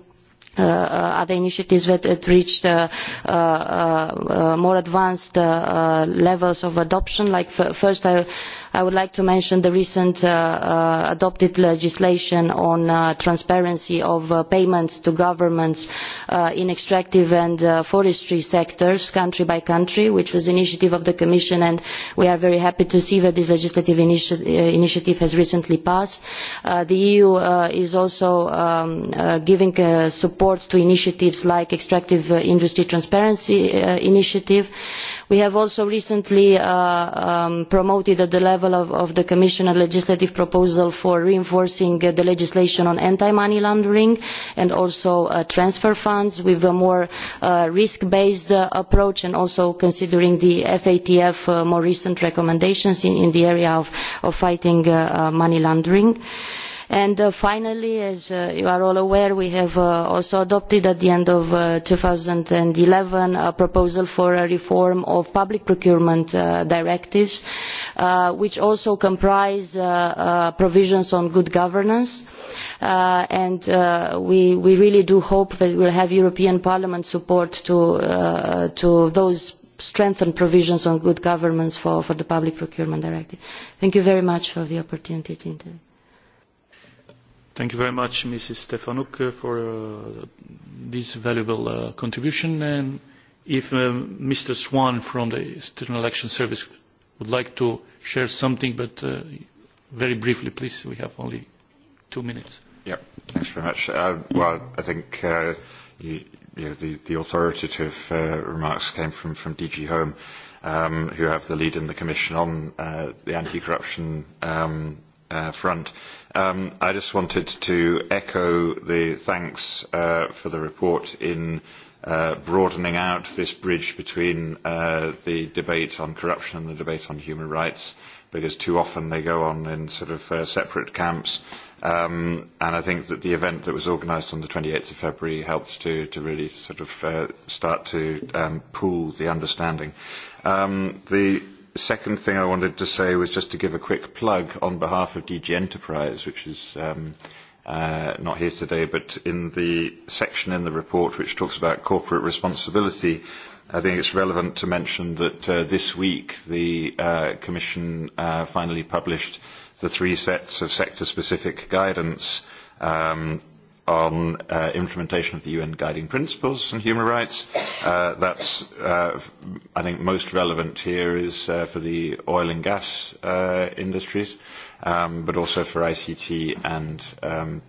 uh, uh other initiatives that had reached uh, uh, uh, uh, more advanced uh, uh, levels of adoption. Like f- first, I, i would like to mention the recently uh, uh, adopted legislation on uh, transparency of payments to governments in extractive and forestry sectors country by country which was an initiative of the commission and we are very happy to see that this legislative initiative has recently passed. the eu is also um, giving support to initiatives like the extractive industry transparency initiative we have also recently uh, um, promoted at the level of the commission a legislative proposal for reinforcing uh, the legislation on anti money laundering and also uh, transfer funds with a more risk based approach and also considering the fatf more recent recommendations in the area of fighting money laundering. Uh, finally as uh, you are all aware we have uh, also adopted at the end of two thousand and eleven a proposal for a reform of public procurement directives which also comprise provisions on good governance and we really do hope that we will have european parliament support for those strengthened provisions on good governance for the public procurement directive. thank you very much for the opportunity to intervene thank you very much mrs stefanuk uh, for uh, this valuable uh, contribution and if uh, mr swan from the student election service would like to share something but uh, very briefly please we have only 2 minutes yeah thanks very much uh, well i think uh, you yeah, the, the authoritative uh, remarks came from, from DG Home, um, who have the lead in the Commission on uh, the anti-corruption um, uh, front. Um, I just wanted to echo the thanks uh, for the report in uh, broadening out this bridge between uh, the debate on corruption and the debate on human rights, because too often they go on in sort of uh, separate camps. Um, and I think that the event that was organised on the 28th of February helped to, to really sort of uh, start to um, pool the understanding. Um, the second thing I wanted to say was just to give a quick plug on behalf of DG Enterprise, which is um, uh, not here today, but in the section in the report which talks about corporate responsibility, I think it's relevant to mention that uh, this week the uh, Commission uh, finally published the three sets of sector-specific guidance um, on uh, implementation of the UN guiding principles on human rights. Uh, that's, uh, I think, most relevant here is uh, for the oil and gas uh, industries, um, but also for ICT and um,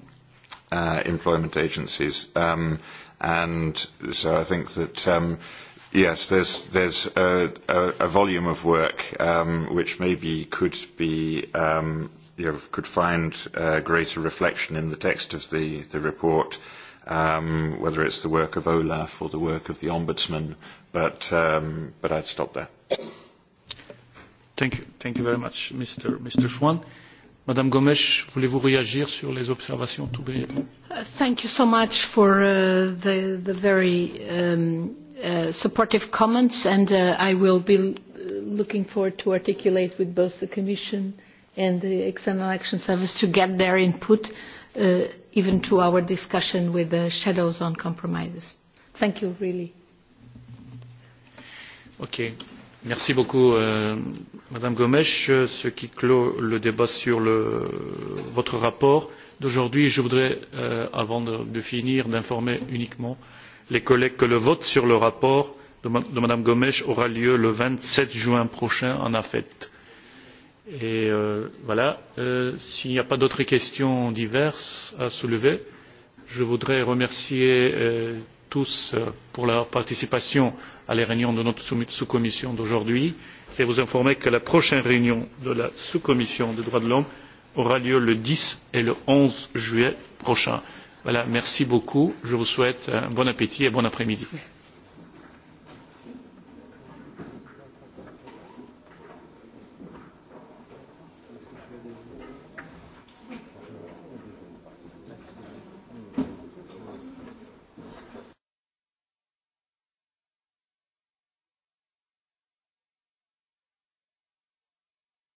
uh, employment agencies. Um, and so I think that, um, yes, there's, there's a, a, a volume of work um, which maybe could be um, you know, could find uh, greater reflection in the text of the, the report, um, whether it's the work of Olaf or the work of the Ombudsman, but, um, but I'd stop there. Thank you. Thank you very much, Mr. Mr. Schwan. Madame Gomes, voulez-vous réagir sur les observations tout uh, Thank you so much for uh, the, the very um, uh, supportive comments, and uh, I will be looking forward to articulate with both the Commission and the External Action Service to get their input uh, even to our discussion with the shadows on compromises. Thank you, really. OK. Merci beaucoup, euh, Madame Gomes. Ce qui clôt le débat sur le, votre rapport d'aujourd'hui, je voudrais, euh, avant de, de finir, d'informer uniquement les collègues que le vote sur le rapport de, de Madame Gomes aura lieu le 27 juin prochain en AFET. Fait et euh, voilà euh, s'il n'y a pas d'autres questions diverses à soulever je voudrais remercier euh, tous euh, pour leur participation à la réunion de notre sous commission d'aujourd'hui et vous informer que la prochaine réunion de la sous commission des droits de l'homme aura lieu le dix et le onze juillet prochains. voilà merci beaucoup je vous souhaite un bon appétit et un bon après midi.